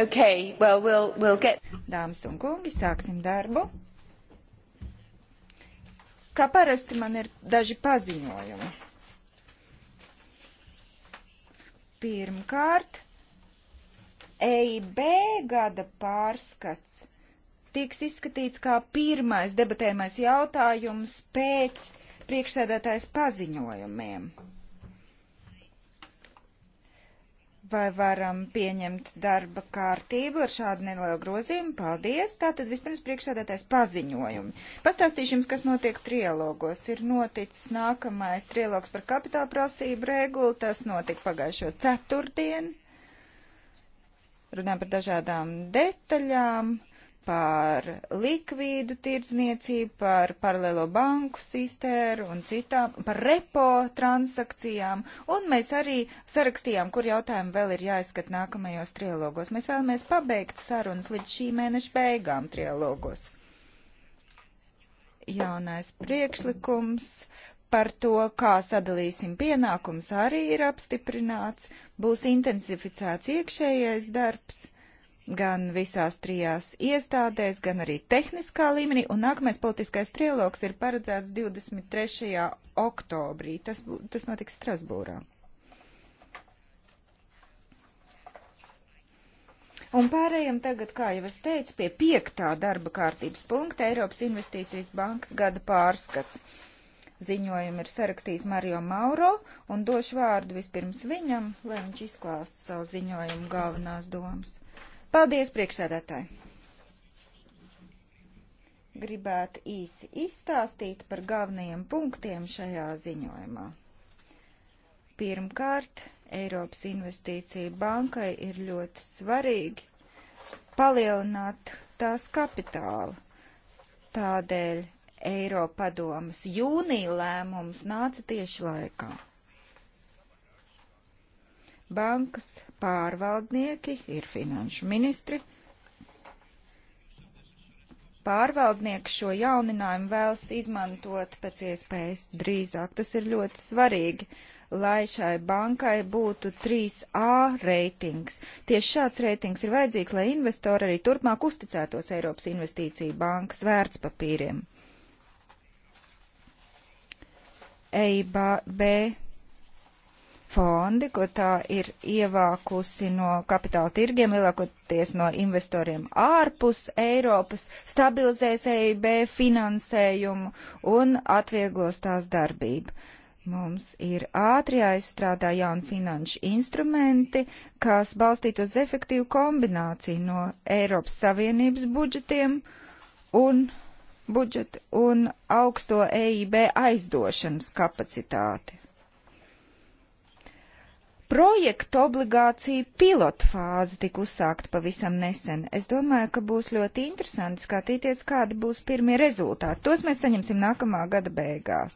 Okay, well, we'll, we'll get... Dāmas un kungi, sāksim darbu. Kā parasti man ir daži paziņojumi. Pirmkārt, EIB gada pārskats tiks izskatīts kā pirmais debatējamais jautājums pēc priekšsēdētājs paziņojumiem. Vai varam pieņemt darba kārtību ar šādu nelielu grozījumu? Paldies! Tātad vispirms priekšsēdētais paziņojumi. Pastāstīšu jums, kas notiek trialogos. Ir noticis nākamais trialogs par kapitāla prasību regulu. Tas notika pagājušo ceturtdienu. Runājam par dažādām detaļām par likvīdu tirdzniecību, par paralēlo banku sistēru un citām, par repo transakcijām, un mēs arī sarakstījām, kur jautājumi vēl ir jāizskat nākamajos trialogos. Mēs vēlamies pabeigt sarunas līdz šī mēneša beigām trialogos. Jaunais priekšlikums par to, kā sadalīsim pienākums, arī ir apstiprināts. Būs intensificēts iekšējais darbs gan visās trijās iestādēs, gan arī tehniskā līmenī, un nākamais politiskais trialogs ir paredzēts 23. oktobrī. Tas, tas notiks Strasbūrā. Un pārējiem tagad, kā jau es teicu, pie piektā darba kārtības punkta Eiropas Investīcijas bankas gada pārskats. Ziņojumu ir sarakstījis Mario Mauro un došu vārdu vispirms viņam, lai viņš izklāst savu ziņojumu galvenās domas. Paldies, priekšsēdētāji! Gribētu īsi izstāstīt par galvenajiem punktiem šajā ziņojumā. Pirmkārt, Eiropas Investīcija bankai ir ļoti svarīgi palielināt tās kapitālu. Tādēļ Eiropadomas jūnija lēmums nāca tieši laikā. Bankas pārvaldnieki ir finanšu ministri. Pārvaldnieki šo jauninājumu vēlas izmantot pēc iespējas drīzāk. Tas ir ļoti svarīgi, lai šai bankai būtu 3A reitings. Tieši šāds reitings ir vajadzīgs, lai investori arī turpmāk uzticētos Eiropas investīciju bankas vērtspapīriem. EIB fondi, ko tā ir ievākusi no kapitāla tirgiem, lielākoties no investoriem ārpus Eiropas, stabilizēs EIB finansējumu un atvieglos tās darbību. Mums ir ātri jāizstrādā jauni finanšu instrumenti, kas balstītu uz efektīvu kombināciju no Eiropas Savienības budžetiem un budžetu un augsto EIB aizdošanas kapacitāti. Projektu obligācija pilotu fāze tika uzsākta pavisam nesen. Es domāju, ka būs ļoti interesanti skatīties, kādi būs pirmie rezultāti. Tos mēs saņemsim nākamā gada beigās.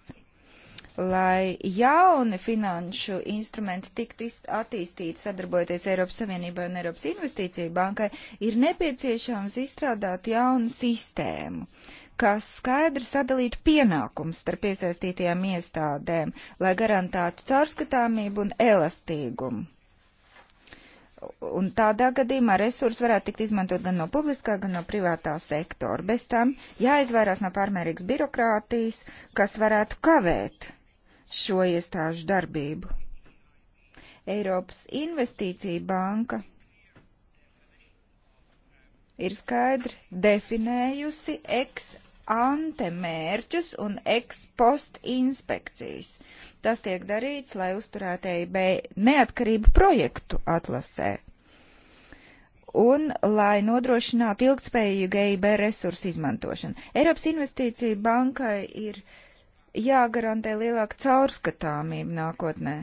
Lai jauni finanšu instrumenti tiktu attīstīti sadarbojoties Eiropas Savienībai un Eiropas Investīcija bankai, ir nepieciešams izstrādāt jaunu sistēmu. Uh, ka skaidri sadalītu pienākums starp iesaistītajām iestādēm, lai garantētu caurskatāmību un elastīgumu. Un tādā gadījumā resursi varētu tikt izmantot gan no publiskā, gan no privātā sektora. Bez tam jāizvairās no pārmērīgas birokrātijas, kas varētu kavēt šo iestāžu darbību. Eiropas investīcija banka ir skaidri definējusi ex ante mērķus un ekspost inspekcijas. Tas tiek darīts, lai uzturētu EIB neatkarību projektu atlasē un lai nodrošinātu ilgtspējīgu EIB resursu izmantošanu. Eiropas investīcija bankai ir jāgarantē lielāka caurskatāmība nākotnē.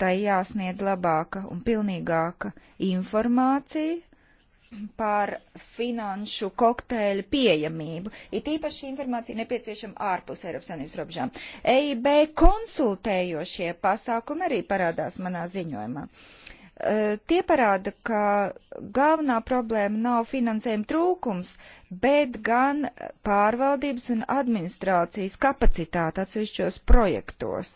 Tai jāsniedz labāka un pilnīgāka informācija par finanšu kokteļu pieejamību. It īpaši informācija nepieciešama ārpus Eiropas Savienības robežām. EIB konsultējošie pasākumi arī parādās manā ziņojumā. Uh, tie parāda, ka galvenā problēma nav finansējuma trūkums, bet gan pārvaldības un administrācijas kapacitāte atsevišķos projektos.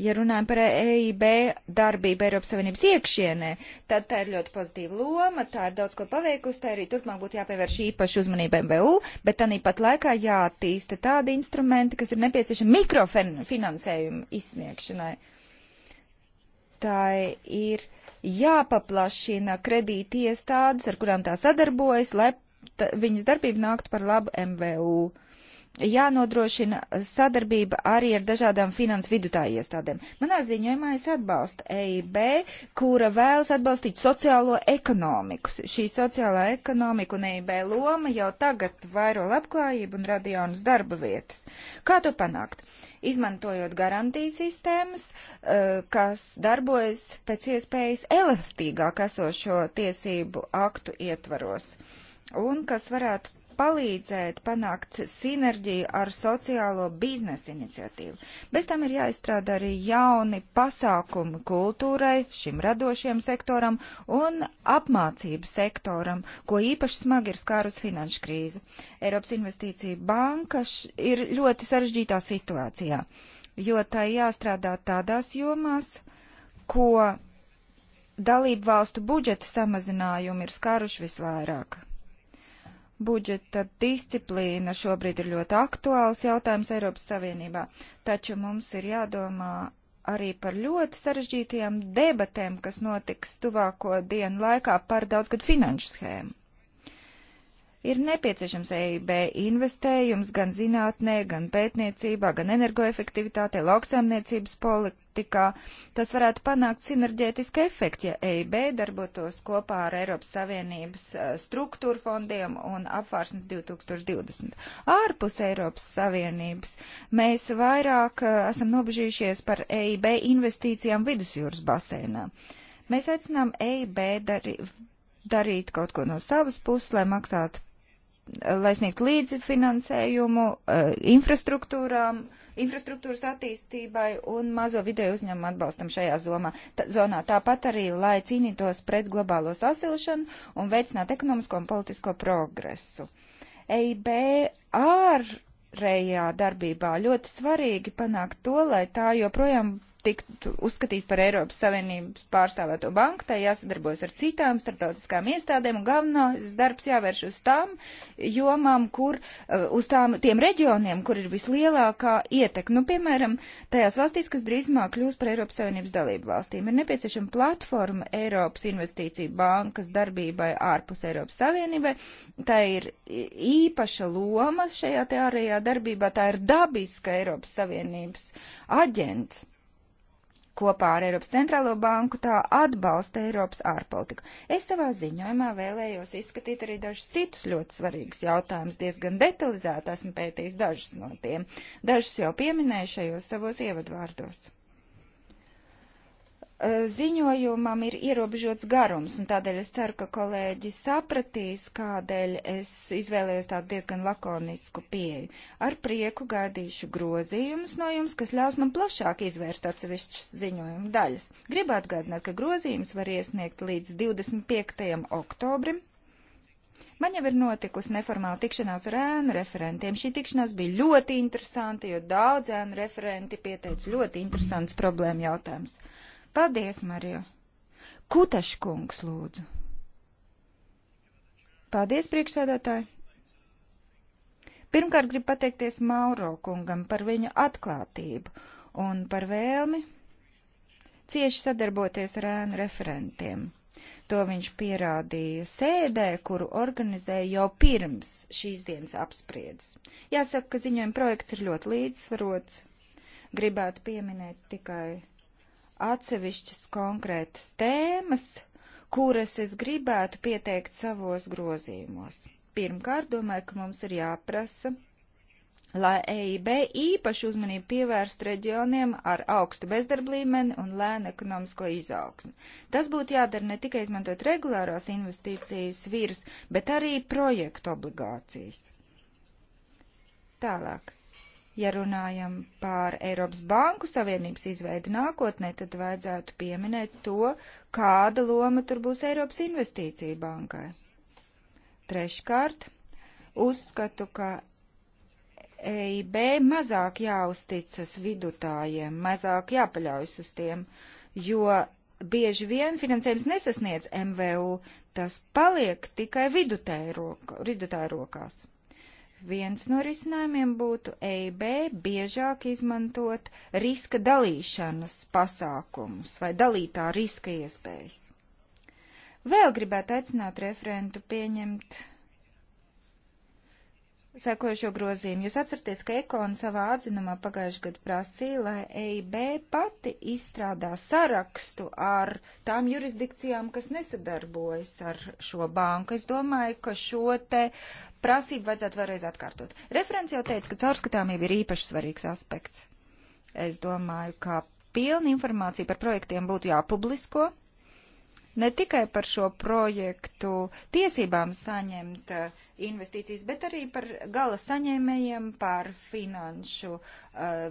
Ja runājam par EIB darbību Eiropas Savienības iekšienē, tad tā ir ļoti pozitīva loma, tā ir daudz ko paveikusi, tā arī turpmāk būtu jāpievērš īpaši uzmanība MBU, bet tādā pat laikā jātīsta tādi instrumenti, kas ir nepieciešami mikrofinansējumu izsniegšanai. Tā ir jāpaplašina kredīti iestādes, ar kurām tā sadarbojas, lai viņas darbība nāktu par labu MVU jānodrošina sadarbība arī ar dažādām finanses vidutāju iestādēm. Manā ziņojumā es atbalstu EIB, kura vēlas atbalstīt sociālo ekonomiku. Šī sociālā ekonomika un EIB loma jau tagad vairo labklājību un rada jaunas darba vietas. Kā to panākt? Izmantojot garantijas sistēmas, eh, kas darbojas pēc iespējas elastīgāk esošo tiesību aktu ietvaros un kas varētu palīdzēt panākt sinerģiju ar sociālo biznesa iniciatīvu. Bez tam ir jāizstrādā arī jauni pasākumi kultūrai, šim radošiem sektoram un apmācību sektoram, ko īpaši smagi ir skārus finanšu krīze. Eiropas investīcija banka ir ļoti sarežģītā situācijā, jo tai jāstrādā tādās jomās, ko dalību valstu budžeta samazinājumi ir skāruši visvairāk. Budžeta disciplīna šobrīd ir ļoti aktuāls jautājums Eiropas Savienībā, taču mums ir jādomā arī par ļoti sarežģītajām debatēm, kas notiks tuvāko dienu laikā par daudzgad finanšu schēmu. Ir nepieciešams EIB investējums gan zinātnē, gan pētniecībā, gan energoefektivitātē, lauksaimniecības politikā. Tas varētu panākt sinerģētisku efektu, ja EIB darbotos kopā ar Eiropas Savienības struktūra fondiem un apvārsnes 2020. Ārpus Eiropas Savienības mēs vairāk esam nobežījušies par EIB investīcijām vidusjūras basēnā. Mēs aicinām EIB dari, darīt kaut ko no savas puses, lai maksātu lai sniegtu līdzfinansējumu uh, infrastruktūrām, infrastruktūras attīstībai un mazo video uzņēmumu atbalstam šajā zomā, tā, zonā. Tāpat arī, lai cīnītos pret globālo sasilšanu un veicinātu ekonomisko un politisko progresu. EIB ārējā darbībā ļoti svarīgi panākt to, lai tā joprojām tiktu uzskatīt par Eiropas Savienības pārstāvēto banku, tai jāsadarbojas ar citām starptautiskām iestādēm, un galvenais darbs jāvērš uz tām jomām, kur, eh, uz tām, tiem reģioniem, kur ir vislielākā ietekme. Nu, piemēram, tajās valstīs, kas drīzumā kļūs par Eiropas Savienības dalību valstīm, ir nepieciešama platforma Eiropas Investīcija bankas darbībai ārpus Eiropas Savienībai. Tā ir īpaša loma šajā te ārējā darbībā, tā ir dabiska Eiropas Savienības aģents kopā ar Eiropas centrālo banku, tā atbalsta Eiropas ārpolitiku. Es savā ziņojumā vēlējos izskatīt arī dažus citus ļoti svarīgus jautājumus, diezgan detalizēti esmu pētījis dažus no tiem. Dažus jau pieminēju šajos savos ievadvārdos ziņojumam ir ierobežots garums, un tādēļ es ceru, ka kolēģi sapratīs, kādēļ es izvēlējos tādu diezgan lakonisku pieeju. Ar prieku gaidīšu grozījumus no jums, kas ļaus man plašāk izvērst atsevišķas ziņojuma daļas. Gribu atgādināt, ka grozījumus var iesniegt līdz 25. oktobrim. Man jau ir notikusi neformāla tikšanās ar ēnu referentiem. Šī tikšanās bija ļoti interesanta, jo daudz ēnu referenti pieteica ļoti interesants problēma jautājums. Paldies, Mariju! Kutaškungs, lūdzu! Paldies, priekšsēdētāji! Pirmkārt, gribu pateikties Mauro kungam par viņu atklātību un par vēlmi cieši sadarboties ar ēnu referentiem. To viņš pierādīja sēdē, kuru organizēja jau pirms šīs dienas apspriedzes. Jāsaka, ka ziņojuma projekts ir ļoti līdzsvarots. Gribētu pieminēt tikai atsevišķas konkrētas tēmas, kuras es gribētu pieteikt savos grozījumos. Pirmkārt, domāju, ka mums ir jāprasa, lai EIB īpašu uzmanību pievērst reģioniem ar augstu bezdarba līmeni un lēnu ekonomisko izaugsmu. Tas būtu jādara ne tikai izmantot regulārās investīcijas virs, bet arī projektu obligācijas. Tālāk Ja runājam par Eiropas Banku Savienības izveidi nākotnē, tad vajadzētu pieminēt to, kāda loma tur būs Eiropas Investīcija bankai. Treškārt, uzskatu, ka EIB mazāk jāuzticas vidutājiem, mazāk jāpaļaujas uz tiem, jo bieži vien finansējums nesasniedz MVU, tas paliek tikai vidutāju rokās. Viens no risinājumiem būtu EIB biežāk izmantot riska dalīšanas pasākumus vai dalītā riska iespējas. Vēl gribētu aicināt referentu pieņemt sekojošo grozījumu. Jūs atceraties, ka Ekona savā atzinumā pagājušajā gadā prasīja, lai EIB pati izstrādā sarakstu ar tām jurisdikcijām, kas nesadarbojas ar šo banku. Es domāju, ka šo te uh, prasību vajadzētu vēlreiz atkārtot. Referents jau teica, ka caurskatāmība ir īpaši svarīgs aspekts. Es domāju, ka pilna informācija par projektiem būtu jāpublisko ne tikai par šo projektu tiesībām saņemt eh, investīcijas, bet arī par gala saņēmējiem, par finanšu uh,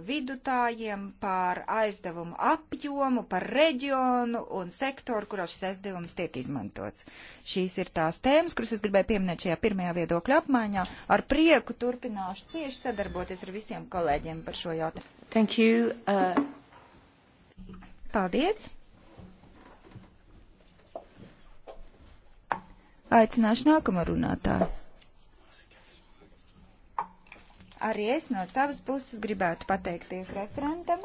vidutājiem, par aizdevumu apjomu, par reģionu un sektoru, kurā šis aizdevums tiek izmantots. Šīs ir tās tēmas, kuras es gribēju pieminēt šajā pirmajā viedokļa apmaiņā. Ar prieku turpināšu cieši sadarboties ar visiem kolēģiem par šo jautājumu. Thank you. Uh... Paldies! Aicināšu nākamo runātāju. Arī es no savas puses gribētu pateikties referentam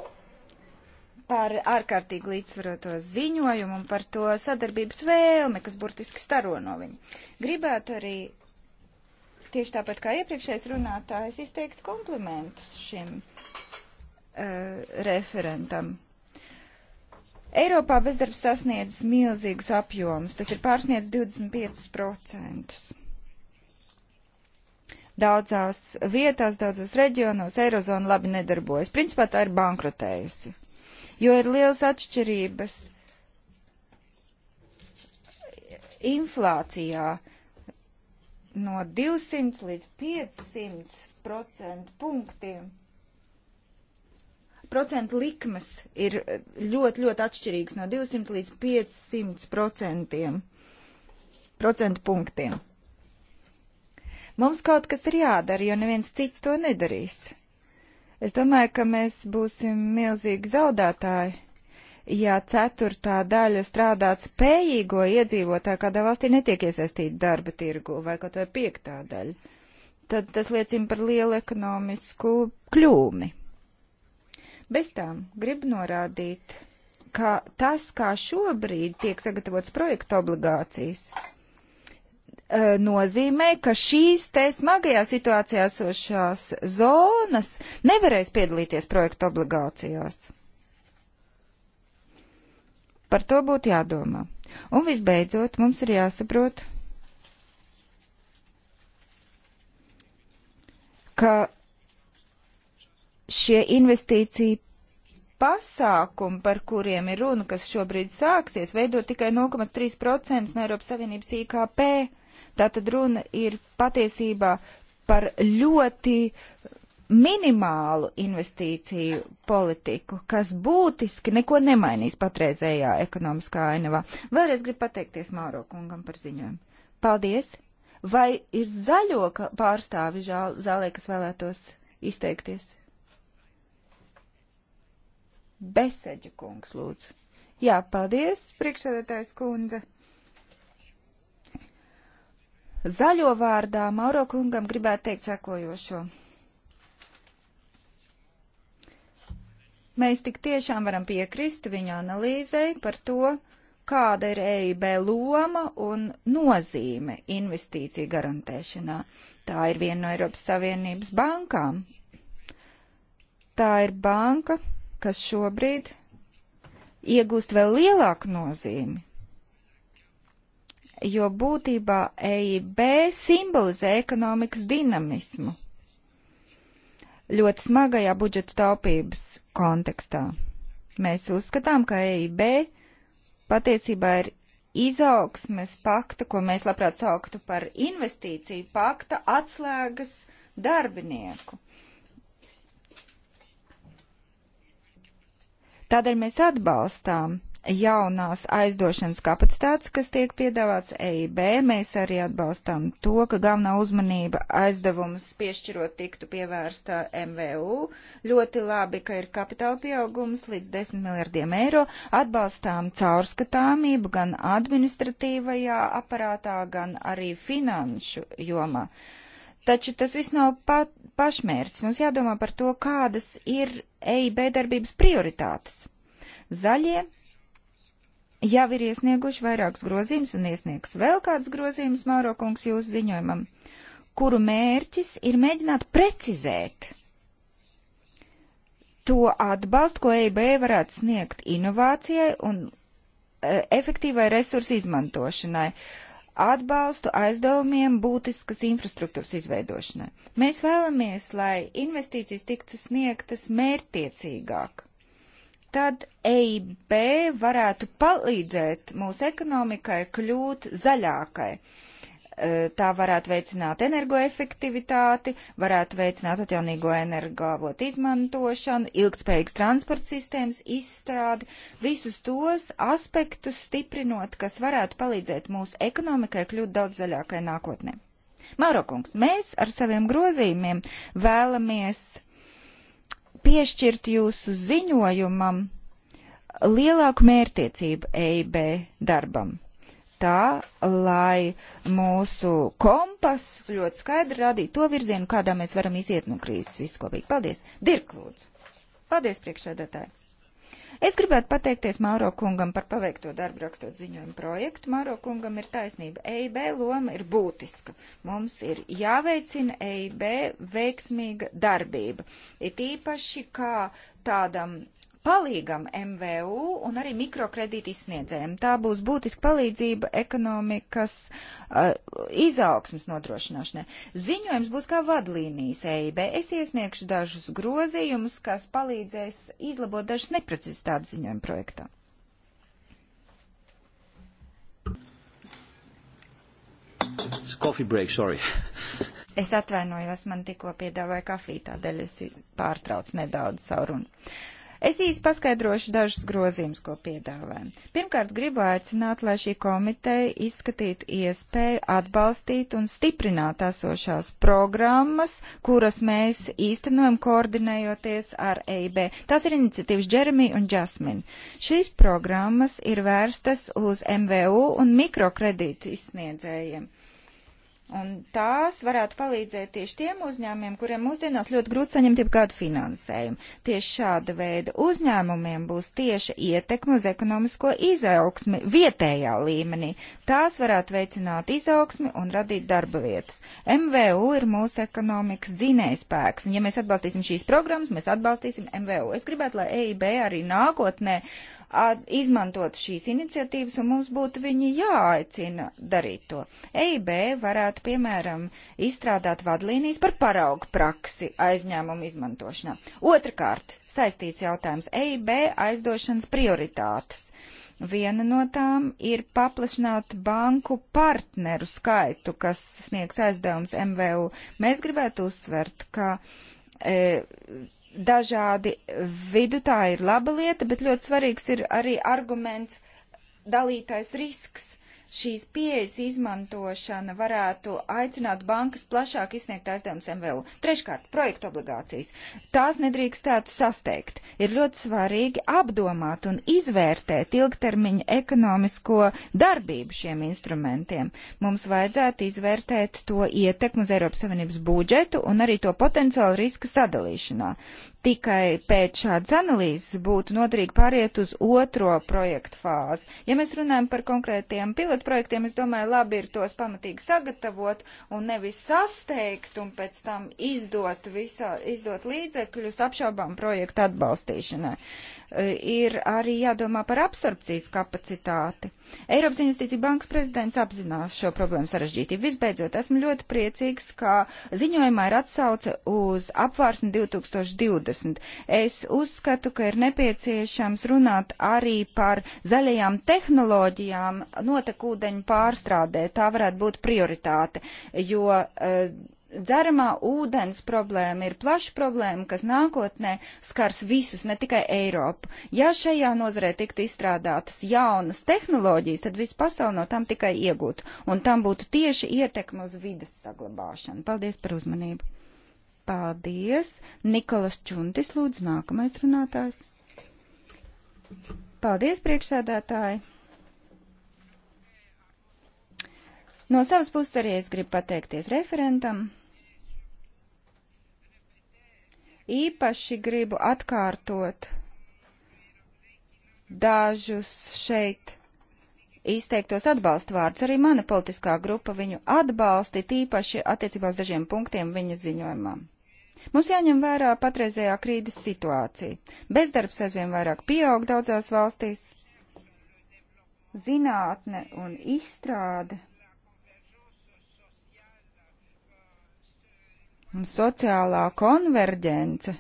par ārkārtīgi līdzsvaroto ziņojumu un par to sadarbības vēlmi, kas burtiski staro no viņa. Gribētu arī tieši tāpat kā iepriekšējais runātājs izteikt komplimentus šim uh, referentam. Eiropā bezdarbs sasniedz milzīgus apjomus, tas ir pārsniedz 25%. Daudzās vietās, daudzos reģionos Eirozona labi nedarbojas. Principā tā ir bankrotējusi, jo ir liels atšķirības inflācijā no 200 līdz 500 procentu punktiem. Procentu likmes ir ļoti, ļoti atšķirīgas no 200 līdz 500 procentiem, procentu punktiem. Mums kaut kas ir jādara, jo neviens cits to nedarīs. Es domāju, ka mēs būsim milzīgi zaudētāji, ja ceturtā daļa strādāt spējīgo iedzīvotāju kādā valstī netiek iesaistīta darba tirgu vai kaut vai piektā daļa. Tad tas liecina par lielu ekonomisku kļūmi. Bez tām gribu norādīt, ka tas, kā šobrīd tiek sagatavots projekta obligācijas, e, nozīmē, ka šīs te smagajā situācijā sošās zonas nevarēs piedalīties projekta obligācijās. Par to būtu jādomā. Un visbeidzot, mums ir jāsaprot, ka šie investīcija pasākumi, par kuriem ir runa, kas šobrīd sāksies, veido tikai 0,3% no Eiropas Savienības IKP. Tātad runa ir patiesībā par ļoti minimālu investīciju politiku, kas būtiski neko nemainīs patreizējā ekonomiskā ainavā. Vēlreiz gribu pateikties Māro kungam par ziņojumu. Paldies! Vai ir zaļo pārstāvi žāl, zālē, kas vēlētos izteikties? Beseģa kungs, lūdzu. Jā, paldies, priekšsēdētājs kundze. Zaļo vārdā Mauro kungam gribētu teikt sekojošo. Mēs tik tiešām varam piekrist viņa analīzei par to, kāda ir EIB loma un nozīme investīciju garantēšanā. Tā ir viena no Eiropas Savienības bankām. Tā ir banka, kas šobrīd iegūst vēl lielāku nozīmi, jo būtībā EIB simbolizē ekonomikas dinamismu ļoti smagajā budžeta taupības kontekstā. Mēs uzskatām, ka EIB patiesībā ir izaugsmes pakta, ko mēs labprāt sauktu par investīciju pakta atslēgas darbinieku. Tādēļ mēs atbalstām jaunās aizdošanas kapacitātes, kas tiek piedāvāts EIB. Mēs arī atbalstām to, ka galvenā uzmanība aizdevumus piešķirot tiktu pievērsta MVU. Ļoti labi, ka ir kapitāla pieaugums līdz 10 miljardiem eiro. Atbalstām caurskatāmību gan administratīvajā aparātā, gan arī finanšu jomā. Taču tas viss nav pa pašmērķis. Mums jādomā par to, kādas ir EIB darbības prioritātes. Zaļie jau ir iesnieguši vairākus grozījumus un iesniegs vēl kādus grozījumus, Mauro kungs, jūsu ziņojumam, kuru mērķis ir mēģināt precizēt to atbalstu, ko EIB varētu sniegt inovācijai un e, efektīvai resursu izmantošanai. Uh, atbalstu aizdevumiem būtiskas infrastruktūras izveidošanai. Mēs vēlamies, lai investīcijas tiktu sniegtas mērtiecīgāk. Tad EIB varētu palīdzēt mūsu ekonomikai kļūt zaļākai. Uh, Eh, tā varētu veicināt energoefektivitāti, varētu veicināt atjaunīgo energoavotu izmantošanu, ilgspējīgas transporta sistēmas izstrādi, visus tos aspektus stiprinot, kas varētu palīdzēt mūsu ekonomikai kļūt daudz zaļākai nākotnē. Mārokungs, mēs ar saviem grozījumiem vēlamies piešķirt jūsu ziņojumam lielāku mērtiecību EIB darbam tā, lai mūsu kompass ļoti skaidri radītu to virzienu, kādā mēs varam iziet no krīzes viskopīgi. Paldies! Dirk, lūdzu! Paldies, priekšsēdētāji! Es gribētu pateikties Mauro kungam par paveikto darbu rakstot ziņojumu projektu. Mauro kungam ir taisnība. EIB loma ir būtiska. Mums ir jāveicina EIB veiksmīga darbība. It īpaši kā tādam palīgam MVU un arī mikrokredīti izsniedzējiem. Tā būs būtiska palīdzība ekonomikas uh, izaugsmas nodrošināšanai. Ziņojums būs kā vadlīnijas EIB. Es iesniegšu dažus grozījumus, kas palīdzēs izlabot dažas neprecizitātes ziņojuma projektā. It's coffee break, sorry. Es atvainojos, man tikko piedāvāja kafiju, tādēļ es pārtraucu nedaudz savu runu. Es īsi paskaidrošu dažus grozījumus, ko piedāvājam. Pirmkārt, gribu aicināt, lai šī komiteja izskatītu iespēju atbalstīt un stiprināt esošās programmas, kuras mēs īstenojam koordinējoties ar EIB. Tās ir iniciatīvas Jeremy un Jasmine. Šīs programmas ir vērstas uz MVU un mikrokredītu izsniedzējiem. Un tās varētu palīdzēt tieši tiem uzņēmumiem, kuriem mūsdienās ļoti grūti saņemt jebkādu finansējumu. Tieši šāda veida uzņēmumiem būs tieši ietekme uz ekonomisko izaugsmi vietējā līmenī. Tās varētu veicināt izaugsmi un radīt darba vietas. MVU ir mūsu ekonomikas dzinējspēks, un ja mēs atbalstīsim šīs programmas, mēs atbalstīsim MVU. Es gribētu, lai EIB arī nākotnē izmantot šīs iniciatīvas, un mums būtu viņi jāaicina darīt to. EIB varētu varētu, piemēram, izstrādāt vadlīnijas par paraugu praksi aizņēmumu izmantošanā. Otrakārt, saistīts jautājums - EIB aizdošanas prioritātes. Viena no tām ir paplašināt banku partneru skaitu, kas sniegs aizdevums MVU. Mēs gribētu uzsvert, ka e, dažādi vidutāji ir laba lieta, bet ļoti svarīgs ir arī arguments dalītais risks šīs pieejas izmantošana varētu aicināt bankas plašāk izsniegt aizdevumus MVU. Treškārt, projektu obligācijas. Tās nedrīkstētu sasteigt. Ir ļoti svarīgi apdomāt un izvērtēt ilgtermiņa ekonomisko darbību šiem instrumentiem. Mums vajadzētu izvērtēt to ietekmu uz Eiropas Savienības budžetu un arī to potenciālu riska sadalīšanā. Tikai pēc šādas analīzes būtu noderīgi pāriet uz otro projektu fāzi. Ja mēs runājam par konkrētiem pilotprojektiem, es domāju, labi ir tos pamatīgi sagatavot un nevis sasteigt un pēc tam izdot, visā, izdot līdzekļus apšaubām projektu atbalstīšanai e, ir arī jādomā par absorpcijas kapacitāti. Eiropas Investīcija bankas prezidents apzinās šo problēmu sarežģītību. Visbeidzot, esmu ļoti priecīgs, ka ziņojumā ir atsauce uz apvārsni 2020 2020. Es uzskatu, ka ir nepieciešams runāt arī par zaļajām tehnoloģijām notekūdeņu pārstrādē. Tā varētu būt prioritāte, jo uh, dzeramā ūdens problēma ir plaša problēma, kas nākotnē skars visus, ne tikai Eiropu. Ja šajā nozarē tiktu izstrādātas jaunas tehnoloģijas, tad visu pasauli no tam tikai iegūtu, un tam būtu tieši ietekme uz vidas saglabāšanu. Paldies par uzmanību! Paldies! Nikolas Čuntis lūdzu nākamais runātājs. Paldies, priekšsēdētāji! No savas puses arī es gribu pateikties referentam. Īpaši gribu atkārtot dažus šeit izteiktos atbalstu vārdus. Arī mana politiskā grupa viņu atbalsti, tīpaši attiecībā uz dažiem punktiem viņa ziņojumam. Mums jāņem vērā patreizējā krīdes situācija. Bezdarbs aizvien vairāk pieaug daudzās valstīs. Zinātne un izstrāde un sociālā konverģence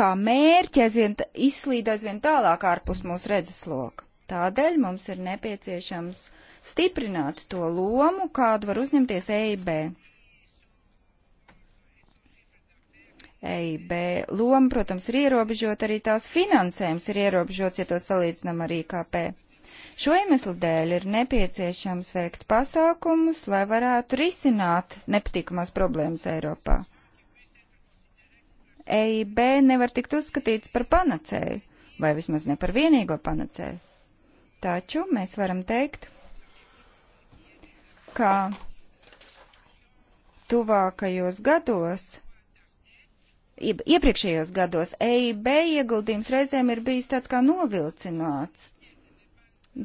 kā mērķi aizvien izslīd aizvien tālāk ārpus mūsu redzesloka. Tādēļ mums ir nepieciešams stiprināt to lomu, kādu var uzņemties EIB. EIB loma, protams, ir ierobežota, arī tās finansējums ir ierobežots, ja to salīdzinām ar IKP. Šo iemeslu dēļ ir nepieciešams veikt pasākumus, lai varētu risināt nepatīkamās problēmas Eiropā. EIB nevar tikt uzskatīts par panacēju, vai vismaz ne par vienīgo panacēju. Taču mēs varam teikt, ka tuvākajos gados iepriekšējos gados EIB ieguldījums reizēm ir bijis tāds kā novilcināts.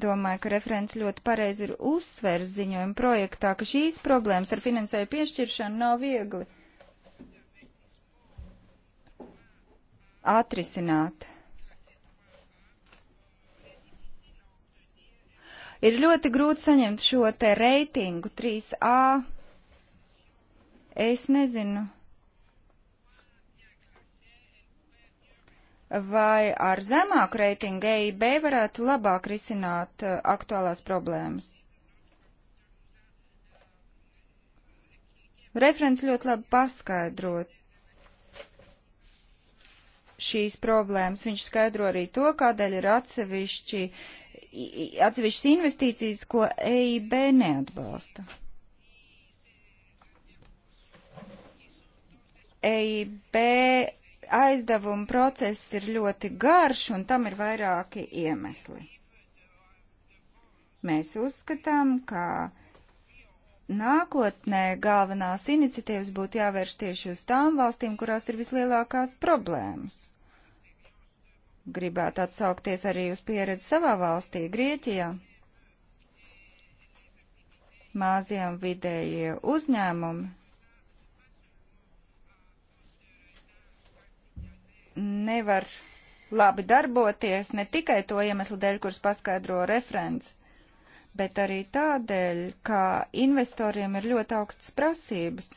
Domāju, ka referents ļoti pareizi ir uzsvers ziņojuma projektā, ka šīs problēmas ar finansēju piešķiršanu nav viegli atrisināt. Ir ļoti grūti saņemt šo te reitingu 3A. Es nezinu vai ar zemāku reitingu EIB varētu labāk risināt eh, aktuālās problēmas? Referents ļoti labi paskaidrot šīs problēmas. Viņš skaidro arī to, kādēļ ir atsevišķi, atsevišķas investīcijas, ko EIB neatbalsta. EIB aizdevuma process ir ļoti garš un tam ir vairāki iemesli. Mēs uzskatām, ka nākotnē galvenās iniciatīvas būtu jāvērš tieši uz tām valstīm, kurās ir vislielākās problēmas. Gribētu atsaukties arī uz pieredzi savā valstī, Grieķijā. Māziem vidējie uzņēmumi nevar labi darboties ne tikai to iemeslu dēļ, kurus paskaidro referents, bet arī tādēļ, ka investoriem ir ļoti augstas prasības.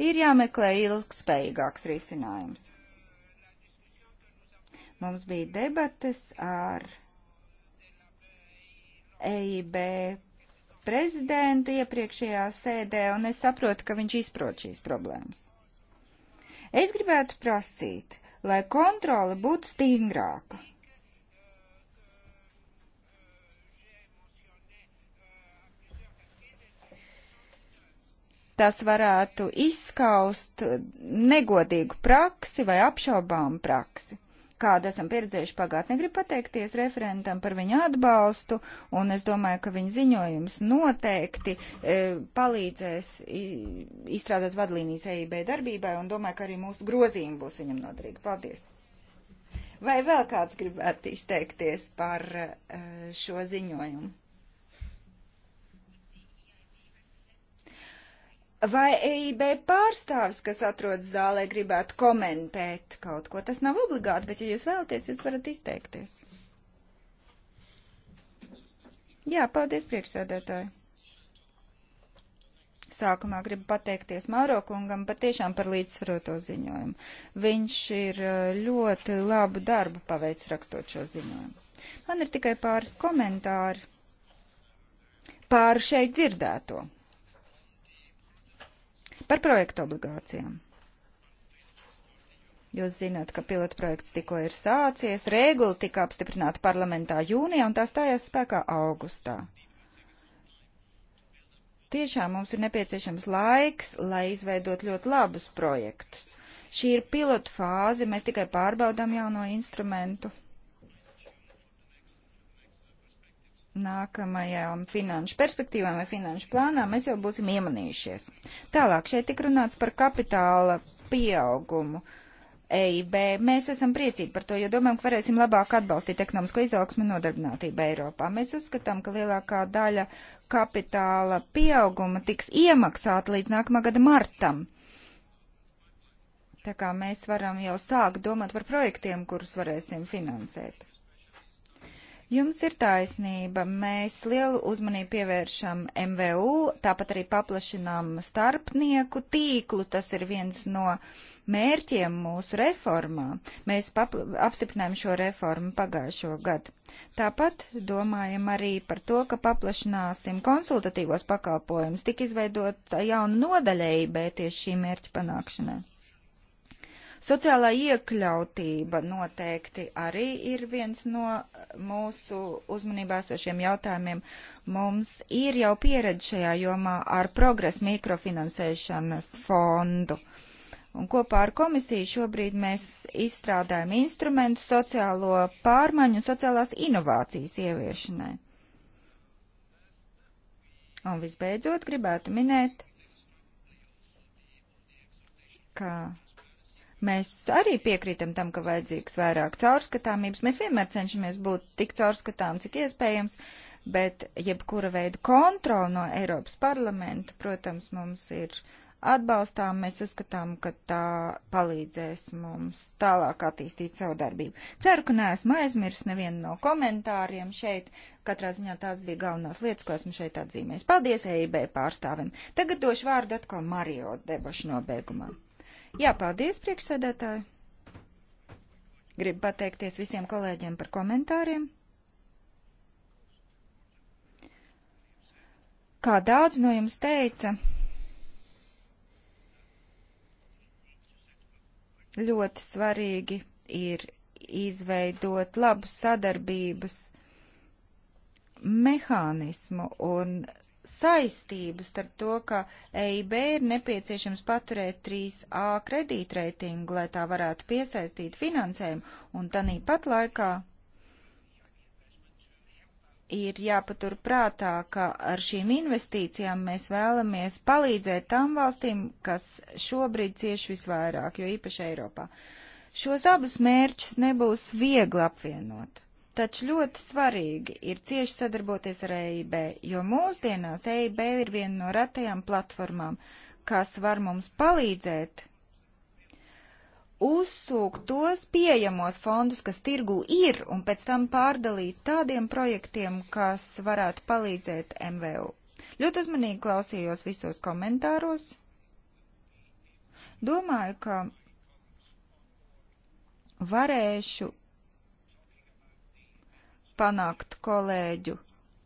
Ir jāmeklē ilgspējīgāks risinājums. Mums bija debates ar EIB prezidentu iepriekšējā sēdē, un es saprotu, ka viņš izprot šīs problēmas. Es gribētu prasīt, lai kontrole būtu stingrāka. Tas varētu izskaust negodīgu praksi vai apšaubām praksi kādu esam pieredzējuši pagātnē. Gribu pateikties referentam par viņa atbalstu, un es domāju, ka viņa ziņojums noteikti e, palīdzēs izstrādāt vadlīnijas EIB darbībai, un domāju, ka arī mūsu grozījumi būs viņam noderīgi. Paldies! Vai vēl kāds gribētu izteikties par e, šo ziņojumu? Vai EIB pārstāvs, kas atrodas zālē, gribētu komentēt kaut ko? Tas nav obligāti, bet ja jūs vēlaties, jūs varat izteikties. Jā, paldies priekšsēdētāji. Sākumā gribu pateikties Mauro kungam patiešām par līdzsvaroto ziņojumu. Viņš ir uh, ļoti labu darbu paveicis rakstot šo ziņojumu. Man ir tikai pāris komentāri pāri šeit dzirdēto. Par projektu obligācijām. Jūs zināt, ka pilota projekts tikko ir sācies, regula tika apstiprināta parlamentā jūnijā un tā stājās spēkā augustā. Tiešām mums ir nepieciešams laiks, lai izveidot ļoti labus projektus. Šī ir pilota fāze, mēs tikai pārbaudām jauno instrumentu. nākamajām finanšu perspektīvām vai finanšu plānām mēs jau būsim iemanījušies. Tālāk šeit tik runāts par kapitāla pieaugumu. EIB. Mēs esam priecīgi par to, jo domājam, ka varēsim labāk atbalstīt ekonomisko izaugsmu un nodarbinātību Eiropā. Mēs uzskatām, ka lielākā daļa kapitāla pieauguma tiks iemaksāta līdz nākamā gada martam. Tā kā mēs varam jau sākt domāt par projektiem, kurus varēsim finansēt. Jums ir taisnība. Mēs lielu uzmanību pievēršam MVU, tāpat arī paplašinām starpnieku tīklu. Tas ir viens no mērķiem mūsu reformā. Mēs apstiprinājām šo reformu pagājušo gadu. Tāpat domājam arī par to, ka paplašināsim konsultatīvos pakalpojumus, tik izveidot jaunu nodaļēju, e bet tieši šī mērķa panākšanai. Sociālā iekļautība noteikti arī ir viens no mūsu uzmanībā esošiem jautājumiem. Mums ir jau pieredze šajā jomā ar progresu mikrofinansēšanas fondu. Un kopā ar komisiju šobrīd mēs izstrādājam instrumentu sociālo pārmaiņu un sociālās inovācijas ieviešanai. Un visbeidzot gribētu minēt, ka Mēs arī piekrītam tam, ka vajadzīgs vairāk caurskatāmības. Mēs vienmēr cenšamies būt tik caurskatām, cik iespējams, bet jebkura veida kontrola no Eiropas parlamenta, protams, mums ir atbalstām. Mēs uzskatām, ka tā palīdzēs mums tālāk attīstīt savu darbību. Ceru, ka neesmu aizmirs nevienu no komentāriem šeit. Katrā ziņā tās bija galvenās lietas, ko esmu šeit atzīmējis. Paldies EIB pārstāvim. Tagad došu vārdu atkal Mario debašu nobeigumā. Jā, paldies, priekšsēdētāji. Gribu pateikties visiem kolēģiem par komentāriem. Kā daudz no jums teica, ļoti svarīgi ir izveidot labu sadarbības mehānismu un saistību starp to, ka EIB ir nepieciešams paturēt 3A kredītreitingu, lai tā varētu piesaistīt finansējumu, un tanī pat laikā ir jāpatur prātā, ka ar šīm investīcijām mēs vēlamies palīdzēt tām valstīm, kas šobrīd cieši visvairāk, jo īpaši Eiropā. Šos abus mērķus nebūs viegli apvienot. Taču ļoti svarīgi ir cieši sadarboties ar EIB, jo mūsdienās EIB ir viena no retajām platformām, kas var mums palīdzēt uzsūkt tos pieejamos fondus, kas tirgu ir, un pēc tam pārdalīt tādiem projektiem, kas varētu palīdzēt MVU. Ļoti uzmanīgi klausījos visos komentāros. Domāju, ka varēšu panākt kolēģu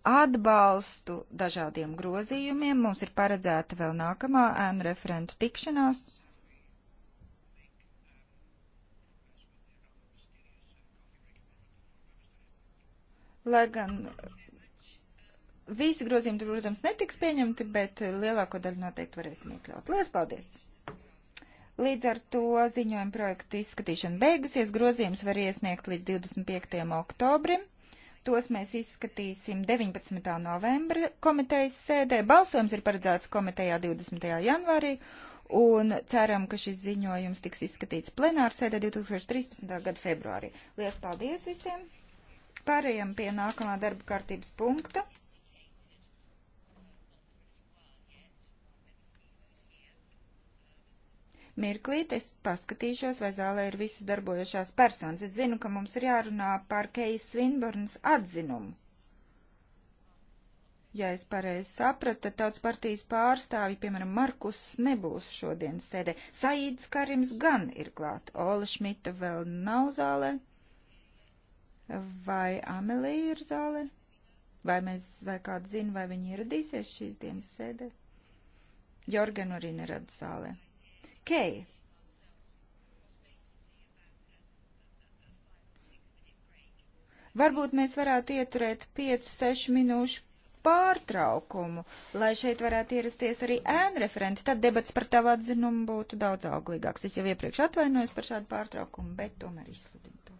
atbalstu dažādiem grozījumiem. Mums ir paredzēta vēl nākamā ēnu referentu tikšanās. Lai gan visi grozījumi, protams, netiks pieņemti, bet lielāko daļu noteikti varēsim iekļaut. Lielas paldies! Līdz ar to ziņojuma projekta izskatīšana beigusies, grozījums var iesniegt līdz 25. oktobrim. Tos mēs izskatīsim 19. novembra komitejas sēdē. Balsojums ir paredzēts komitejā 20. janvārī. Un ceram, ka šis ziņojums tiks izskatīts plenāra sēdē 2013. gada februārī. Lielas paldies visiem! Pārējām pie nākamā darba kārtības punkta. Mirklīt, es paskatīšos, vai zālē ir visas darbojošās personas. Es zinu, ka mums ir jārunā par Keijas Svinburnas atzinumu. Ja es pareizi sapratu, tad tautas partijas pārstāvi, piemēram, Markus nebūs šodienas sēdē. Saīds Karims gan ir klāt. Ola Šmita vēl nav zālē. Vai Amelija ir zālē? Vai mēs, vai kāds zina, vai viņi ieradīsies šīs dienas sēdē? Jorgen arī neradu zālē. K. Varbūt mēs varētu ieturēt 5-6 minūšu pārtraukumu, lai šeit varētu ierasties arī ēnu referenti. Tad debats par tavu atzinumu būtu daudz auglīgāks. Es jau iepriekš atvainojos par šādu pārtraukumu, bet tomēr izsludinu to.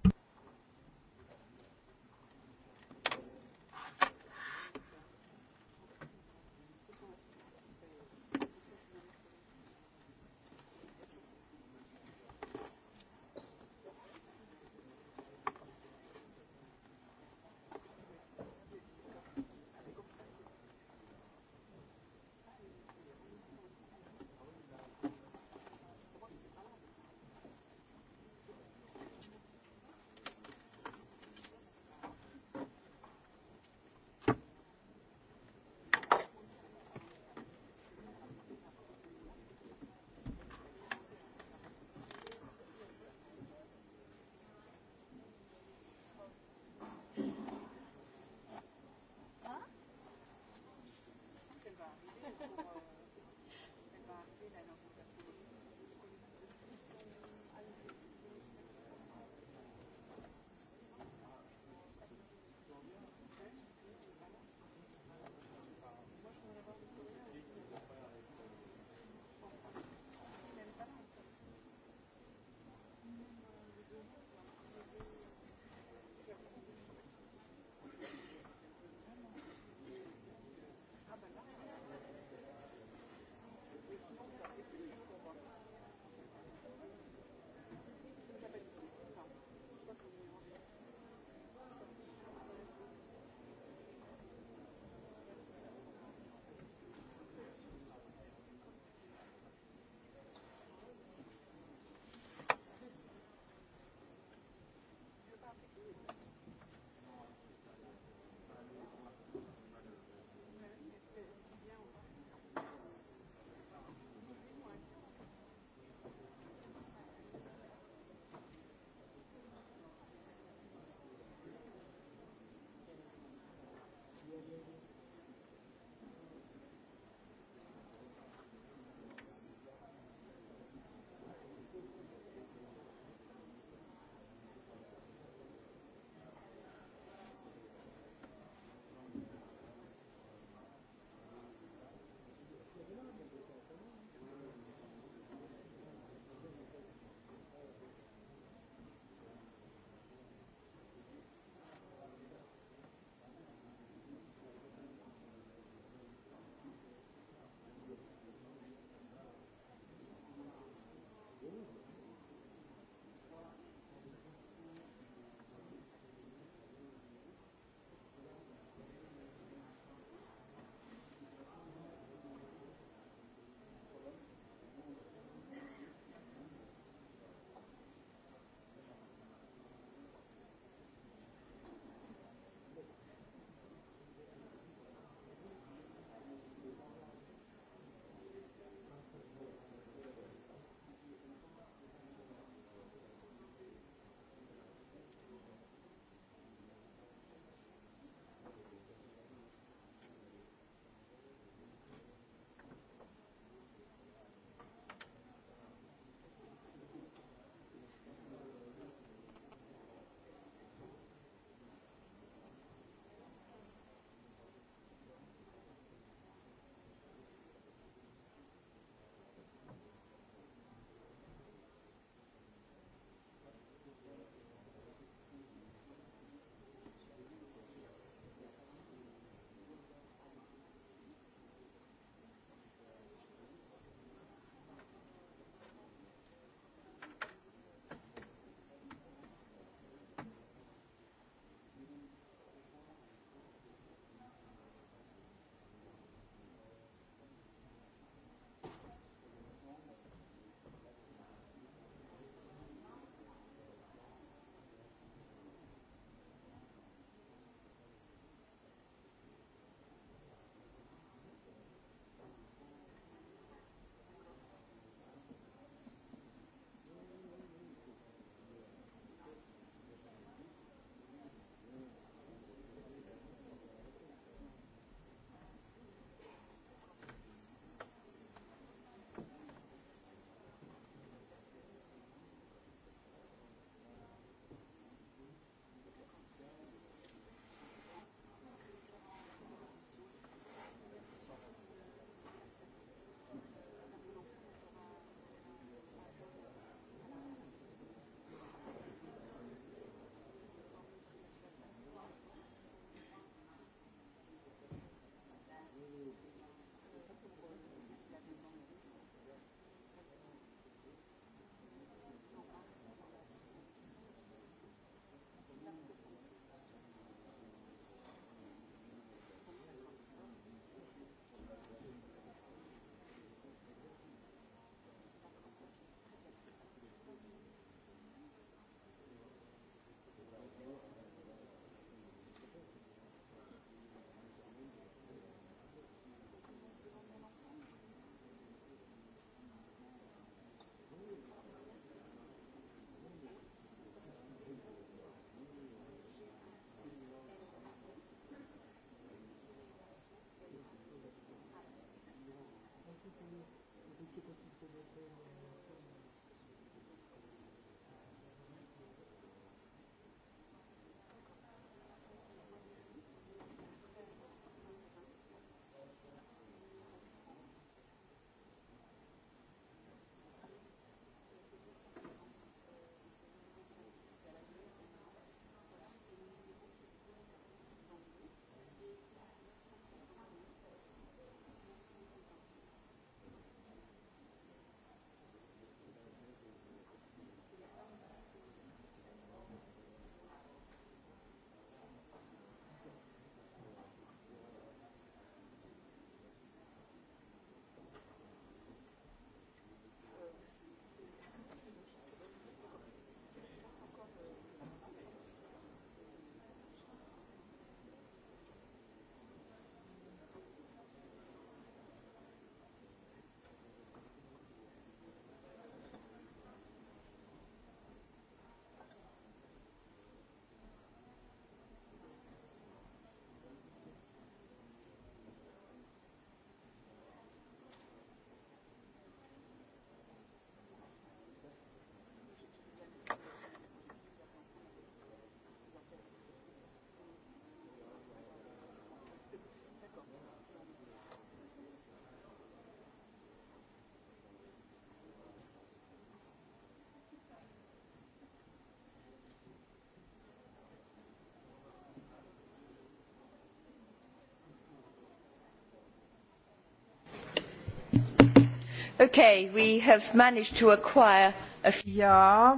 Okay, we have managed to acquire a few. Jā,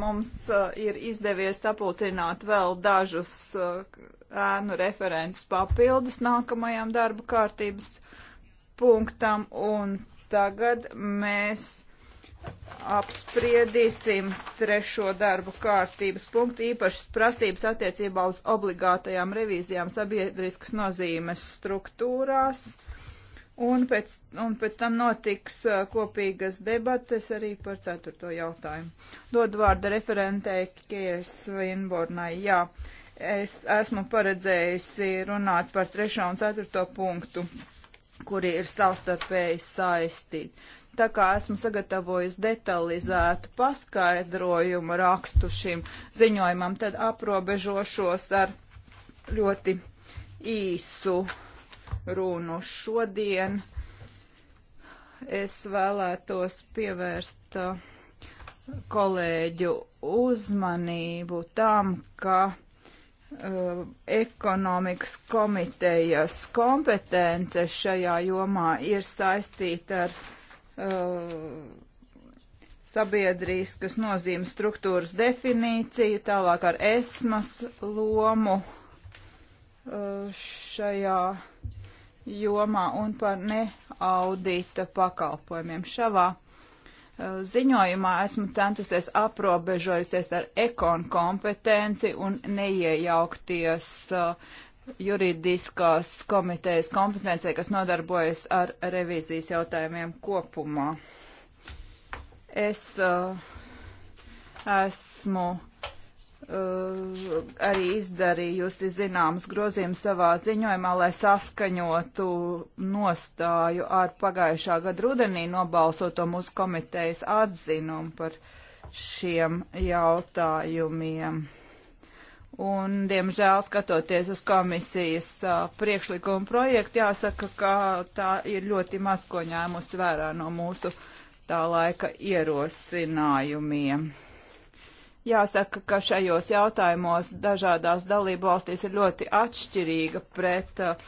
mums uh, ir izdevies sapulcināt vēl dažus uh, ēnu referentus papildus nākamajam darba kārtības punktam, un tagad mēs apspriedīsim trešo darbu kārtības punktu īpašas prasības attiecībā uz obligātajām revīzijām sabiedriskas nozīmes struktūrās. Uh, Un pēc, un pēc tam notiks uh, kopīgas debates arī par ceturto jautājumu. Dod vārdu referentei Kies Vinbornai. Jā, es esmu paredzējusi runāt par trešo un ceturto punktu, kuri ir savstarpēji saistīti. Tā kā esmu sagatavojusi detalizētu paskaidrojumu rakstu šim ziņojumam, tad aprobežošos ar ļoti īsu uh, runu šodien. Es vēlētos pievērst uh, kolēģu uzmanību tam, ka uh, ekonomikas komitejas kompetence šajā jomā ir saistīta ar uh, sabiedrīskas nozīmes struktūras definīciju, tālāk ar esmas lomu uh, šajā jomā un par neaudīta pakalpojumiem. Šavā eh, ziņojumā esmu centusies aprobežojusies ar ekonu kompetenci un neiejaukties eh, juridiskās komitejas kompetencija, kas nodarbojas ar revīzijas jautājumiem kopumā. Es uh, esmu uh, Uh, arī izdarījusi zināmas grozījumus savā ziņojumā, lai saskaņotu nostāju ar pagājušā gada rudenī nobalsoto mūsu komitejas atzinumu par šiem jautājumiem. Un, diemžēl, skatoties uz komisijas uh, priekšlikumu projektu, jāsaka, ka tā ir ļoti maz ko ņēmusi vērā no mūsu tā laika ierosinājumiem Jāsaka, ka šajos jautājumos dažādās dalību valstīs ir ļoti atšķirīga pret uh,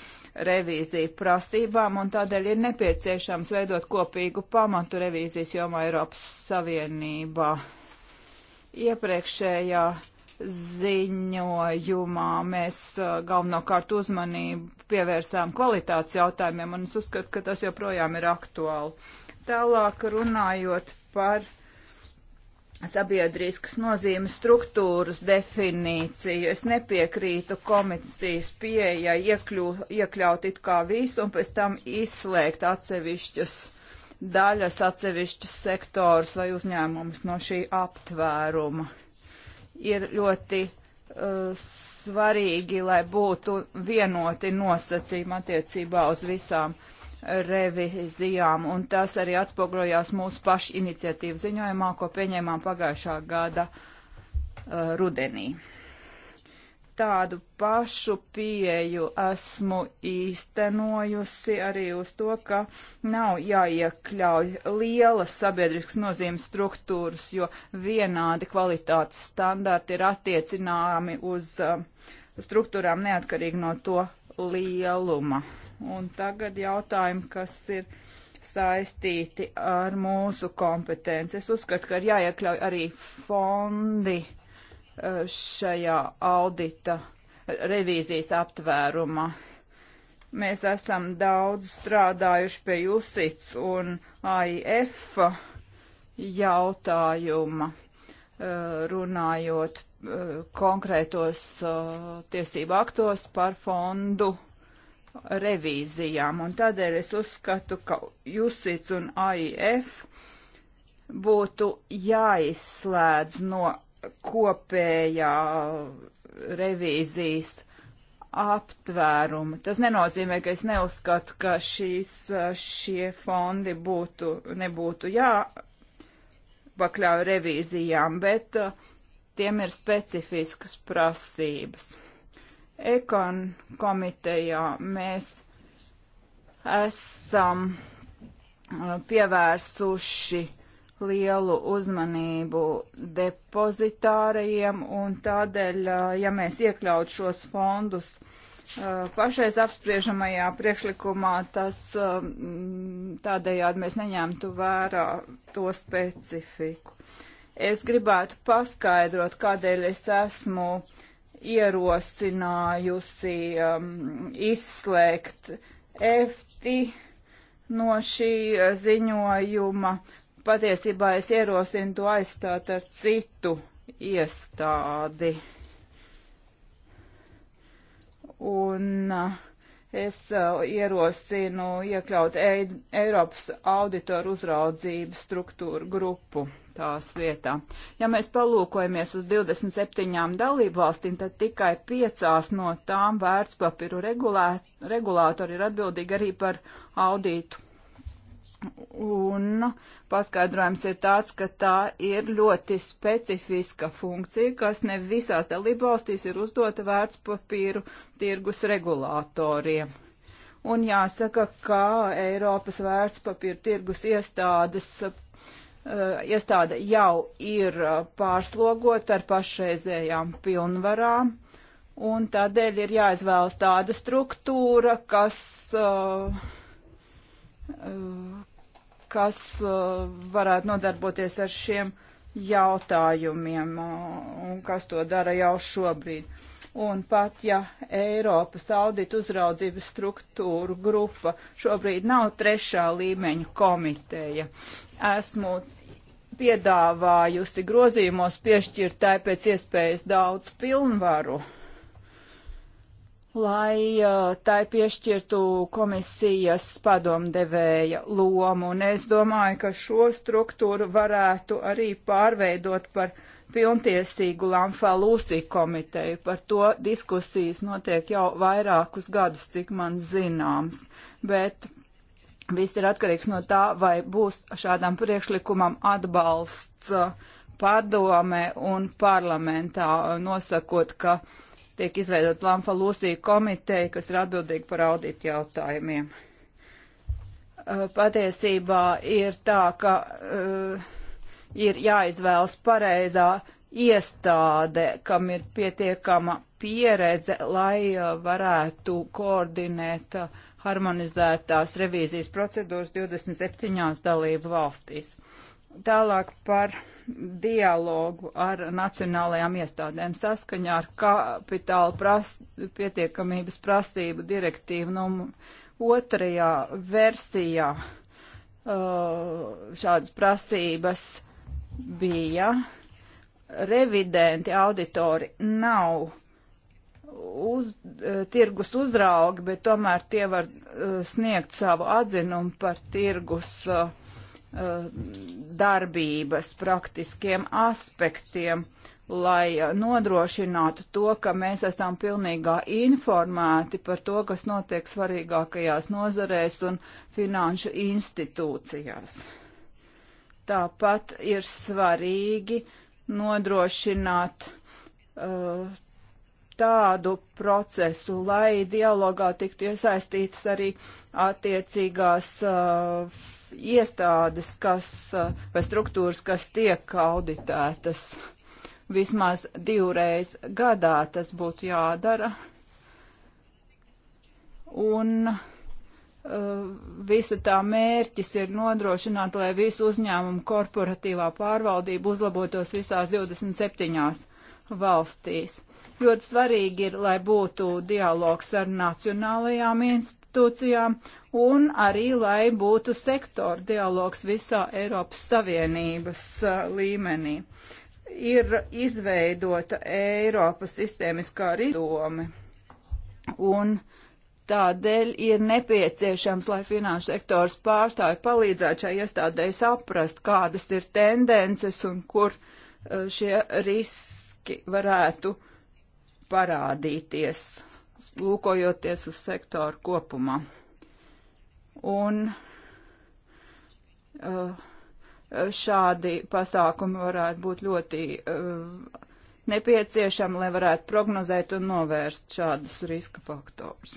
revīziju prasībām, un tādēļ ir nepieciešams veidot kopīgu pamatu revīzijas jomā Eiropas Savienībā. Iepriekšējā ziņojumā mēs uh, galvenokārt uzmanību pievērsām kvalitātes jautājumiem, un es uzskatu, ka tas joprojām ir aktuāli. Tālāk runājot par sabiedriskas nozīmes struktūras definīciju. Es nepiekrītu komisijas pieejai iekļaut it kā visu un pēc tam izslēgt atsevišķas daļas, atsevišķus sektorus vai uzņēmumus no šī aptvēruma. Ir ļoti uh, svarīgi, lai būtu vienoti nosacījumi attiecībā uz visām revizijām, un tas arī atspoguļojās mūsu pašu iniciatīvu ziņojumā, ko pieņēmām pagājušā gada uh, rudenī. Tādu pašu pieeju esmu īstenojusi arī uz to, ka nav jāiekļauj lielas sabiedriskas nozīmes struktūras, jo vienādi kvalitātes standarti ir attiecināmi uz uh, struktūrām neatkarīgi no to lieluma. Un tagad jautājumi, kas ir saistīti ar mūsu kompetenci. Es uzskatu, ka ir jāiekļauj arī fondi eh, šajā audita eh, revīzijas aptvērumā. Mēs esam daudz strādājuši pie USITS un AIF jautājuma, eh, runājot konkrētos tiesību aktos par fondu revīzijām. Un tādēļ es uzskatu, ka Jusits un AIF būtu jāizslēdz no kopējā revīzijas aptvērumu. Tas nenozīmē, ka es neuzskatu, ka šīs, šie fondi būtu, nebūtu jāpakļauj revīzijām, bet uh, tiem ir specifiskas prasības. Ekon komitejā mēs esam uh, pievērsuši lielu uzmanību depozitārajiem un tādēļ, uh, ja mēs iekļaut šos fondus uh, pašreiz apspriežamajā priekšlikumā, tas tādējādi mēs neņemtu vērā to specifiku. Es gribētu paskaidrot, kādēļ es esmu uh, ierosinājusi um, izslēgt EFTI no šī ziņojuma. Patiesībā es ierosinu to aizstāt ar citu iestādi. Un uh, es uh, ierosinu iekļaut Ei Eiropas auditoru uzraudzību struktūru grupu tās vietā. Ja mēs palūkojamies uz 27 dalību valstīm, tad tikai piecās no tām vērtspapīru regulē, regulātori ir atbildīgi arī par audītu. Un paskaidrojums ir tāds, ka tā ir ļoti specifiska funkcija, kas ne visās dalību valstīs ir uzdota vērtspapīru tirgus regulātoriem. Un jāsaka, ka Eiropas vērtspapīra tirgus iestādes Eh, iestāde jau ir eh, pārslogota ar pašreizējām pilnvarām, un tādēļ ir jāizvēlas tāda struktūra, kas, eh, kas varētu nodarboties ar šiem jautājumiem, un kas to dara jau šobrīd. Un pat ja Eiropas audita uzraudzības struktūru grupa šobrīd nav trešā līmeņa komiteja, esmu piedāvājusi grozījumos piešķirtai pēc iespējas daudz pilnvaru, lai uh, tai piešķirtu komisijas padomdevēja lomu. Un es domāju, ka šo struktūru varētu arī pārveidot par pilntiesīgu Lamfalūsī komiteju. Par to diskusijas notiek jau vairākus gadus, cik man zināms. Bet Viss ir atkarīgs no tā, vai būs šādam priekšlikumam atbalsts uh, padomē un parlamentā, uh, nosakot, ka tiek izveidot Lamfa Lūsija komiteja, kas ir atbildīga par audītu jautājumiem. Uh, patiesībā ir tā, ka uh, ir jāizvēlas pareizā iestāde, kam ir pietiekama pieredze, lai uh, varētu koordinēt uh, harmonizētās revīzijas procedūras 27 dalību valstīs. Tālāk par dialogu ar nacionālajām iestādēm saskaņā ar kapitāla pras, pietiekamības prasību direktīvu num otrajā versijā uh, šādas prasības bija. Revidenti auditori nav uh, uz, e, tirgus uzraugi, bet tomēr tie var uh, sniegt savu atzinumu par tirgus uh, uh, darbības praktiskiem aspektiem, lai nodrošinātu to, ka mēs esam pilnīgā informēti par to, kas notiek svarīgākajās nozarēs un finanšu institūcijās. Tāpat ir svarīgi nodrošināt uh, tādu procesu, lai dialogā tiktu iesaistītas arī attiecīgās uh, iestādes, kas, uh, vai struktūras, kas tiek auditētas. Vismaz divreiz gadā tas būtu jādara. Un uh, visa tā mērķis ir nodrošināt, lai visu uzņēmumu korporatīvā pārvaldība uzlabotos visās 27 valstīs. Ļoti svarīgi ir, lai būtu dialogs ar nacionālajām institūcijām un arī, lai būtu sektoru dialogs visā Eiropas Savienības uh, līmenī. Ir izveidota Eiropas sistēmiskā ridome un Tādēļ ir nepieciešams, lai finanšu sektors pārstāvi palīdzētu šai iestādēji saprast, kādas ir tendences un kur šie ris, riski varētu parādīties, lūkojoties uz sektoru kopumā. Un uh, šādi pasākumi varētu būt ļoti uh, nepieciešami, lai varētu prognozēt un novērst šādus riska faktorus.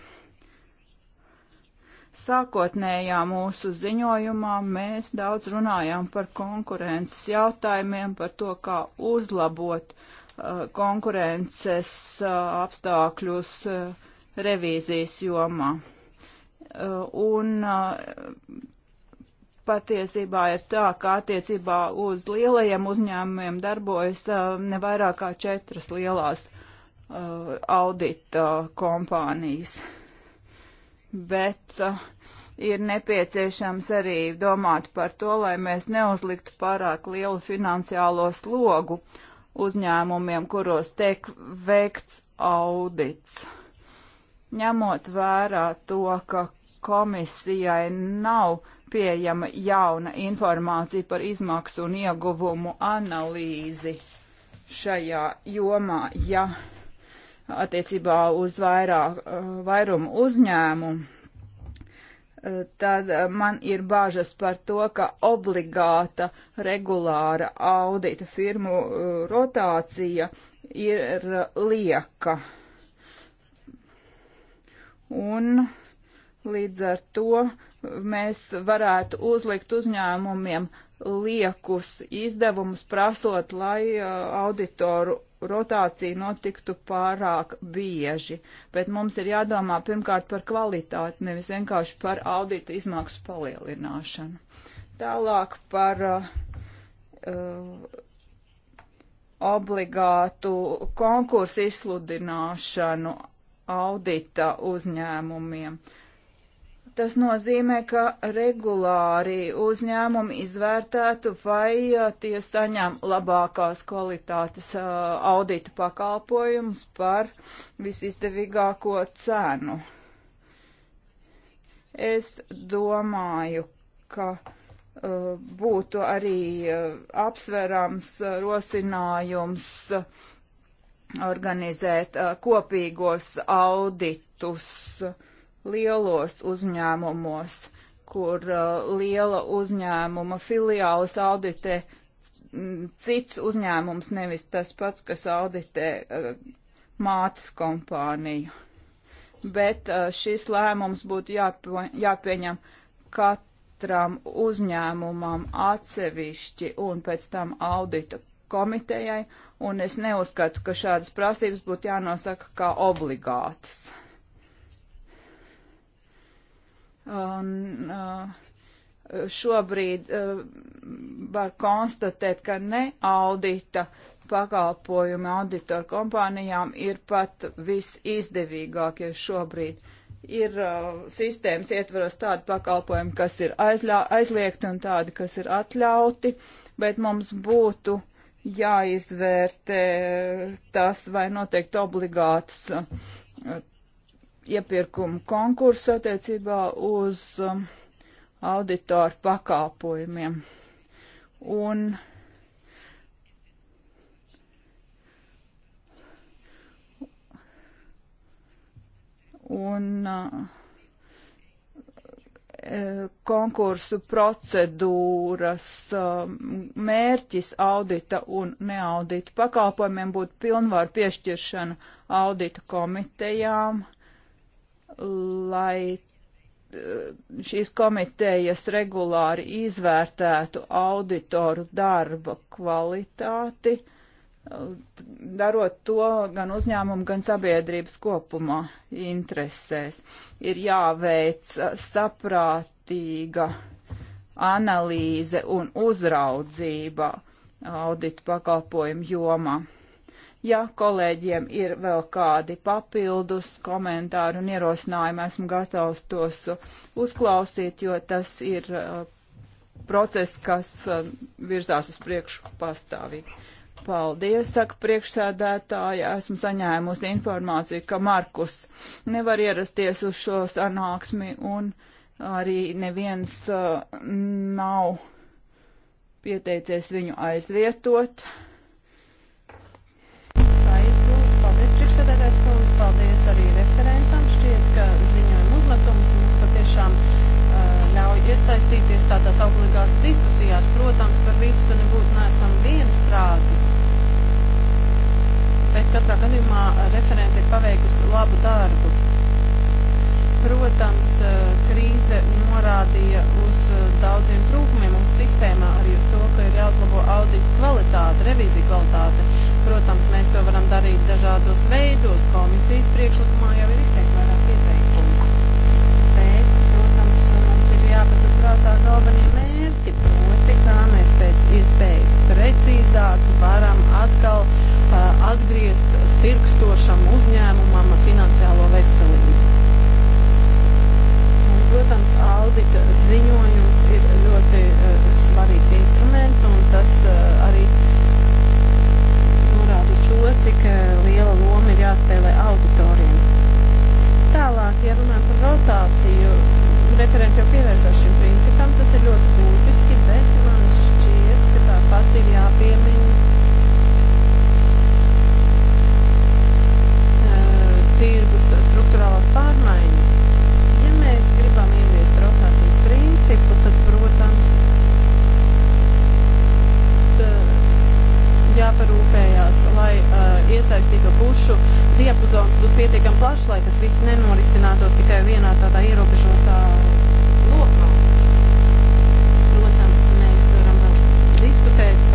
Sākotnējā mūsu ziņojumā mēs daudz runājām par konkurences jautājumiem, par to, kā uzlabot uh, Eh, konkurences eh, apstākļus eh, revīzijas jomā. Un patiesībā ir tā, ka attiecībā uz lielajiem uzņēmumiem darbojas ne vairāk kā četras lielās audita kompānijas. Bet uh, ir nepieciešams arī domāt par to, lai mēs neuzliktu pārāk lielu finansiālo slogu uzņēmumiem, kuros tiek veikts audits. Ņemot vērā to, ka komisijai nav pieejama jauna informācija par izmaksu un ieguvumu analīzi šajā jomā, ja attiecībā uz vairāk, uh, vairumu uzņēmumu tad eh, man ir bāžas par to, ka obligāta regulāra audita firmu eh, rotācija ir lieka. Un līdz ar to mēs varētu uzlikt uzņēmumiem liekus izdevumus, prasot, lai eh, auditoru rotācija notiktu pārāk bieži, bet mums ir jādomā pirmkārt par kvalitāti, nevis vienkārši par audita izmaksu palielināšanu. Tālāk par uh, uh obligātu konkursu izsludināšanu audita uzņēmumiem. Uh, Tas nozīmē, ka regulāri uzņēmumi izvērtētu, vai uh, tie saņem labākās kvalitātes uh, audita pakalpojumus par visizdevīgāko cenu. Es domāju, ka uh, būtu arī apsverams rosinājums organizēt kopīgos auditus lielos uzņēmumos, kur uh, liela uzņēmuma filiālis auditē mm, cits uzņēmums, nevis tas pats, kas auditē uh, mātes kompāniju. Bet uh, šis lēmums būtu jāpie, jāpieņem katram uzņēmumam atsevišķi un pēc tam audita komitejai, un es neuzskatu, ka šādas prasības būtu jānosaka kā obligātas. Un, uh, šobrīd uh, var konstatēt, ka ne audita pakalpojumi auditoru kompānijām ir pat visizdevīgākie šobrīd. Ir uh, sistēmas ietvaros tādi pakalpojumi, kas ir aizliegti un tādi, kas ir atļauti, bet mums būtu jāizvērtē tas, vai noteikti obligātus uh, iepirkumu konkursu attiecībā uz um, auditoru pakāpojumiem. Un un uh, e, konkursu procedūras uh, mērķis audita un neaudita pakalpojumiem būtu pilnvaru piešķiršana audita komitejām, lai eh, šīs komitejas regulāri izvērtētu auditoru darba kvalitāti, eh, darot to gan uzņēmumu, gan sabiedrības kopumā interesēs. Ir jāveic saprātīga analīze un uzraudzība auditu pakalpojumu jomā. Ja kolēģiem ir vēl kādi papildus komentāri un ierosinājumi, esmu gatavs tos uzklausīt, jo tas ir uh, process, kas uh, virzās uz priekšu pastāvīgi. Paldies, saka priekšsēdētāja. Esmu saņēmusi informāciju, ka Markus nevar ierasties uz šo sanāksmi un arī neviens uh, nav pieteicies viņu aizvietot. priekšsēdētājs kundze, paldies arī referentam. Šķiet, ka ziņojuma uzmetums mums patiešām uh, ļauj iesaistīties tādās auglīgās diskusijās. Protams, par visu nebūtu nesam vienas prātis. Bet katrā gadījumā referenti ir paveikusi labu darbu. Protams, eh, krīze norādīja uz eh, daudziem trūkumiem mūsu sistēmā, arī uz to, ka ir jāuzlabo audita kvalitāte, revīzija kvalitāte. Protams, mēs to varam darīt dažādos veidos. Komisijas priekšlikumā jau ir izteikti vairāk ieteikumu. Bet, protams, mums ir jāpaturprātā galvenie mērķi, proti, kā mēs pēc iespējas precīzāk varam atkal uh, atgriezt sirkstošam uzņēmumam finansiālo veselību Protams, audita ziņojums ir ļoti uh, svarīgs instruments, un tas uh, arī norāda uz to, cik uh, liela loma ir jāspēlē auditoriem. Tālāk, ja runājam par rotāciju, referenti jau pievērsās šim principam, tas ir ļoti būtiski, bet man šķiet, ka tāpat ir jāpiemina tirgus struktūrālās pārmaiņas gribam ieviest rotācijas principu, tad, protams, jāparūpējās, lai uh, iesaistīto pušu diapazons būtu pietiekami plašs, lai tas viss nenorisinātos tikai vienā tādā ierobežotā lokā. Protams, mēs varam vēl diskutēt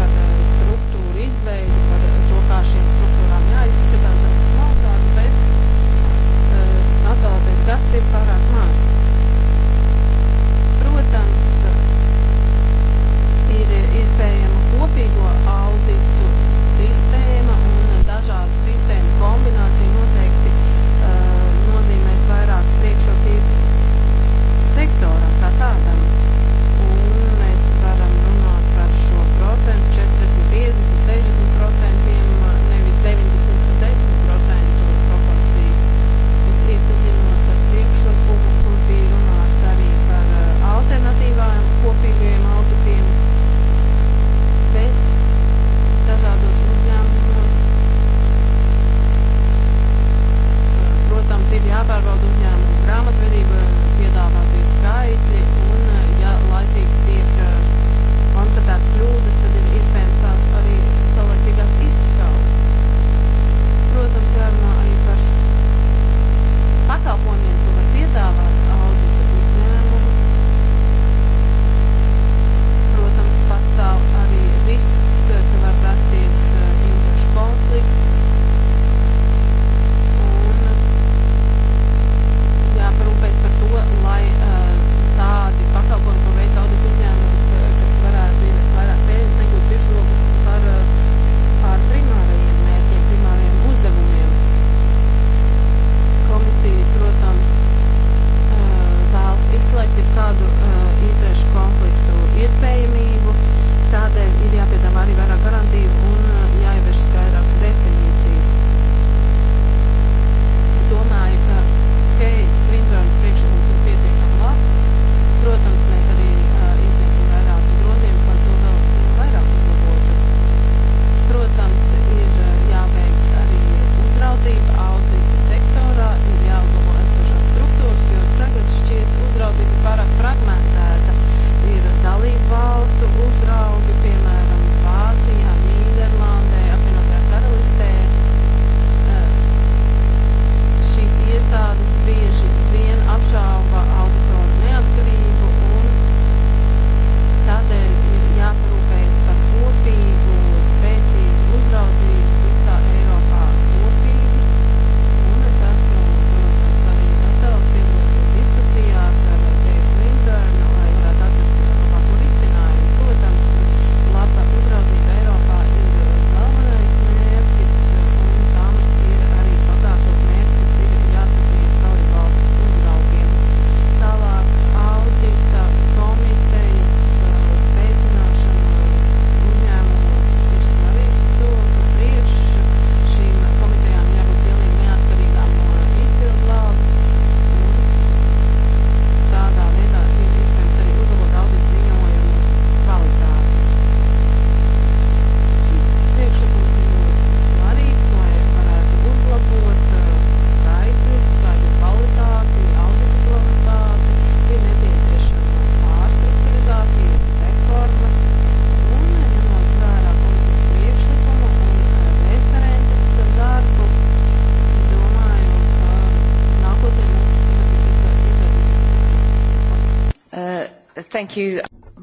Thank you.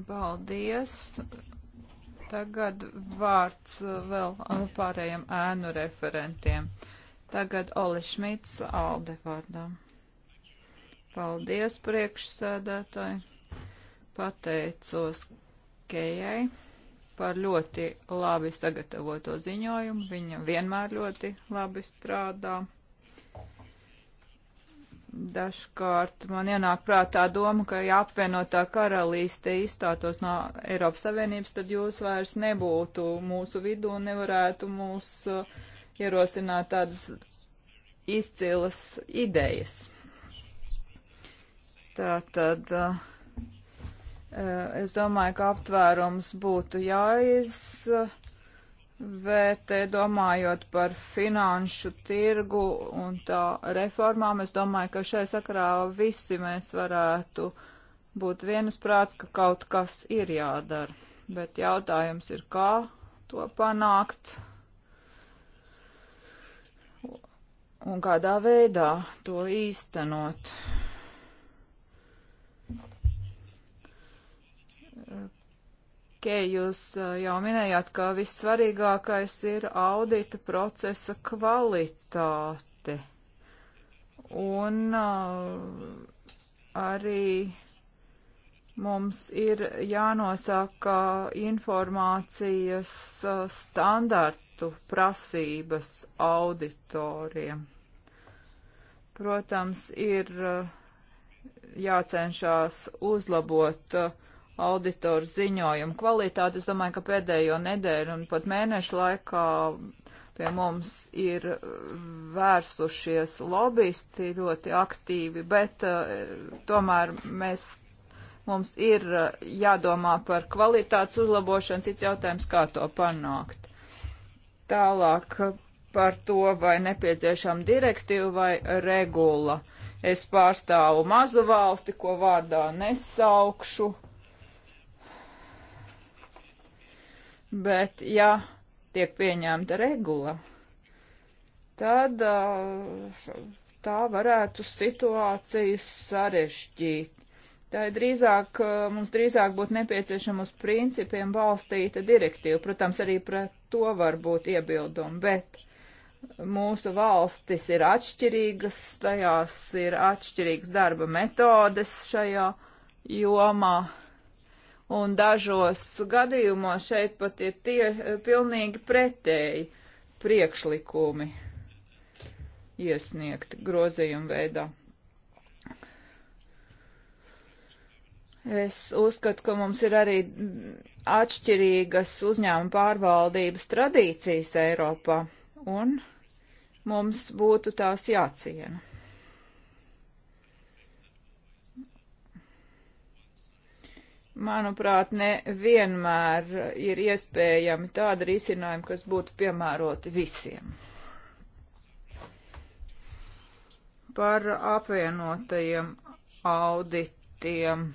Paldies. Tagad vārds uh, vēl uh, pārējiem ēnu referentiem. Tagad Oli Šmits Alde vārdā. Paldies priekšsēdētāji. Pateicos Kejai par ļoti labi sagatavoto ziņojumu. Viņa vienmēr ļoti labi strādā. Dažkārt man ienāk prātā doma, ka ja apvienotā karalīste izstātos no Eiropas Savienības, tad jūs vairs nebūtu mūsu vidū un nevarētu mūs uh, ierosināt tādas izcilas idejas. Tā tad uh, uh, es domāju, ka aptvērums būtu jāiz. Uh, Bet eh, domājot par finanšu tirgu un tā reformām, es domāju, ka šai sakrā visi mēs varētu būt vienasprāts, ka kaut kas ir jādara. Bet jautājums ir, kā to panākt un kādā veidā to īstenot. Rikē, jūs jau minējāt, ka vissvarīgākais ir audita procesa kvalitāte. Un arī mums ir jānosaka informācijas standartu prasības auditoriem. Protams, ir jācenšas uzlabot uh, auditoru ziņojumu kvalitāti. Es domāju, ka pēdējo nedēļu un pat mēnešu laikā pie mums ir vērsušies lobbyisti ļoti aktīvi, bet uh, tomēr mēs, mums ir uh, jādomā par kvalitātes uzlabošanu, cits jautājums, kā to panākt. Tālāk eh, par to, vai nepieciešama direktīva vai regula. Es pārstāvu mazu valsti, ko vārdā nesaukšu. Uh, bet ja tiek pieņemta regula, tad uh, tā varētu situāciju sarežģīt. Tā ir drīzāk, uh, mums drīzāk būtu nepieciešama uz principiem balstīta direktīva. Protams, arī pret to var būt iebildumi, bet mūsu valstis ir atšķirīgas, tajās ir atšķirīgas darba metodes šajā jomā un dažos gadījumos šeit pat ir tie eh, pilnīgi pretēji priekšlikumi iesniegt grozījumu veidā. Es uzskatu, ka mums ir arī atšķirīgas uzņēmuma pārvaldības tradīcijas Eiropā, un mums būtu tās jāciena. manuprāt, ne vienmēr ir iespējami tāda risinājuma, kas būtu piemēroti visiem. Par apvienotajiem auditiem.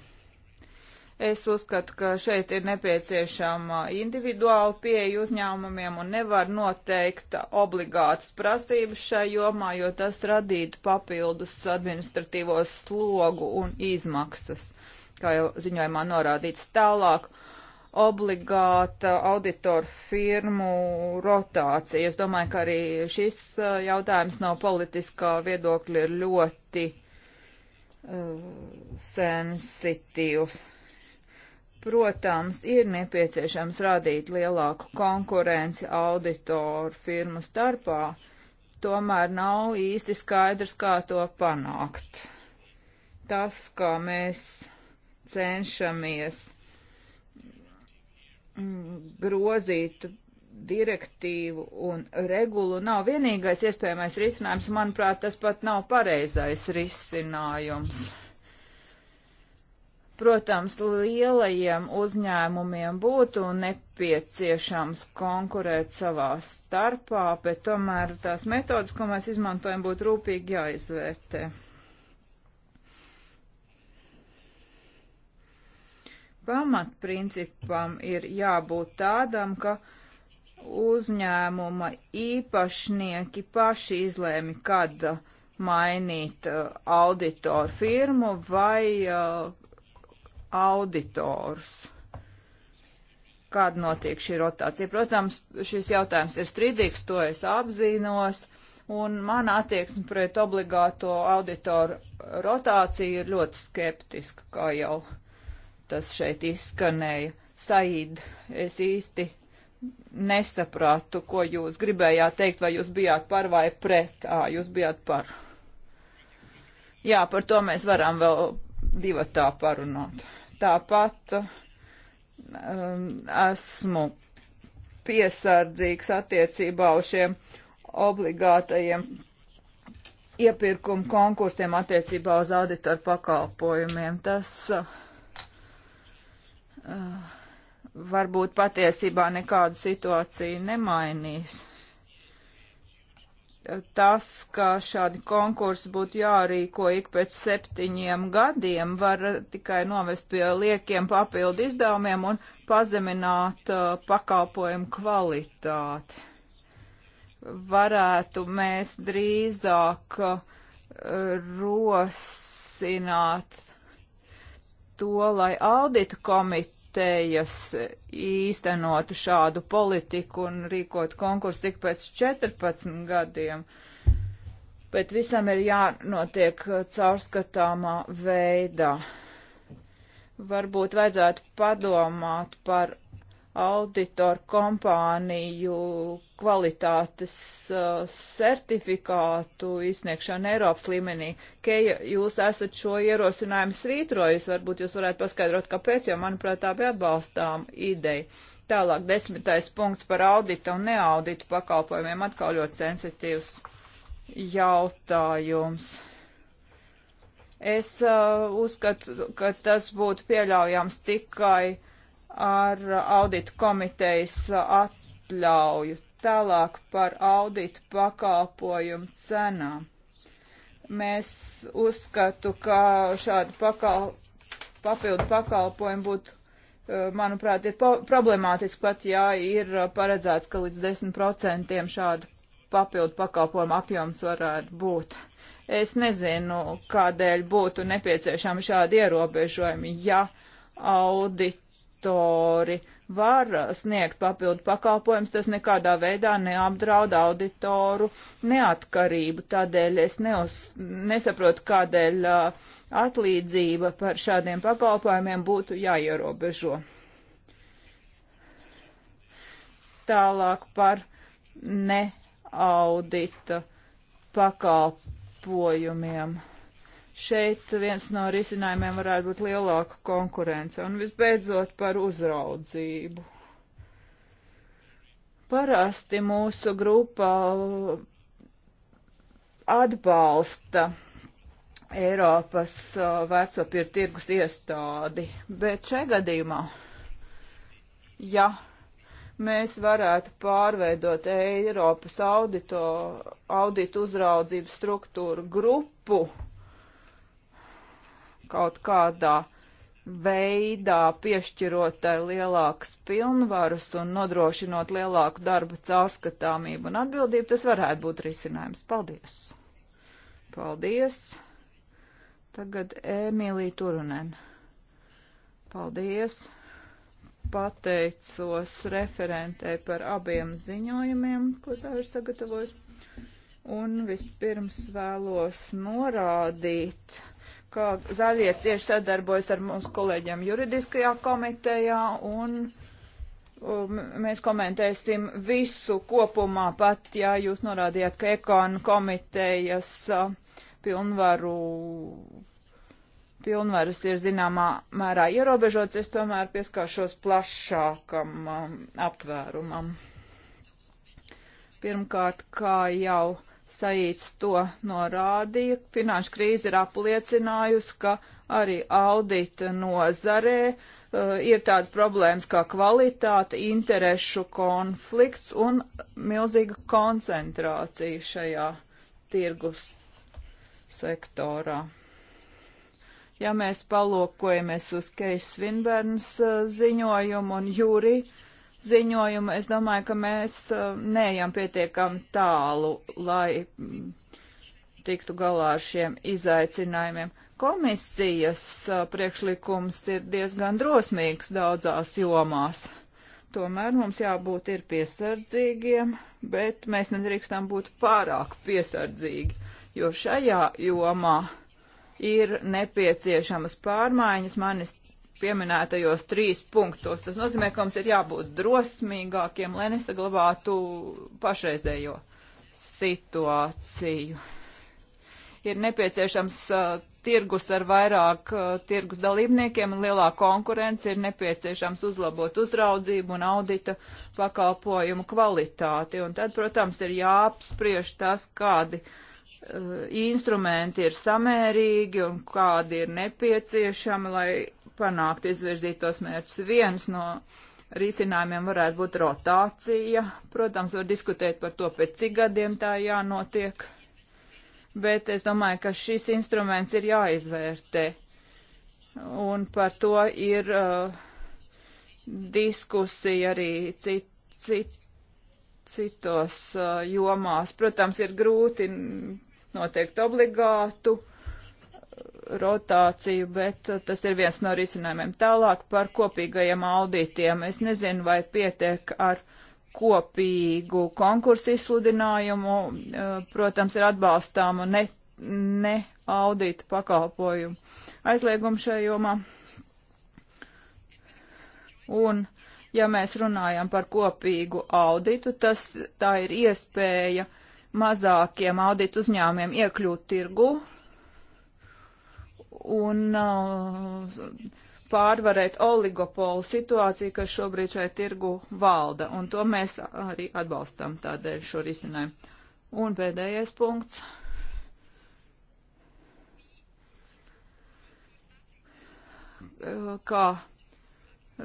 Es uzskatu, ka šeit ir nepieciešama individuāla pieeja uzņēmumiem un nevar noteikt obligātas prasības šai jomā, jo tas radītu papildus administratīvos slogu un izmaksas. Uh, kā jau ziņojumā norādīts tālāk, obligāta auditoru firmu rotācija. Es domāju, ka arī šis uh, jautājums no politiskā viedokļa ir ļoti uh, sensitīvs. Protams, ir nepieciešams radīt lielāku konkurenci auditoru firmu starpā, tomēr nav īsti skaidrs, kā to panākt. Tas, kā mēs cenšamies mm, grozīt direktīvu un regulu nav vienīgais iespējamais risinājums. Manuprāt, tas pat nav pareizais risinājums. Protams, lielajiem uzņēmumiem būtu nepieciešams konkurēt savā starpā, bet tomēr tās metodas, ko mēs izmantojam, būtu rūpīgi jāizvērtē. pamatprincipam ir jābūt tādam, ka uzņēmuma īpašnieki paši izlēmi, kad mainīt uh, auditoru firmu vai uh, auditorus. Kāda notiek šī rotācija? Protams, šis jautājums ir strīdīgs, to es apzinos, un mana attieksme pret obligāto auditoru rotāciju ir ļoti skeptiska, kā jau uh, tas šeit izskanēja. Said, es īsti nesapratu, ko jūs gribējāt teikt, vai jūs bijāt par vai pret. Ā, jūs bijāt par. Jā, par to mēs varam vēl divatā parunāt. Tāpat um, esmu piesardzīgs attiecībā uz šiem obligātajiem iepirkumu konkursiem attiecībā uz auditoru pakalpojumiem. Tas uh, Eh, varbūt patiesībā nekādu situāciju nemainīs. Tas, ka šādi konkursi būtu jārīko ik pēc septiņiem gadiem, var tikai novest pie liekiem papildu izdevumiem un pazemināt uh, pakalpojumu kvalitāti. Varētu mēs drīzāk uh, rosināt to, lai auditu komiteja komitejas īstenotu šādu politiku un rīkot konkursu tik pēc 14 gadiem, bet visam ir jānotiek caurskatāmā veidā varbūt vajadzētu padomāt par auditoru kompāniju kvalitātes uh, certifikātu izsniegšanu Eiropas līmenī. Keja, jūs esat šo ierosinājumu svītrojis, varbūt jūs varētu paskaidrot, kāpēc, jo, manuprāt, tā bija atbalstām ideja. Tālāk, desmitais punkts par audita un neaudita pakalpojumiem atkal ļoti sensitīvs jautājums. Es uh, uzskatu, ka tas būtu pieļaujams tikai uh, ar auditu komitejas atļauju. Tālāk par auditu pakalpojumu cenām. Mēs uzskatu, ka šādi pakal, papildu pakalpojumi būtu, eh, manuprāt, ir problemātiski pat, ja ir paredzēts, ka līdz 10% šādu papildu pakalpojumu apjoms varētu būt. Es nezinu, kādēļ būtu nepieciešami šādi ierobežojumi, ja audit auditori var sniegt papildu pakalpojums, tas nekādā veidā neapdraud auditoru neatkarību. Tādēļ es neuz, nesaprotu, kādēļ uh, atlīdzība par šādiem pakalpojumiem būtu jāierobežo. Tālāk par neaudita pakalpojumiem. Šeit viens no risinājumiem varētu būt lielāka konkurence. Un visbeidzot par uzraudzību. Parasti mūsu grupā atbalsta Eiropas uh, vērtspapīra tirgus iestādi, bet šajā gadījumā, ja mēs varētu pārveidot Eiropas audito, auditu uzraudzību struktūru grupu, kaut kādā veidā piešķirot tai lielākas pilnvaras un nodrošinot lielāku darbu caurskatāmību un atbildību, tas varētu būt risinājums. Paldies! Paldies! Tagad Emīlija Turunen. Paldies! Pateicos referentei par abiem ziņojumiem, ko tā ir sagatavojusi. Un vispirms vēlos norādīt, ka zaļie cieši sadarbojas ar mūsu kolēģiem juridiskajā komitejā un um, mēs komentēsim visu kopumā, pat ja jūs norādījāt, ka ekonu komitejas uh, pilnvaru, pilnvaras ir zināmā mērā ierobežots, es tomēr pieskāršos plašākam um, aptvērumam. Pirmkārt, kā jau Saīts to norādīja. Finanšu krīze ir apliecinājusi, ka arī audita nozarē uh, ir tādas problēmas kā kvalitāte, interešu konflikts un milzīga koncentrācija šajā tirgus sektorā. Ja mēs palūkojamies uz Keisa Svinbērnas eh, ziņojumu un jūriju, ziņojumu. Es domāju, ka mēs uh, neejam pietiekam tālu, lai mm, tiktu galā ar šiem izaicinājumiem. Komisijas uh, priekšlikums ir diezgan drosmīgs daudzās jomās. Tomēr mums jābūt ir piesardzīgiem, bet mēs nedrīkstam būt pārāk piesardzīgi, jo šajā jomā ir nepieciešamas pārmaiņas manis pieminētajos trīs punktos. Tas nozīmē, ka mums ir jābūt drosmīgākiem, lai nesaglabātu pašreizējo situāciju. Ir nepieciešams uh, tirgus ar vairāk uh, tirgus dalībniekiem un lielā konkurence, ir nepieciešams uzlabot uzraudzību un audita pakalpojumu kvalitāti. Un tad, protams, ir jāapspriež tas, kādi uh, instrumenti ir samērīgi un kādi ir nepieciešami, lai panākt izvirzītos mērķus. Viens no risinājumiem varētu būt rotācija. Protams, var diskutēt par to, pēc cik gadiem tā jānotiek. Bet es domāju, ka šis instruments ir jāizvērtē. Un par to ir uh, diskusija arī cit, cit, citos uh, jomās. Protams, ir grūti noteikt obligātu uh, rotāciju, bet uh, tas ir viens no risinājumiem. Tālāk par kopīgajiem auditiem. Es nezinu, vai pietiek ar kopīgu konkursu izsludinājumu. Uh, protams, ir atbalstāma ne, ne audita pakalpojumu aizliegumu šajā jomā. Un, ja mēs runājam par kopīgu auditu, tas tā ir iespēja mazākiem auditu uzņēmumiem iekļūt tirgu, un uh, pārvarēt oligopolu situāciju, kas šobrīd šai tirgu valda, un to mēs arī atbalstam tādēļ šo risinājumu. Un pēdējais punkts. Kā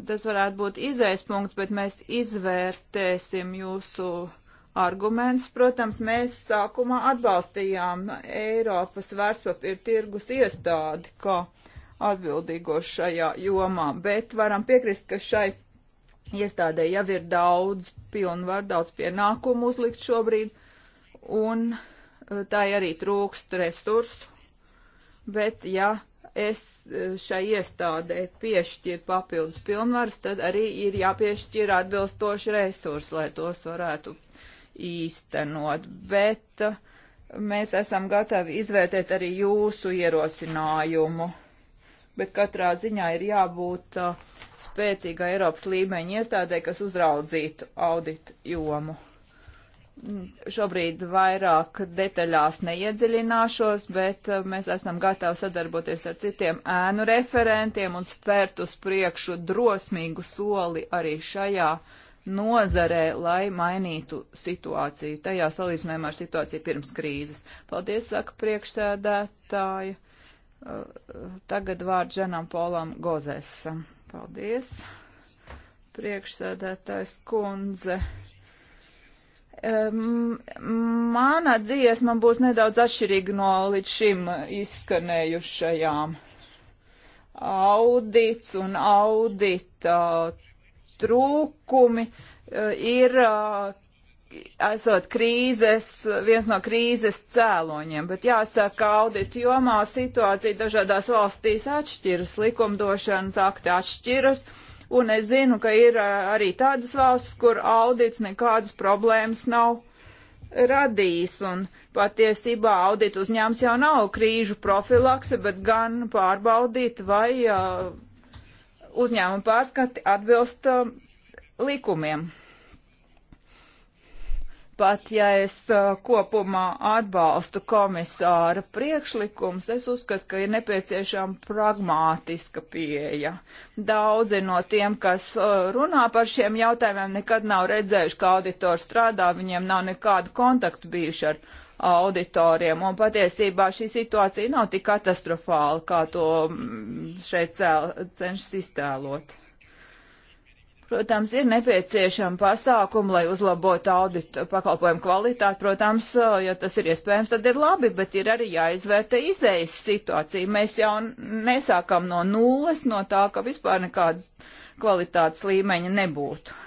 tas varētu būt izējas punkts, bet mēs izvērtēsim jūsu uh, arguments. Protams, mēs sākumā atbalstījām Eiropas vērtspapīra tirgus iestādi kā atbildīgo šajā jomā, bet varam piekrist, ka šai iestādē jau ir daudz pilnvaru, daudz pienākumu uzlikt šobrīd, un e, tā arī trūkst resursu. Bet, ja es e, šai iestādē piešķiru papildus pilnvaras, tad arī ir jāpiešķir atbilstoši resursi, lai tos varētu īstenot, bet uh, mēs esam gatavi izvērtēt arī jūsu ierosinājumu. Bet katrā ziņā ir jābūt uh, spēcīga Eiropas līmeņa iestādē, kas uzraudzītu audit jomu. Mm, šobrīd vairāk detaļās neiedziļināšos, bet uh, mēs esam gatavi sadarboties ar citiem ēnu referentiem un spērt uz priekšu drosmīgu soli arī šajā nozarē, lai mainītu situāciju tajā salīdzinājumā ar situāciju pirms krīzes. Paldies, saka priekšsēdētāja. Uh, tagad vārds Ženam Polam Gozesam. Paldies, priekšsēdētājs kundze. Um, mana dziesma būs nedaudz atšķirīga no līdz šim izskanējušajām. Audits un audita trūkumi eh, ir eh, esot krīzes, viens no krīzes cēloņiem, bet jāsaka, audita jomā situācija dažādās valstīs atšķiras, likumdošanas akti atšķiras, un es zinu, ka ir eh, arī tādas valstis, kur audits nekādas problēmas nav radījis, un patiesībā audita uzņēmums jau nav krīžu profilakse, bet gan pārbaudīt, vai uh, uzņēmuma pārskati atbilst uh, likumiem. Pat ja es uh, kopumā atbalstu komisāra priekšlikums, es uzskatu, ka ir nepieciešama pragmātiska pieeja. Daudzi no tiem, kas uh, runā par šiem jautājumiem, nekad nav redzējuši, ka auditors strādā, viņiem nav nekādu kontaktu bijuši ar auditoriem. Un patiesībā šī situācija nav tik katastrofāla, kā to mm, šeit cēl, cenšas iztēlot. Protams, ir nepieciešama pasākuma, lai uzlabotu audita pakalpojumu kvalitāti. Protams, ja tas ir iespējams, tad ir labi, bet ir arī jāizvērta izējas situācija. Mēs jau nesākam no nulles, no tā, ka vispār nekādas kvalitātes līmeņa nebūtu.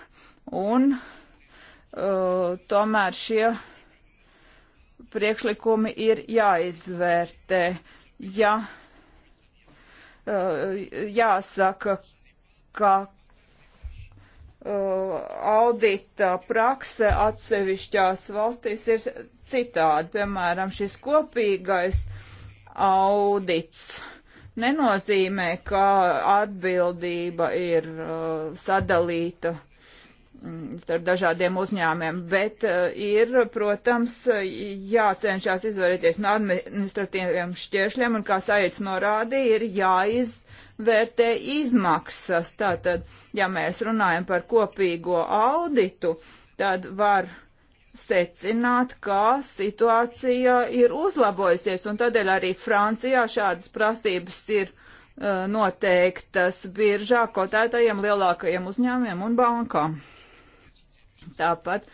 Un uh, tomēr šie priekšlikumi ir jāizvērtē. Ja, uh, jāsaka, ka uh, audita prakse atsevišķās valstīs ir citādi. Piemēram, šis kopīgais audits nenozīmē, ka atbildība ir uh, sadalīta uh, Mm, starp dažādiem uzņēmiem, bet eh, ir, protams, jācenšas izvairīties no administratīviem šķēršļiem, un, kā Saits norādīja, ir jāizvērtē izmaksas. Tātad, ja mēs runājam par kopīgo auditu, tad var secināt, ka situācija ir uzlabojusies, un tādēļ arī Francijā šādas prasības ir uh, noteiktas biržā kotētajiem lielākajiem uzņēmumiem un bankām. Tāpat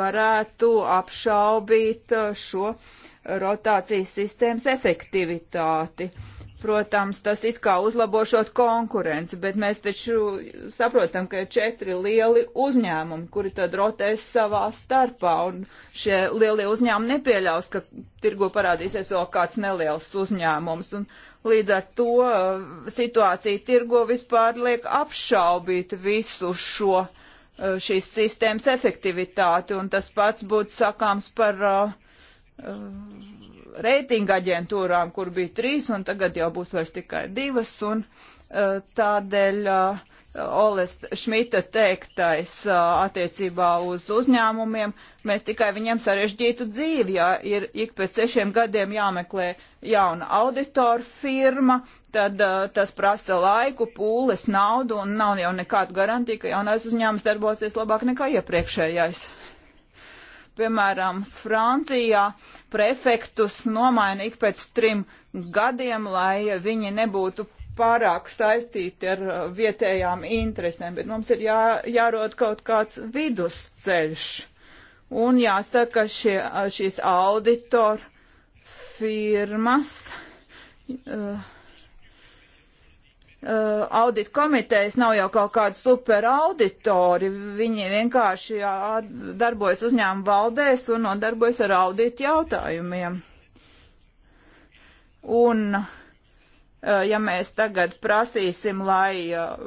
varētu apšaubīt uh, šo rotācijas sistēmas efektivitāti. Protams, tas it kā uzlabošot konkurenci, bet mēs taču saprotam, ka ir četri lieli uzņēmumi, kuri tad rotēs savā starpā, un šie lielie uzņēmumi nepieļaus, ka tirgu parādīsies vēl kāds neliels uzņēmums, un līdz ar to uh, situācija tirgo vispār liek apšaubīt visu šo uh, Uh, šīs sistēmas efektivitāti, un tas pats būtu sakāms par uh, uh, reitinga aģentūrām, kur bija trīs, un tagad jau būs vairs tikai divas, un uh, tādēļ uh, Oles Šmita teiktais uh, attiecībā uz uzņēmumiem, mēs tikai viņiem sarežģītu dzīvi, ja ir ik pēc sešiem gadiem jāmeklē jauna auditora firma, tad uh, tas prasa laiku, pūles, naudu un nav jau nekādu garantiju, ka jaunais uzņēmums darbosies labāk nekā iepriekšējais. Piemēram, Francijā prefektus nomaina ik pēc trim gadiem, lai viņi nebūtu pārāk saistīti ar uh, vietējām interesēm, bet mums ir jā, jārod kaut kāds vidusceļš. Un jāsaka, šie, šīs auditoru firmas. Uh, Eh, audit komitejas nav jau kaut kādi superauditori, viņi vienkārši jā, darbojas uzņēmuma valdēs un nodarbojas ar audit jautājumiem. Un uh, Eh, ja mēs tagad prasīsim, lai eh,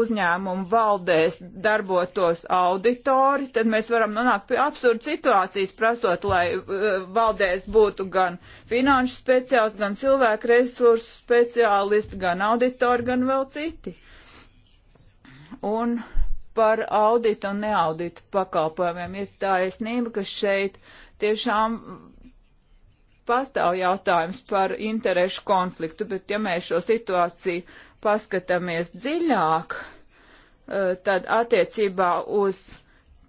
uzņēmumu valdēs darbotos auditori, tad mēs varam nonākt pie absurda situācijas, prasot, lai eh, valdēs būtu gan finanšu speciālisti, gan cilvēku resursu speciālisti, gan auditori, gan vēl citi. Un par auditu un neauditu pakalpojumiem ir taisnība, ka šeit tiešām pastāv jautājums par interešu konfliktu, bet ja mēs šo situāciju paskatāmies dziļāk, eh, tad attiecībā uz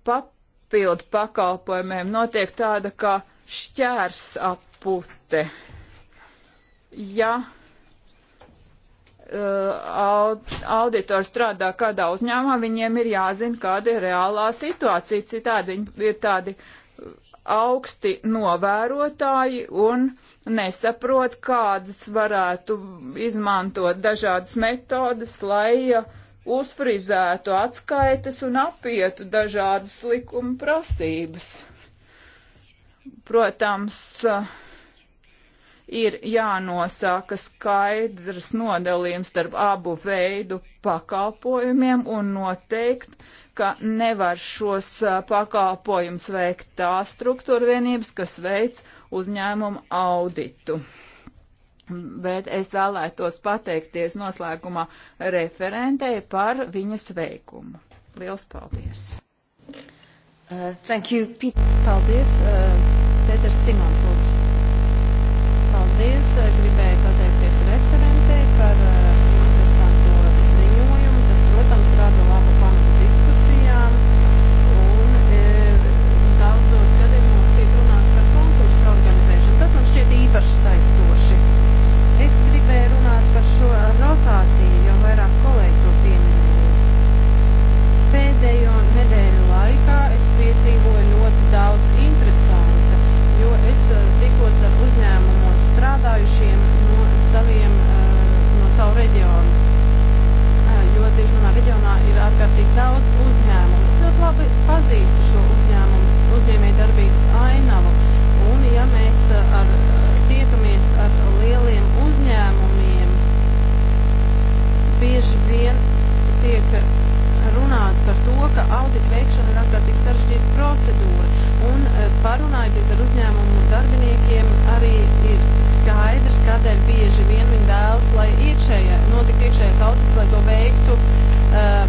papildu pakalpojumiem notiek tāda kā šķērs apute. Ja eh, auditori strādā kādā uzņēmumā, viņiem ir jāzina, kāda ir reālā situācija. Citādi viņi ir tādi uh, augsti novērotāji un nesaprot, kādas varētu izmantot dažādas metodas, lai uh, uzfrizētu atskaites un apietu dažādas likuma prasības. Protams, uh, ir jānosaka skaidrs nodalījums starp abu veidu pakalpojumiem un noteikt, ka nevar šos pakalpojumus veikt tās struktūra vienības, kas veic uzņēmumu auditu. Bet es vēlētos pateikties noslēgumā referentei par viņas veikumu. Liels paldies! Uh, thank you, Peter. Paldies, uh, Pēters Simons, lūdzu. Paldies, uh, gribēju pateikt daudz uzņēmumu. Es ļoti labi pazīstu šo uzņēmumu, uzņēmē darbības ainavu. Un ja mēs uh, ar, uh, tiekamies ar lieliem uzņēmumiem, bieži vien tiek runāts par to, ka audita veikšana ir ārkārtīgi sarežģīta procedūra. Un uh, parunājoties ar uzņēmumu darbiniekiem, arī ir skaidrs, kādēļ bieži vien viņi vēlas, lai iekšējā, notika iekšējais audits, lai to veiktu uh,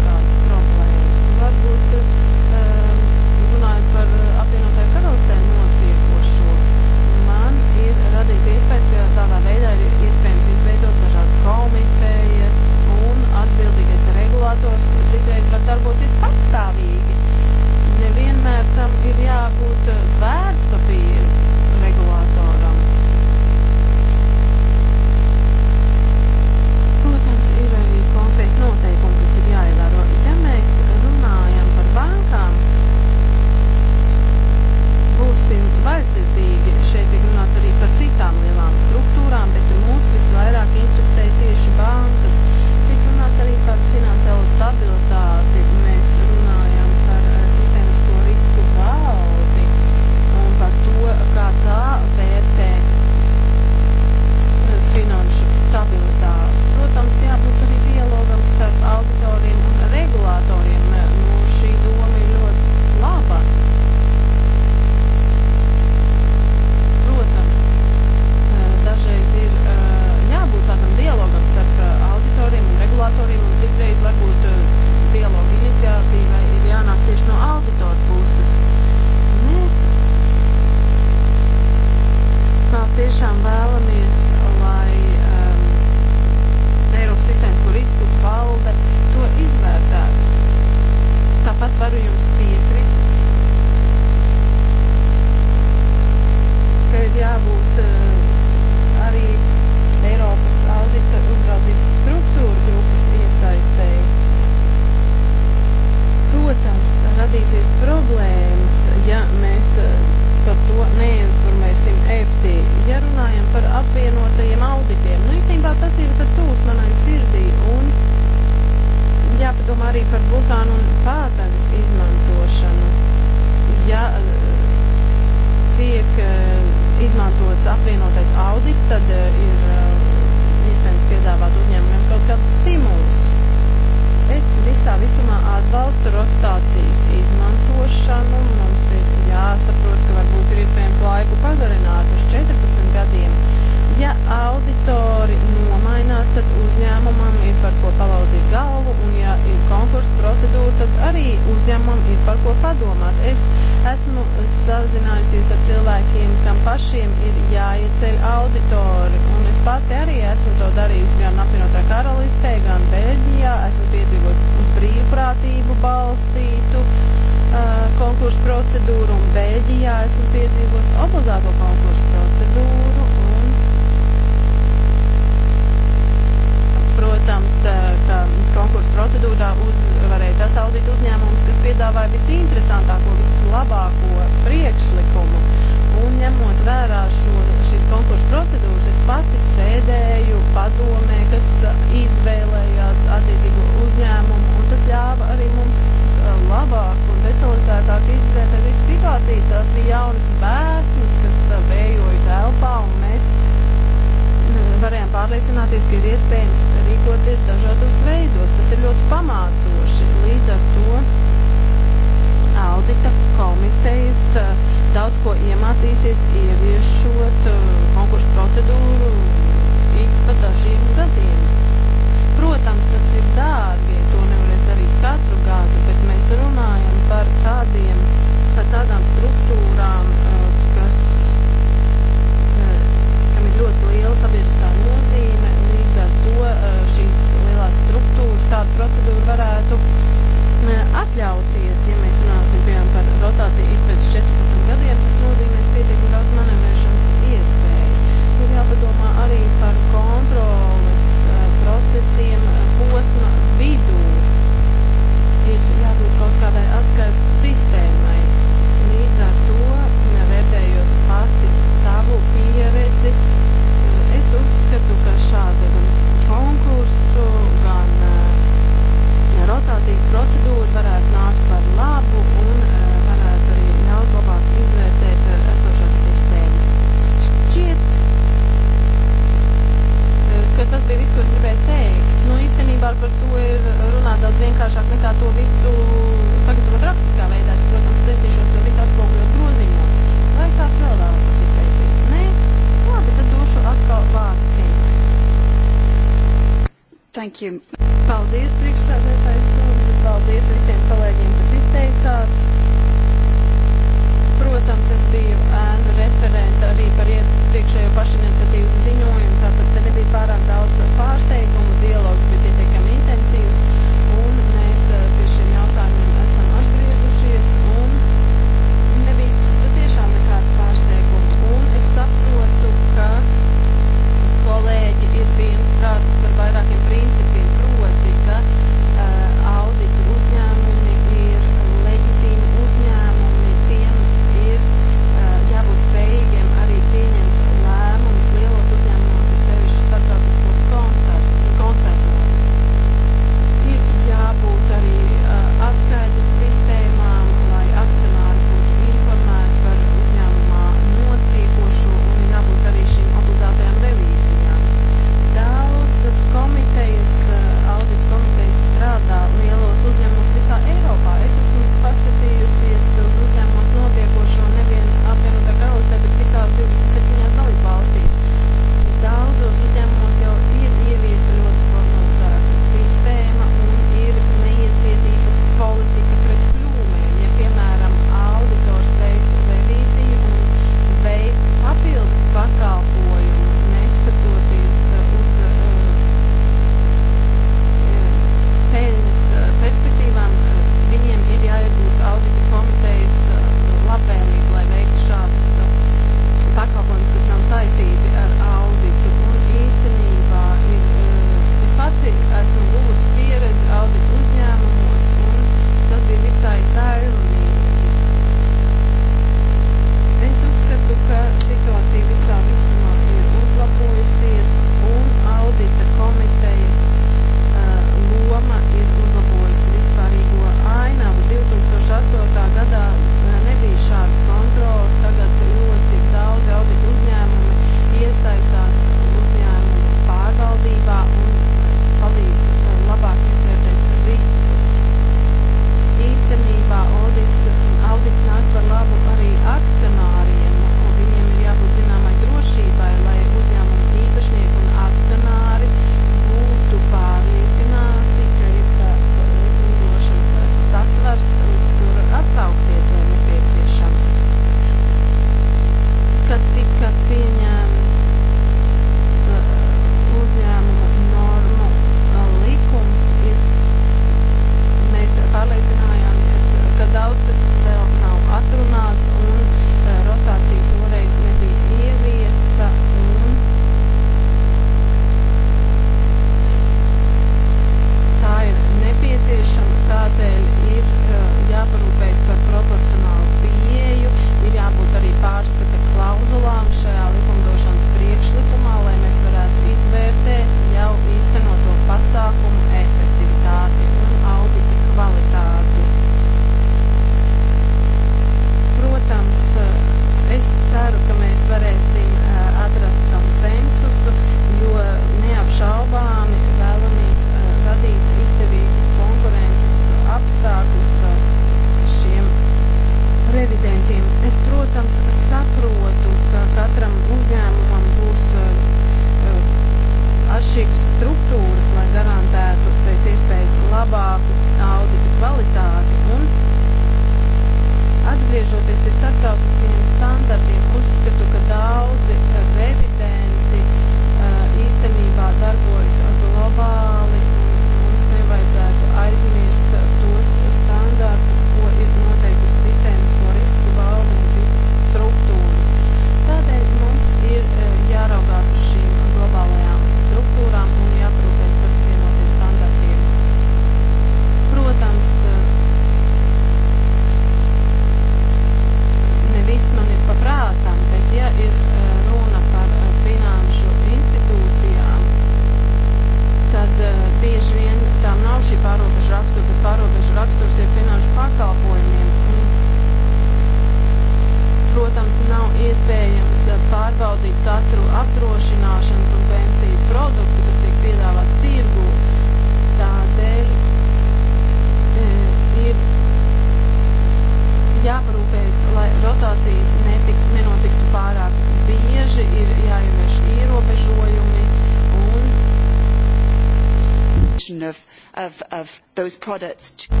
those products. To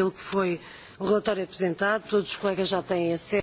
aquilo que foi o relatório apresentado. Todos os colegas já têm acesso.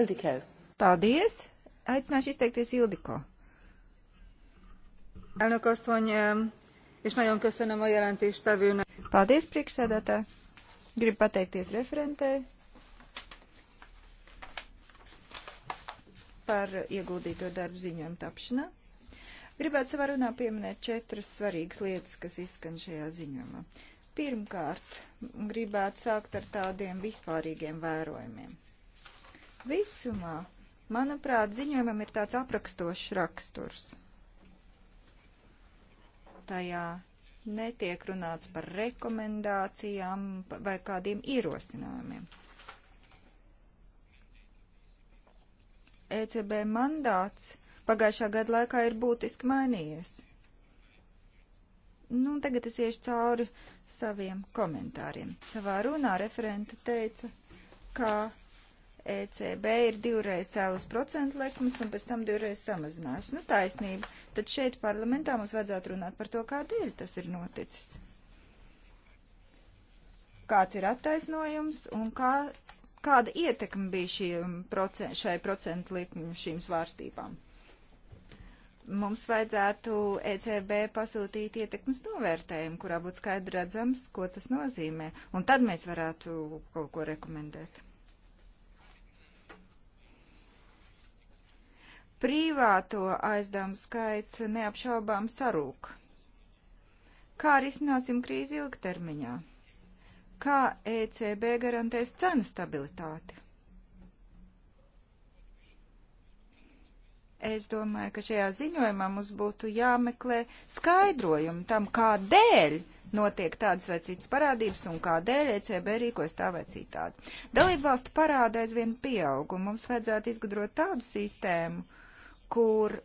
Ildiko. Paldies! Aicināšu izteikties Ildiko. Elnök asszony, és nagyon köszönöm a jelentéstevőnek. Paldies, priekšsēdētā. Gribu pateikties referentei par ieguldīto darbu ziņojumu tapšanā. Gribētu savā runā pieminēt četras svarīgas lietas, kas izskan šajā ziņojumā. Pirmkārt, gribētu sākt ar tādiem vispārīgiem vērojumiem. Visumā, manuprāt, ziņojumam ir tāds aprakstošs raksturs. Tajā netiek runāts par rekomendācijām vai kādiem ierosinājumiem. ECB mandāts pagājušā gada laikā ir būtiski mainījies. Nu, tagad es iešu cauri saviem komentāriem. Savā runā referenta teica, ka ECB ir divreiz cēlus procentu likumus un pēc tam divreiz samazinās. Nu, taisnība. Tad šeit parlamentā mums vajadzētu runāt par to, kādēļ tas ir noticis. Kāds ir attaisnojums un kā, kāda ietekme bija šiem, procent, šai procentu likumu šīm svārstībām? Mums vajadzētu ECB pasūtīt ietekmes novērtējumu, kurā būtu skaidri redzams, ko tas nozīmē. Un tad mēs varētu kaut ko rekomendēt. Privāto aizdevumu skaits neapšaubām sarūk. Kā risināsim krīzi ilgtermiņā? Kā ECB garantēs cenu stabilitāti? Es domāju, ka šajā ziņojumā mums būtu jāmeklē skaidrojumi tam, kādēļ notiek tādas vai citas parādības un kādēļ ECB rīkojas tā vai citādi. Dalību valstu parāda aizvien pieaug, un mums vajadzētu izgudrot tādu sistēmu, kur,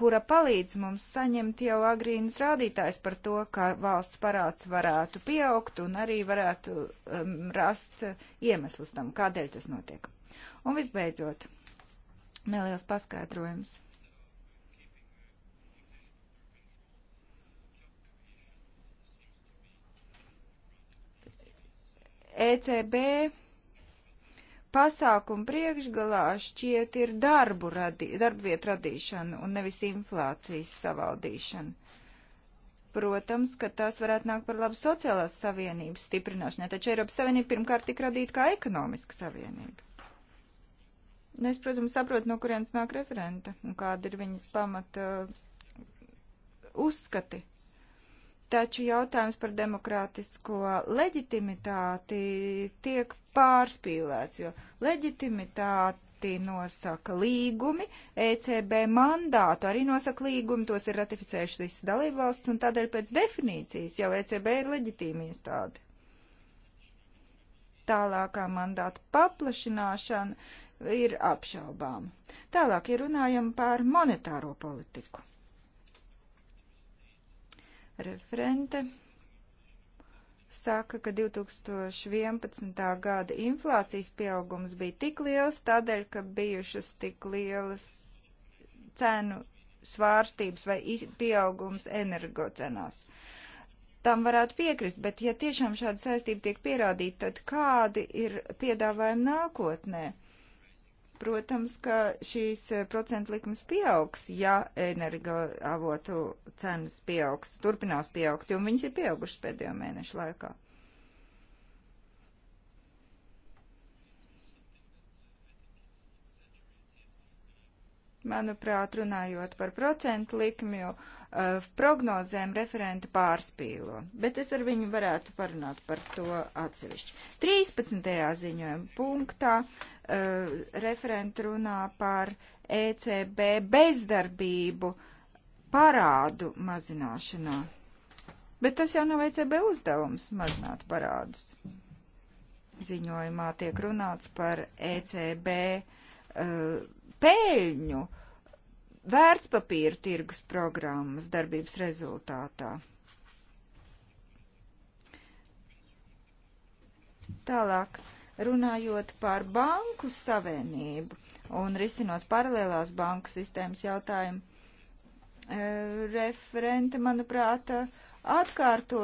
kura palīdz mums saņemt jau agrīnas rādītājs par to, ka valsts parāds varētu pieaugt un arī varētu um, rast uh, iemeslus tam, kādēļ tas notiek. Un visbeidzot, neliels paskaidrojums. ECB pasākumu priekšgalā šķiet ir darbu radī, darbvietu radīšana un nevis inflācijas savaldīšana. Protams, ka tās varētu nākt par labu sociālās savienības stiprināšanai, taču Eiropas Savienība pirmkārt tika radīta kā ekonomiska savienība. Nu, es, protams, saprotu, no kurienes nāk referenta un kāda ir viņas pamata uh, uzskati. Taču jautājums par demokrātisko leģitimitāti tiek pārspīlēts, jo leģitimitāti nosaka līgumi, ECB mandātu arī nosaka līgumi, tos ir ratificējuši visas dalībvalsts, un tādēļ pēc definīcijas jau ECB ir leģitīma iestāde. Tālākā mandāta paplašināšana ir apšaubām. Tālāk ir runājama par monetāro politiku. Referente saka, ka 2011. gada inflācijas pieaugums bija tik liels, tādēļ, ka bijušas tik lielas cenu svārstības vai pieaugums energocenās. Tam varētu piekrist, bet ja tiešām šāda saistība tiek pierādīta, tad kādi ir piedāvājumi nākotnē? Protams, ka šīs eh, procentu likmes pieaugs, ja energoavotu cenas pieaugs, turpinās pieaugt, jo viņas ir pieaugušas pēdējo mēnešu laikā. Manuprāt, runājot par procentu likmju, uh, eh, prognozēm referenti pārspīlo, bet es ar viņu varētu parunāt par to atsevišķi. 13. ziņojuma punktā uh, referenti runā par ECB bezdarbību parādu mazināšanā, bet tas jau nav ECB uzdevums mazināt parādus. Ziņojumā tiek runāts par ECB uh, eh, peļņu vērtspapīra tirgus programmas darbības rezultātā. Tālāk, runājot par banku savienību un risinot paralēlās banku sistēmas jautājumu, e, referente, manuprāt, atkārto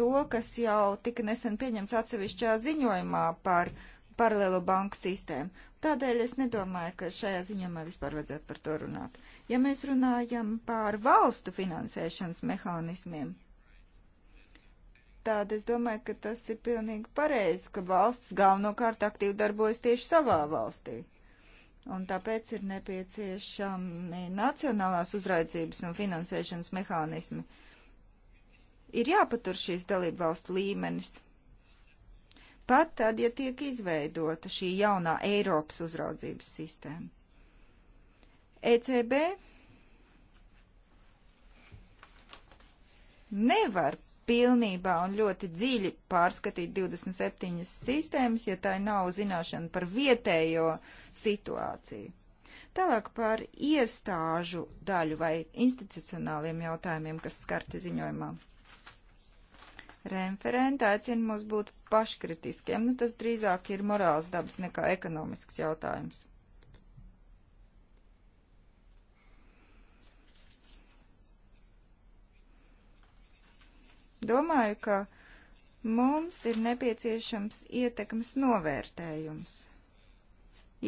to, kas jau tika nesen pieņemts atsevišķā ziņojumā par paralēlo banku sistēmu. Tādēļ es nedomāju, ka šajā ziņojumā vispār vajadzētu par to runāt. Ja mēs runājam par valstu finansēšanas mehānismiem, tad es domāju, ka tas ir pilnīgi pareizi, ka valsts galvenokārt aktīvi darbojas tieši savā valstī. Un tāpēc ir nepieciešami nacionālās uzraidzības un finansēšanas mehānismi. Ir jāpatur šīs dalību valstu līmenis pat tad, ja tiek izveidota šī jaunā Eiropas uzraudzības sistēma. ECB nevar pilnībā un ļoti dziļi pārskatīt 27 sistēmas, ja tai nav zināšana par vietējo situāciju. Tālāk par iestāžu daļu vai institucionāliem jautājumiem, kas skarti ziņojumā. Referente aicina mūs būt paškritiskiem, nu tas drīzāk ir morāls dabas nekā ekonomisks jautājums. Domāju, ka mums ir nepieciešams ietekmes novērtējums.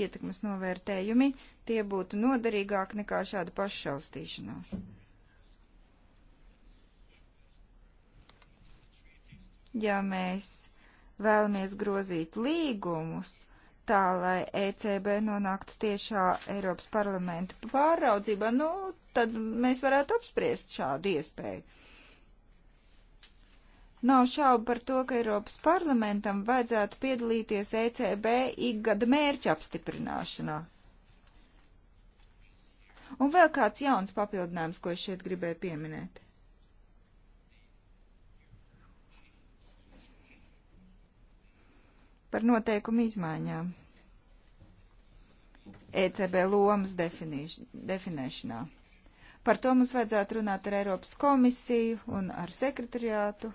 Ietekmes novērtējumi tie būtu noderīgāk nekā šāda pašaustīšanās. Mm. ja mēs vēlamies grozīt līgumus, tā lai ECB nonāktu tiešā Eiropas parlamenta pāraudzībā, nu, tad mēs varētu apspriest šādu iespēju. Nav šaubu par to, ka Eiropas parlamentam vajadzētu piedalīties ECB ikgada mērķa apstiprināšanā. Un vēl kāds jauns papildinājums, ko es šeit gribēju pieminēt. par noteikumu izmaiņām ECB lomas definēšanā. Par to mums vajadzētu runāt ar Eiropas komisiju un ar sekretariātu.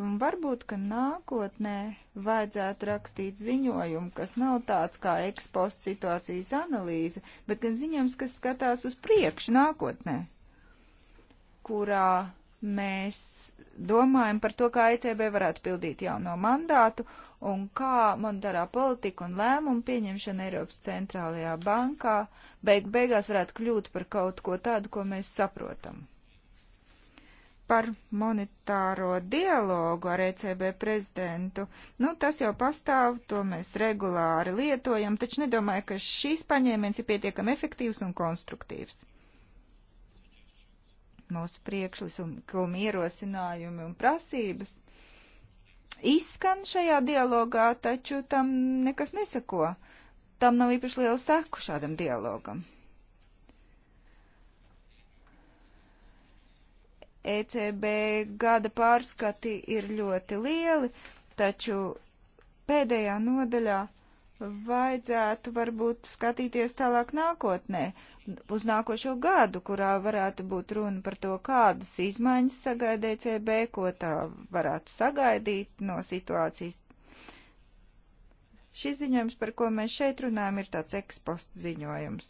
Un varbūt, ka nākotnē vajadzētu rakstīt ziņojumu, kas nav tāds kā ekspost situācijas analīze, bet gan ziņojums, kas skatās uz priekšu nākotnē, kurā mēs domājam par to, kā ECB varētu pildīt jauno mandātu un kā monetārā politika un lēmumu pieņemšana Eiropas centrālajā bankā beig beigās varētu kļūt par kaut ko tādu, ko mēs saprotam. Par monetāro dialogu ar ECB prezidentu, nu tas jau pastāv, to mēs regulāri lietojam, taču nedomāju, ka šīs paņēmiens ir pietiekami efektīvs un konstruktīvs mūsu priekšlikumu ierosinājumi un prasības izskan šajā dialogā, taču tam nekas nesako. Tam nav īpaši liela seku šādam dialogam. ECB gada pārskati ir ļoti lieli, taču pēdējā nodaļā vajadzētu varbūt skatīties tālāk nākotnē, uz nākošo gadu, kurā varētu būt runa par to, kādas izmaiņas sagaida ECB, ko tā varētu sagaidīt no situācijas. Šis ziņojums, par ko mēs šeit runājam, ir tāds ekspostu ziņojums.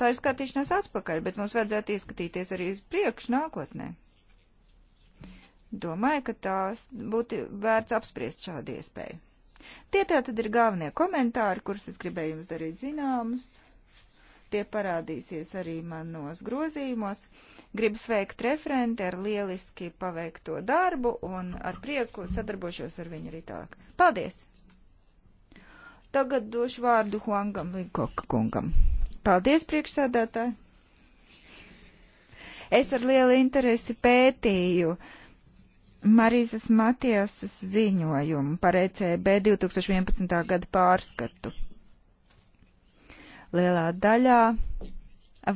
Tā ir skatīšanās atpakaļ, bet mums vajadzētu ieskatīties arī uz priekšu nākotnē. Domāju, ka tās būtu vērts apspriest šādu iespēju. Tie tā tad ir galvenie komentāri, kurus es gribēju jums darīt zināmus. Tie parādīsies arī manos grozījumos. Gribu sveikt referenti ar lieliski paveikto darbu un ar prieku sadarbošos ar viņu arī tālāk. Paldies! Tagad došu vārdu Huangam Linkoka kungam. Paldies, priekšsādātāji! Es ar lielu interesi pētīju uh, Marīzes Matiasas ziņojumu par ECB 2011. gada pārskatu. Lielā daļā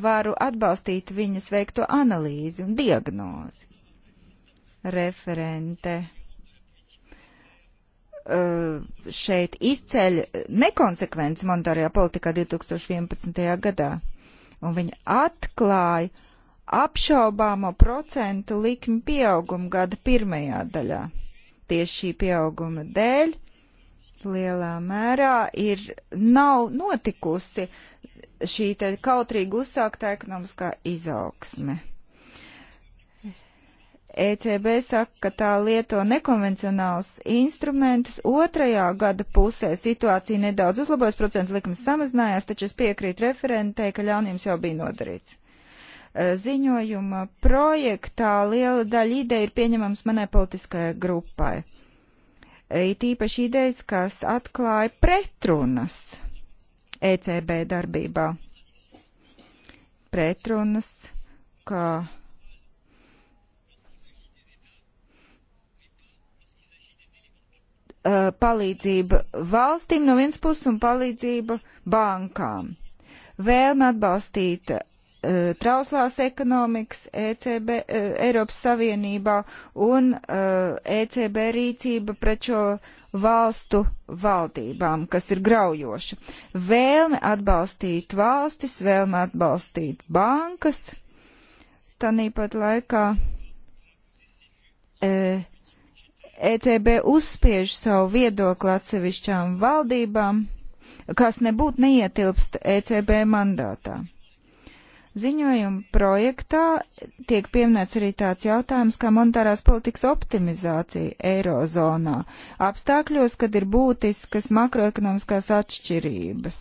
varu atbalstīt viņas veikto analīzi un diagnozi. Referente uh, šeit izceļ nekonsekvenci monetārajā politikā 2011. gadā, un viņa atklāja, apšaubāmo procentu likmi pieaugumu gada pirmajā daļā. Tieši šī pieauguma dēļ lielā mērā ir nav notikusi šī te kautrīgi uzsāktā ekonomiskā izaugsme. ECB saka, ka tā lieto nekonvencionāls instrumentus. Otrajā gada pusē situācija nedaudz uzlabojas, procentu likums samazinājās, taču es piekrītu referentei, ka ļaunījums jau bija nodarīts. Eh, ziņojuma projektā liela daļa ideja ir pieņemams manai politiskajai grupai. Eh, it īpaši idejas, kas atklāja pretrunas ECB darbībā. Pretrunas, kā eh, palīdzība valstīm no vienas puses un palīdzība bankām. Vēlme atbalstīt E, trauslās ekonomikas ECB, e, Eiropas Savienībā un ECB e rīcība pret šo valstu valdībām, kas ir graujoša. Vēlme atbalstīt valstis, vēlme atbalstīt bankas, tanīpat laikā e, ECB uzspiež savu viedokli atsevišķām valdībām, kas nebūtu neietilpst ECB mandātā. Ziņojuma projektā tiek pieminēts arī tāds jautājums kā monetārās politikas optimizācija eirozonā, apstākļos, kad ir būtiskas makroekonomiskās atšķirības.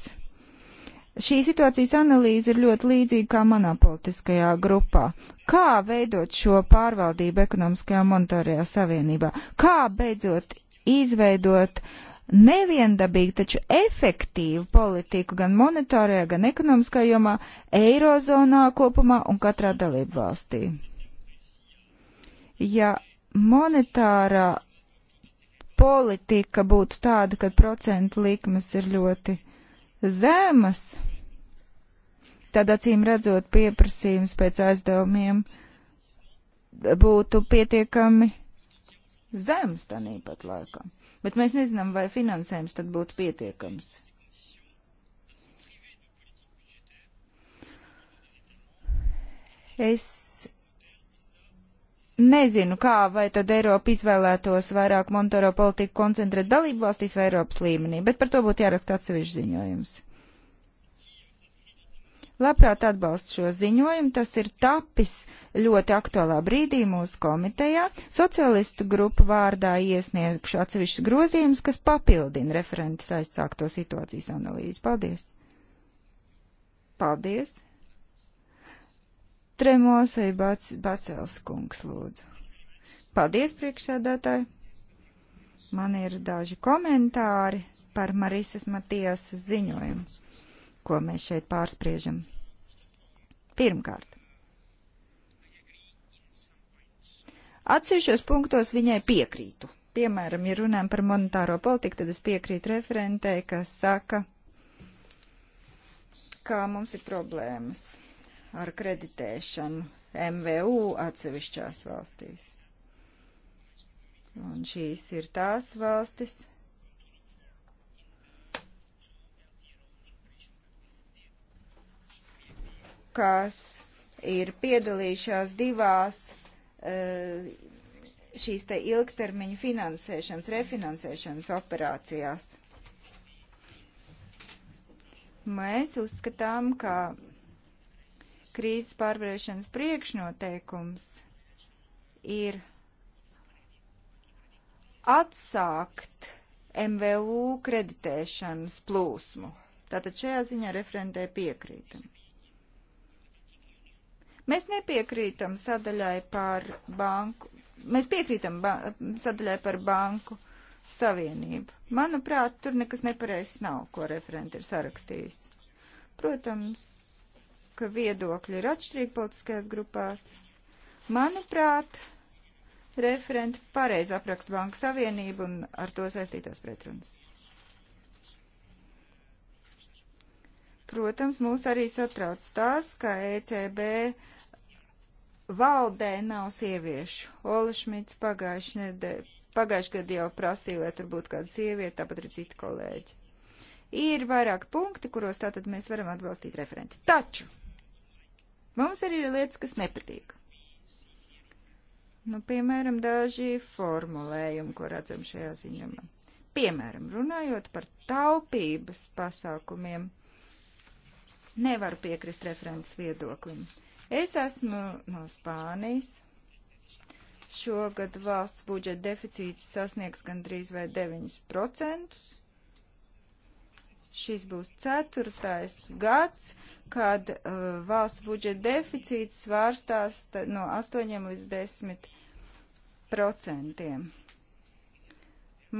Šī situācijas analīze ir ļoti līdzīga kā manā politiskajā grupā. Kā veidot šo pārvaldību ekonomiskajā monetārajā savienībā? Kā beidzot izveidot uh, neviendabīgu, taču efektīvu politiku gan monetārajā, gan ekonomiskā jomā, eirozonā kopumā un katrā dalību valstī. Ja monetārā politika būtu tāda, ka procentu likmes ir ļoti zemas, tad acīm redzot pieprasījums pēc aizdevumiem būtu pietiekami zems tanī pat laikam bet mēs nezinām, vai finansējums tad būtu pietiekams. Es nezinu, kā vai tad Eiropa izvēlētos vairāk Montoro politiku koncentrēt dalību valstīs vai Eiropas līmenī, bet par to būtu jāraksta atsevišķi ziņojums labprāt atbalstu šo ziņojumu. Tas ir tapis ļoti aktuālā brīdī mūsu komitejā. Socialistu grupu vārdā iesniegšu atsevišķus grozījumus, kas papildina referentes aizsākto situācijas analīzi. Paldies! Paldies! Tremosai Bac Bacels kungs lūdzu. Paldies, priekšsēdētāji! Man ir daži komentāri par Marisas Matijas ziņojumu ko mēs šeit pārspriežam. Pirmkārt. Atsevišķos punktos viņai piekrītu. Piemēram, ja runājam par monetāro politiku, tad es piekrītu referentē, kas saka, kā mums ir problēmas ar kreditēšanu MVU atsevišķās valstīs. Un šīs ir tās valstis, kas ir piedalījušās divās e, šīs te ilgtermiņa finansēšanas, refinansēšanas operācijās. Mēs uzskatām, ka krīzes pārvarēšanas priekšnoteikums ir atsākt MVU kreditēšanas plūsmu. Tātad šajā ziņā referentē piekrītam. Mēs nepiekrītam sadaļai par banku. Mēs piekrītam ba sadaļai par banku savienību. Manuprāt, tur nekas nepareizs nav, ko referenti ir sarakstījis. Protams, ka viedokļi ir atšķirīgi politiskajās grupās. Manuprāt, referenti pareizi apraksta Banku Savienību un ar to saistītās pretrunas. Protams, mūs arī satrauc tās, ka ECB valdē nav sieviešu. Olešmits pagājuši nedēļ, pagājuši gadu jau prasīja, lai tur būtu kāda sievieta, tāpat arī citi kolēģi. Ir vairāk punkti, kuros tātad mēs varam atbalstīt referenti. Taču mums arī ir lietas, kas nepatīk. Nu, piemēram, daži formulējumi, ko redzam šajā ziņumā. Piemēram, runājot par taupības pasākumiem, nevaru piekrist referents viedoklim. Uh, Es esmu no Spānijas. Šogad valsts budžeta deficīts sasniegs gandrīz vai 9%. Šis būs ceturtais gads, kad uh, valsts budžeta deficīts svārstās no 8 līdz 10%.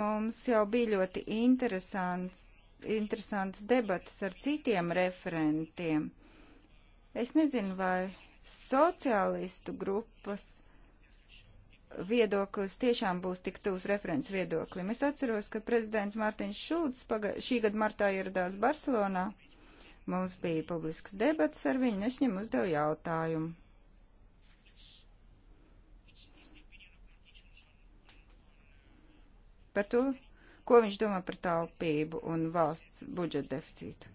Mums jau bija ļoti interesants, interesants debats ar citiem referentiem Es nezinu, vai sociālistu grupas viedoklis tiešām būs tik tūs referents viedoklim. Es atceros, ka prezidents Mārtiņš Šulcs šī gada martā ieradās Barcelonā. Mums bija publisks debats ar viņu, es viņam uzdevu jautājumu. Par to, ko viņš domā par taupību un valsts budžeta deficītu.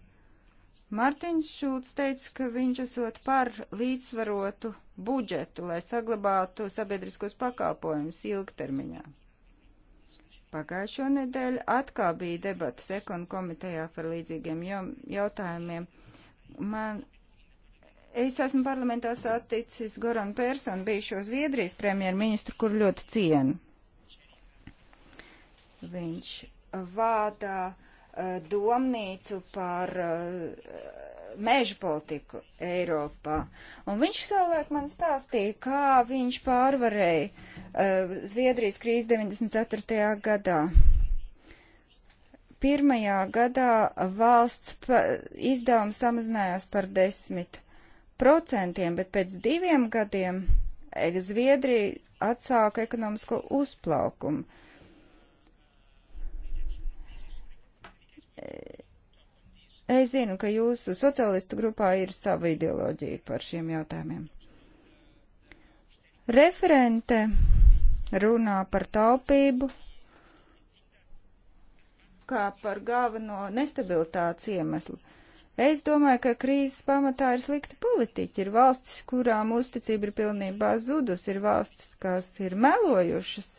Mārtiņš Šulcs teica, ka viņš esot par līdzsvarotu budžetu, lai saglabātu sabiedriskos pakalpojumus ilgtermiņā. Pagājušo nedēļu atkal bija debatas ekonu komitejā par līdzīgiem jautājumiem. Man, es esmu parlamentā saticis Goran Personu, bijušo Zviedrijas premjerministru, kur ļoti cienu. Viņš vādā uh, Eh, domnīcu par eh, meža politiku Eiropā. Un viņš savulaik man stāstīja, kā viņš pārvarēja uh, Zviedrijas krīzi 94. gadā. Pirmajā gadā valsts izdevums samazinājās par 10%, bet pēc diviem gadiem Zviedrija atsāka ekonomisko uzplaukumu. Uh, Es zinu, ka jūsu socialistu grupā ir sava ideoloģija par šiem jautājumiem. Referente runā par taupību kā par galveno nestabilitātes iemeslu. Es domāju, ka krīzes pamatā ir slikti politiķi, ir valstis, kurām uzticība ir pilnībā zudus, ir valstis, kas ir melojušas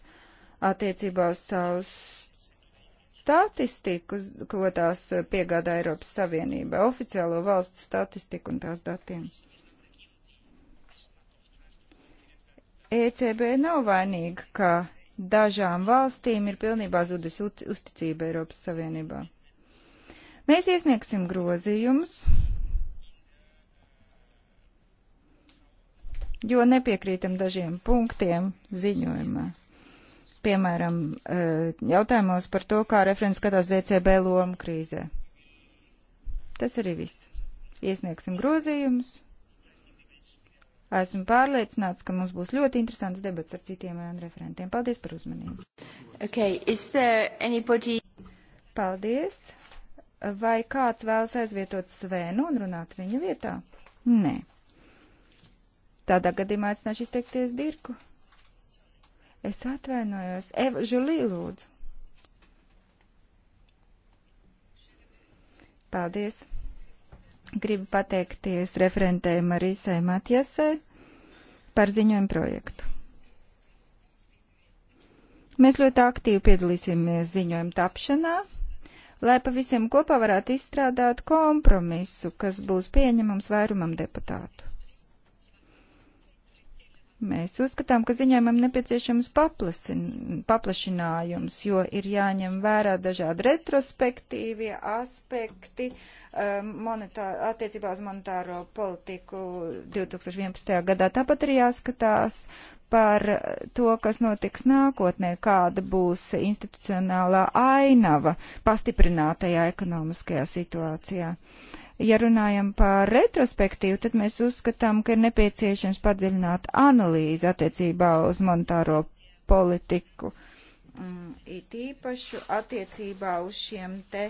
attiecībā uz savus statistiku, ko tās piegādā Eiropas Savienība, oficiālo valsts statistiku un tās datiem. ECB nav vainīga, ka dažām valstīm ir pilnībā zudis uzticība Eiropas Savienībā. Mēs iesniegsim grozījumus, jo nepiekrītam dažiem punktiem ziņojumā piemēram, e, jautājumos par to, kā referents skatās DCB lomu krīzē. Tas arī viss. Iesniegsim grozījumus. Esmu pārliecināts, ka mums būs ļoti interesants debats ar citiem referentiem. Paldies par uzmanību. Okay, is there anybody... Paldies. Vai kāds vēlas aizvietot Svēnu un runāt viņa vietā? Nē. Tādā gadījumā aicināšu izteikties Dirku. Es atvainojos. Eva Žulī, lūdzu. Paldies. Gribu pateikties referentēm Marisai Matjasai par ziņojumu projektu. Mēs ļoti aktīvi piedalīsimies ziņojuma tapšanā, lai pa visiem kopā varētu izstrādāt kompromisu, kas būs pieņemams vairumam deputātu. Mēs uzskatām, ka ziņojumam nepieciešams paplašinājums, jo ir jāņem vērā dažādi retrospektīvie aspekti um, monetā, attiecībā uz monetāro politiku 2011. gadā. Tāpat ir jāskatās par to, kas notiks nākotnē, kāda būs institucionālā ainava pastiprinātajā ekonomiskajā situācijā. Uh, Ja runājam par retrospektīvu, tad mēs uzskatām, ka ir nepieciešams padziļināt analīzi attiecībā uz monetāro politiku. Mm, it īpaši attiecībā uz šiem te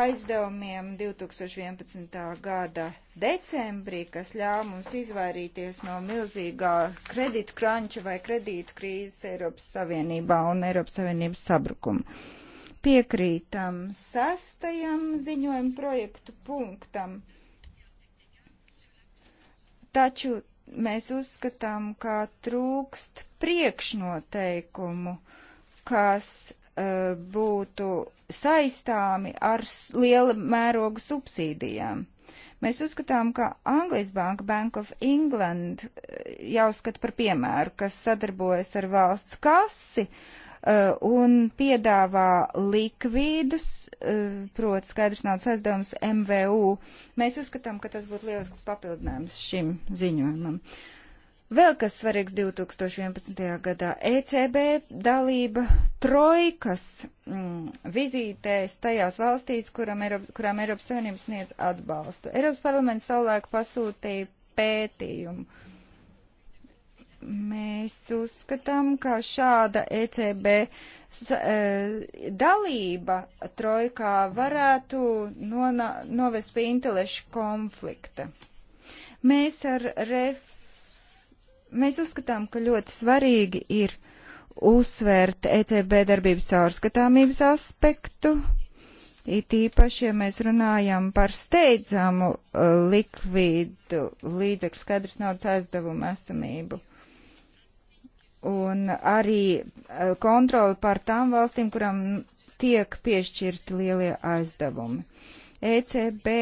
aizdevumiem 2011. gada decembrī, kas ļāva mums izvairīties no milzīgā kredītu kranča vai kredītu krīzes Eiropas Savienībā un Eiropas Savienības sabrukuma piekrītam sastajam ziņojuma projektu punktam, taču mēs uzskatām, ka trūkst priekšnoteikumu, kas uh, būtu saistāmi ar liela mēroga subsīdijām. Mēs uzskatām, ka Anglijas banka Bank of England eh, jāuzskata par piemēru, kas sadarbojas ar valsts kasi Uh, un piedāvā likvīdus, uh, proti skaidrs naudas aizdevums MVU. Mēs uzskatām, ka tas būtu lielisks papildinājums šim ziņojumam. Vēl kas svarīgs 2011. gadā e - ECB dalība trojkas mm, vizītēs tajās valstīs, Eiropa, kurām Eiropas Savienības sniedz atbalstu. Eiropas parlaments savulaik pasūtīja pētījumu Mēs uzskatām, ka šāda ECB e, dalība trojkā varētu novest pie interešu konflikta. Mēs, ref... Mēs uzskatām, ka ļoti svarīgi ir uzsvērt ECB darbības caurskatāmības aspektu, It īpaši, ja mēs runājam par steidzamu e, likvidu līdzekļu skaidrs naudas aizdevumu esamību un arī eh, kontroli pār tām valstīm, kuram tiek piešķirti lielie aizdevumi. ECB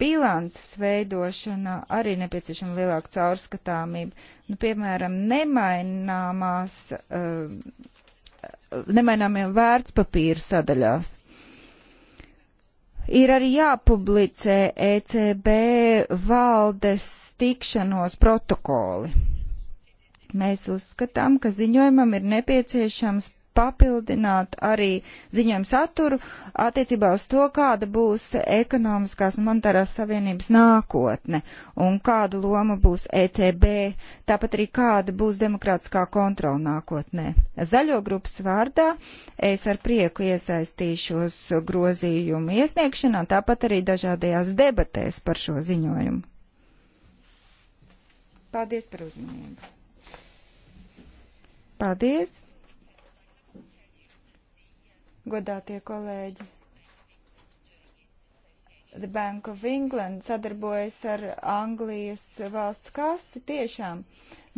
bilances veidošanā arī nepieciešama lielāka caurskatāmība. Nu, piemēram, nemaināmās, uh, eh, nemaināmiem vērtspapīru sadaļās. Ir arī jāpublicē ECB valdes tikšanos protokoli Mēs uzskatām, ka ziņojumam ir nepieciešams papildināt arī ziņojumu saturu attiecībā uz to, kāda būs ekonomiskās un monetārās savienības nākotne un kāda loma būs ECB, tāpat arī kāda būs demokrātiskā kontrola nākotnē. Zaļo grupas vārdā es ar prieku iesaistīšos grozījumu iesniegšanā, tāpat arī dažādajās debatēs par šo ziņojumu. Paldies par uzmanību! Paldies! Godātie kolēģi! The Bank of England sadarbojas ar Anglijas valsts kasi tiešām.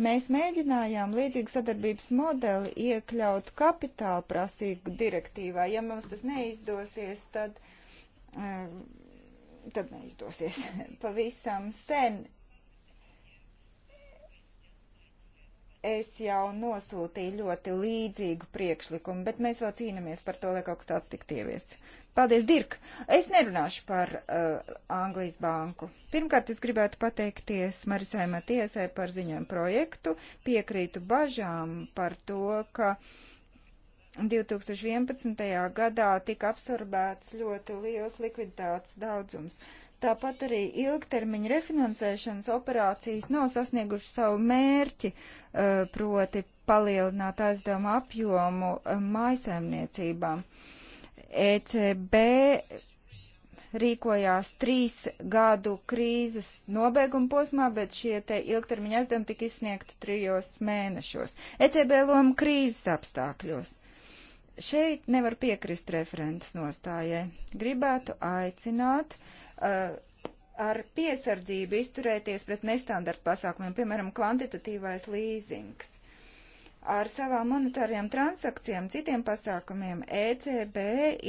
Mēs mēģinājām līdzīgu sadarbības modeli iekļaut kapitāla prasību direktīvā. Ja mums tas neizdosies, tad, eh, tad neizdosies. Pavisam sen es jau nosūtīju ļoti līdzīgu priekšlikumu, bet mēs vēl cīnāmies par to, lai kaut kas tāds tiktu ieviests. Paldies, Dirk! Es nerunāšu par uh, Anglijas banku. Pirmkārt, es gribētu pateikties Marisai Matiesai par ziņojumu projektu. Piekrītu bažām par to, ka 2011. gadā tika absorbēts ļoti liels likviditātes daudzums. Tāpat arī ilgtermiņa refinansēšanas operācijas nav sasnieguši savu mērķi, eh, proti palielināt aizdevumu apjomu eh, mājsaimniecībām. ECB rīkojās trīs gadu krīzes nobeiguma posmā, bet šie te ilgtermiņa aizdevumi tika izsniegti trijos mēnešos. ECB loma krīzes apstākļos. Šeit nevar piekrist referentas nostājai. Gribētu aicināt uh, ar piesardzību izturēties pret nestandarta pasākumiem, piemēram, kvantitatīvais līzings. Ar savām monetārajām transakcijām, citiem pasākumiem ECB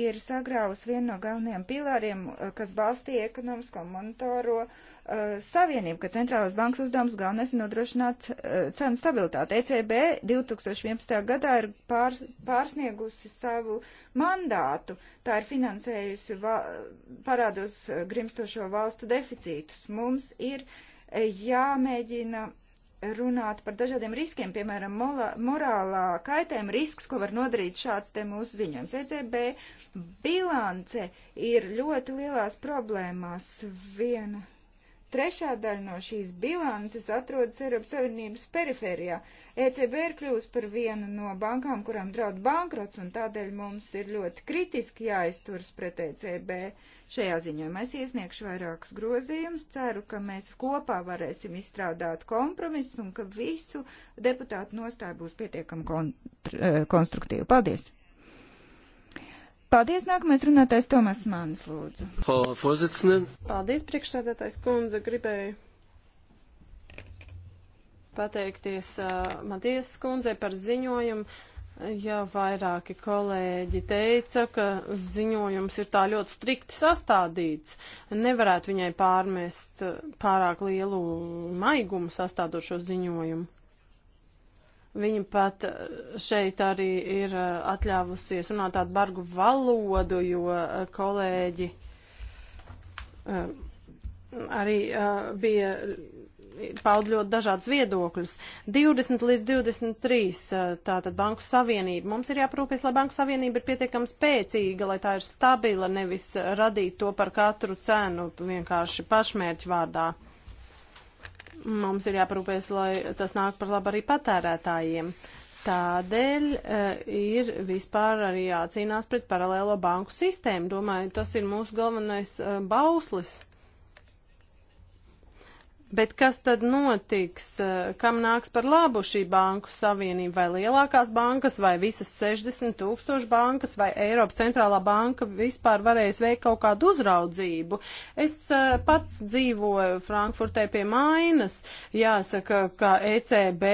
ir sagrāvusi vienu no galvenajiem pilāriem, eh, kas balstīja ekonomisko monetāro uh, Eh, Savienību, ka centrālās bankas uzdevums galvenais ir nodrošināt uh, cenu stabilitāti. ECB 2011. gadā ir pār, pārsniegusi savu mandātu, tā ir finansējusi va, parādos eh, grimstošo valstu deficītus. Mums ir jāmēģina runāt par dažādiem riskiem, piemēram, mola, morālā kaitējuma risks, ko var nodarīt šāds te mūsu ziņojums. ECB bilance ir ļoti lielās problēmās. Viena Trešā daļa no šīs bilances atrodas Eiropas Savienības perifērijā. ECB ir kļūst par vienu no bankām, kurām draud bankrots, un tādēļ mums ir ļoti kritiski jāizturas pret ECB. Šajā ziņojumā es iesniegšu vairākus grozījumus, ceru, ka mēs kopā varēsim izstrādāt kompromisus un ka visu deputātu nostāju būs pietiekami kon eh, konstruktīva. Paldies! Paldies, nākamais runātais Tomas Mānis, lūdzu. Paldies, priekšsēdētājs kundze, gribēju pateikties uh, Matiesas kundzei par ziņojumu. Jā, vairāki kolēģi teica, ka ziņojums ir tā ļoti strikti sastādīts. Nevarētu viņai pārmest uh, pārāk lielu maigumu sastādot šo ziņojumu. Viņa pat eh, šeit arī ir eh, atļāvusies runāt tādu bargu valodu, jo eh, kolēģi arī bija paud ļoti dažādas viedokļus. 20 līdz 23 tātad Banku Savienība. Mums ir jāprūpēs, lai Banku Savienība ir pietiekami spēcīga, lai tā ir stabila, nevis radīt to par katru cenu vienkārši pašmērķu vārdā. Mums ir jāparūpēs, lai tas nāk par labu arī patērētājiem. Tādēļ uh, ir vispār arī jācīnās pret paralēlo banku sistēmu. Domāju, tas ir mūsu galvenais uh, bauslis. Bet kas tad notiks, eh, kam nāks par labu šī banku savienība, vai lielākās bankas, vai visas 60 tūkstoši bankas, vai Eiropas centrālā banka vispār varēs veikt kaut kādu uzraudzību? Es eh, pats dzīvoju Frankfurtē pie mainas, jāsaka, ka ECB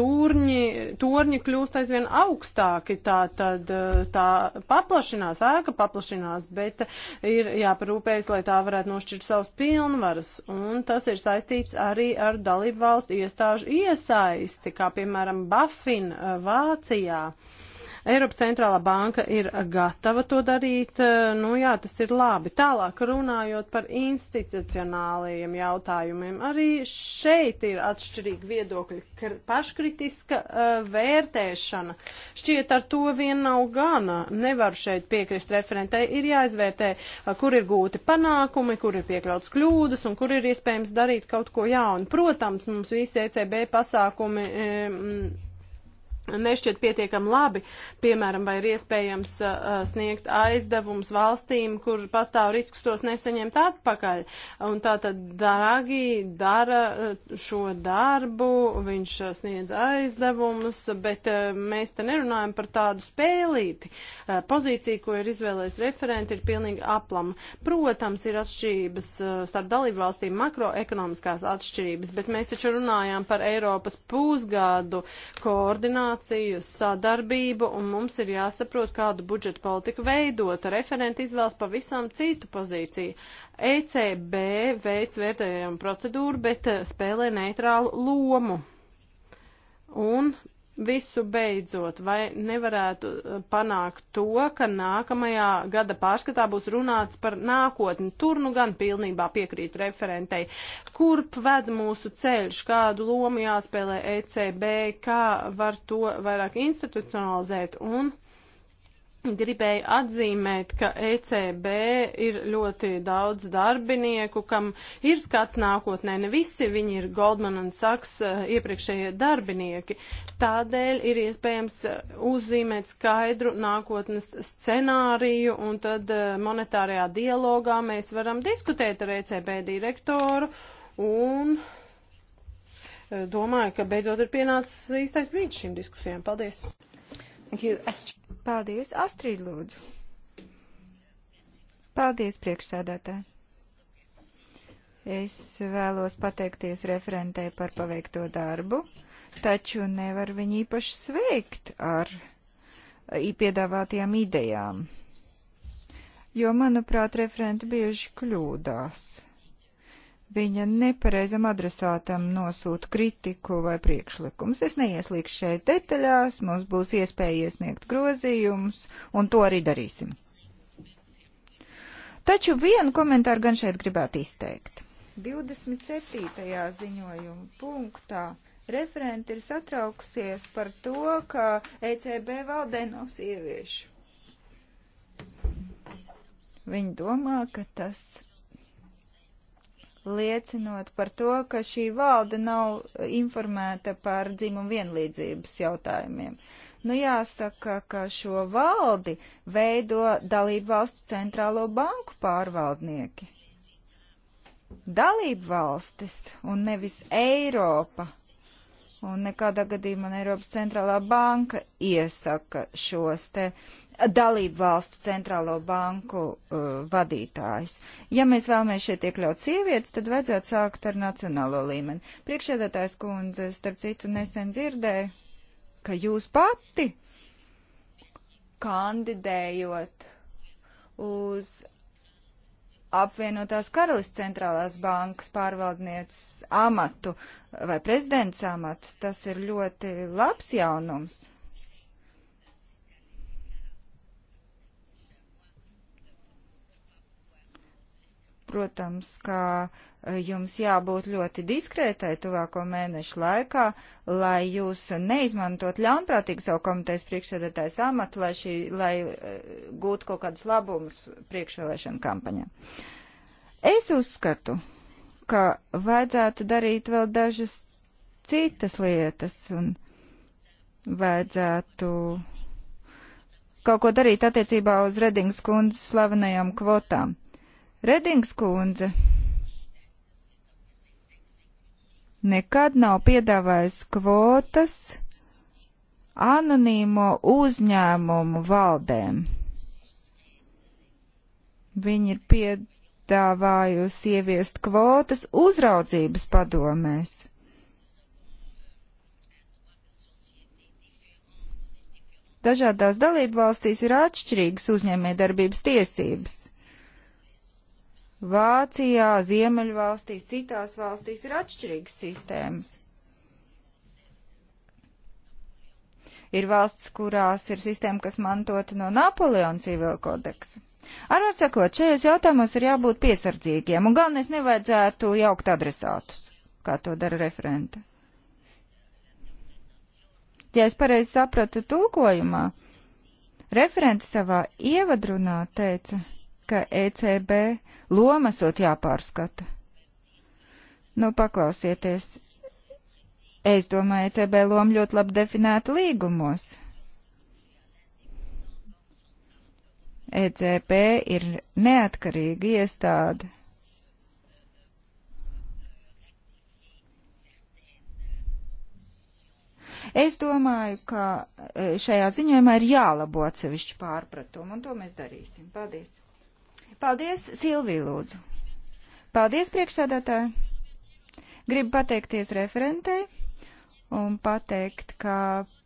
turņi, turņi kļūst aizvien augstāki, tā tad eh, tā paplašinās, ēka paplašinās, bet ir jāparūpējas, lai tā varētu nošķirt savus pilnvaras, un tas ir saistīts darīts arī ar dalību valstu iestāžu iesaisti, kā piemēram Bafin eh, Vācijā. Uh, Eiropas centrālā banka ir gatava to darīt, eh, nu jā, tas ir labi. Tālāk runājot par institucionālajiem jautājumiem, arī šeit ir atšķirīgi viedokļi, paškritiska uh, vērtēšana. Šķiet, ar to vien nav gana. Nevaru šeit piekrist referentei, ir jāizvērtē, eh, kur ir gūti panākumi, kur ir piekļauts kļūdas un kur ir iespējams darīt kaut ko jaunu. Protams, mums visi ECB pasākumi. Um, nešķiet pietiekami labi, piemēram, vai ir iespējams uh, uh, sniegt aizdevums valstīm, kur pastāv risks tos nesaņemt atpakaļ. Un tā tad Daragi dara uh, šo darbu, viņš uh, sniedz aizdevumus, bet uh, mēs te nerunājam par tādu spēlīti. Uh, pozīcija, ko ir izvēlējis referenti, ir pilnīgi aplama. Protams, ir atšķirības starp dalību valstīm, makroekonomiskās atšķirības, bet mēs taču runājām par Eiropas pusgadu koordināciju koordināciju, sadarbību, un mums ir jāsaprot, kādu budžetu politiku veidot. Referenti izvēlas pavisam citu pozīciju. ECB veids vērtējumu procedūru, bet eh, spēlē neitrālu lomu. Un Visu beidzot, vai nevarētu eh, panākt to, ka nākamajā gada pārskatā būs runāts par nākotni? Tur nu gan pilnībā piekrītu referentei. Kurp ved mūsu ceļš, kādu lomu jāspēlē ECB, kā var to vairāk institucionalizēt un Gribēju atzīmēt, ka ECB ir ļoti daudz darbinieku, kam ir skats nākotnē. Ne visi viņi ir Goldman un Sachs eh, iepriekšējie darbinieki. Tādēļ ir iespējams eh, uzzīmēt skaidru nākotnes scenāriju, un tad eh, monetārajā dialogā mēs varam diskutēt ar ECB direktoru un domāju, ka beidzot ir pienācis īstais brīdis šīm diskusijām. Paldies! Thank you. Paldies, Astrid, lūdzu. Paldies, priekšsēdētāji. Es vēlos pateikties referentē par paveikto darbu, taču nevar viņu īpaši sveikt ar piedāvātajām idejām, jo, manuprāt, referenti bieži kļūdās viņa nepareizam adresātam nosūta kritiku vai priekšlikumus. Es neieslīgšu šeit detaļās, mums būs iespēja iesniegt grozījumus, un to arī darīsim. Taču vienu komentāru gan šeit gribētu izteikt. 27. ziņojuma punktā referenti ir satraukusies par to, ka ECB valdē nav sieviešu. Viņi domā, ka tas liecinot par to, ka šī valde nav informēta par dzimumu vienlīdzības jautājumiem. Nu, jāsaka, ka šo valdi veido dalību valstu centrālo banku pārvaldnieki. Dalību valstis un nevis Eiropa. Un nekādā gadījumā Eiropas centrālā banka iesaka šos te uh, dalību valstu centrālo banku uh, vadītājus. Ja mēs vēlamies šeit iekļaut sievietes, tad vajadzētu sākt ar nacionālo līmeni. Priekšēdētājs kundze, starp citu, nesen dzirdēju, ka jūs pati kandidējot uz apvienotās karalists centrālās bankas pārvaldnieces amatu vai prezidents amatu, tas ir ļoti labs jaunums. Protams, ka e, jums jābūt ļoti diskrētai tuvāko mēnešu laikā, lai jūs neizmantot ļaunprātīgi savu komitejas priekšsēdētāju amatu, lai, šī, lai e, gūtu kaut kādus labumus priekšvēlēšana kampaņā. Es uzskatu, ka vajadzētu darīt vēl dažas citas lietas un vajadzētu kaut ko darīt attiecībā uz Redings kundzes slavenajām kvotām. Redings kundze nekad nav piedāvājis kvotas anonīmo uzņēmumu valdēm. Viņi ir piedāvājusi ieviest kvotas uzraudzības padomēs. Dažādās dalību valstīs ir atšķirīgas uzņēmē darbības tiesības. Vācijā, Ziemeļvalstīs, citās valstīs ir atšķirīgas sistēmas. Ir valsts, kurās ir sistēma, kas mantota no Napoleona civila kodeksa. Ar atsakot, šajos jautājumos ir jābūt piesardzīgiem, un galvenais nevajadzētu jaukt adresātus, kā to dara referente. Ja es pareizi sapratu tulkojumā, referente savā ievadrunā teica, ka ECB lomasot jāpārskata. Nu, paklausieties, es domāju, ECB loma ļoti labi definēta līgumos. ECB ir neatkarīga iestāde. Es domāju, ka e, šajā ziņojumā ir jālabo atsevišķi pārpratumi, un to mēs darīsim. Paldies! Paldies, Silvija Lūdzu. Paldies, priekšsēdētāji. Gribu pateikties referentei un pateikt, ka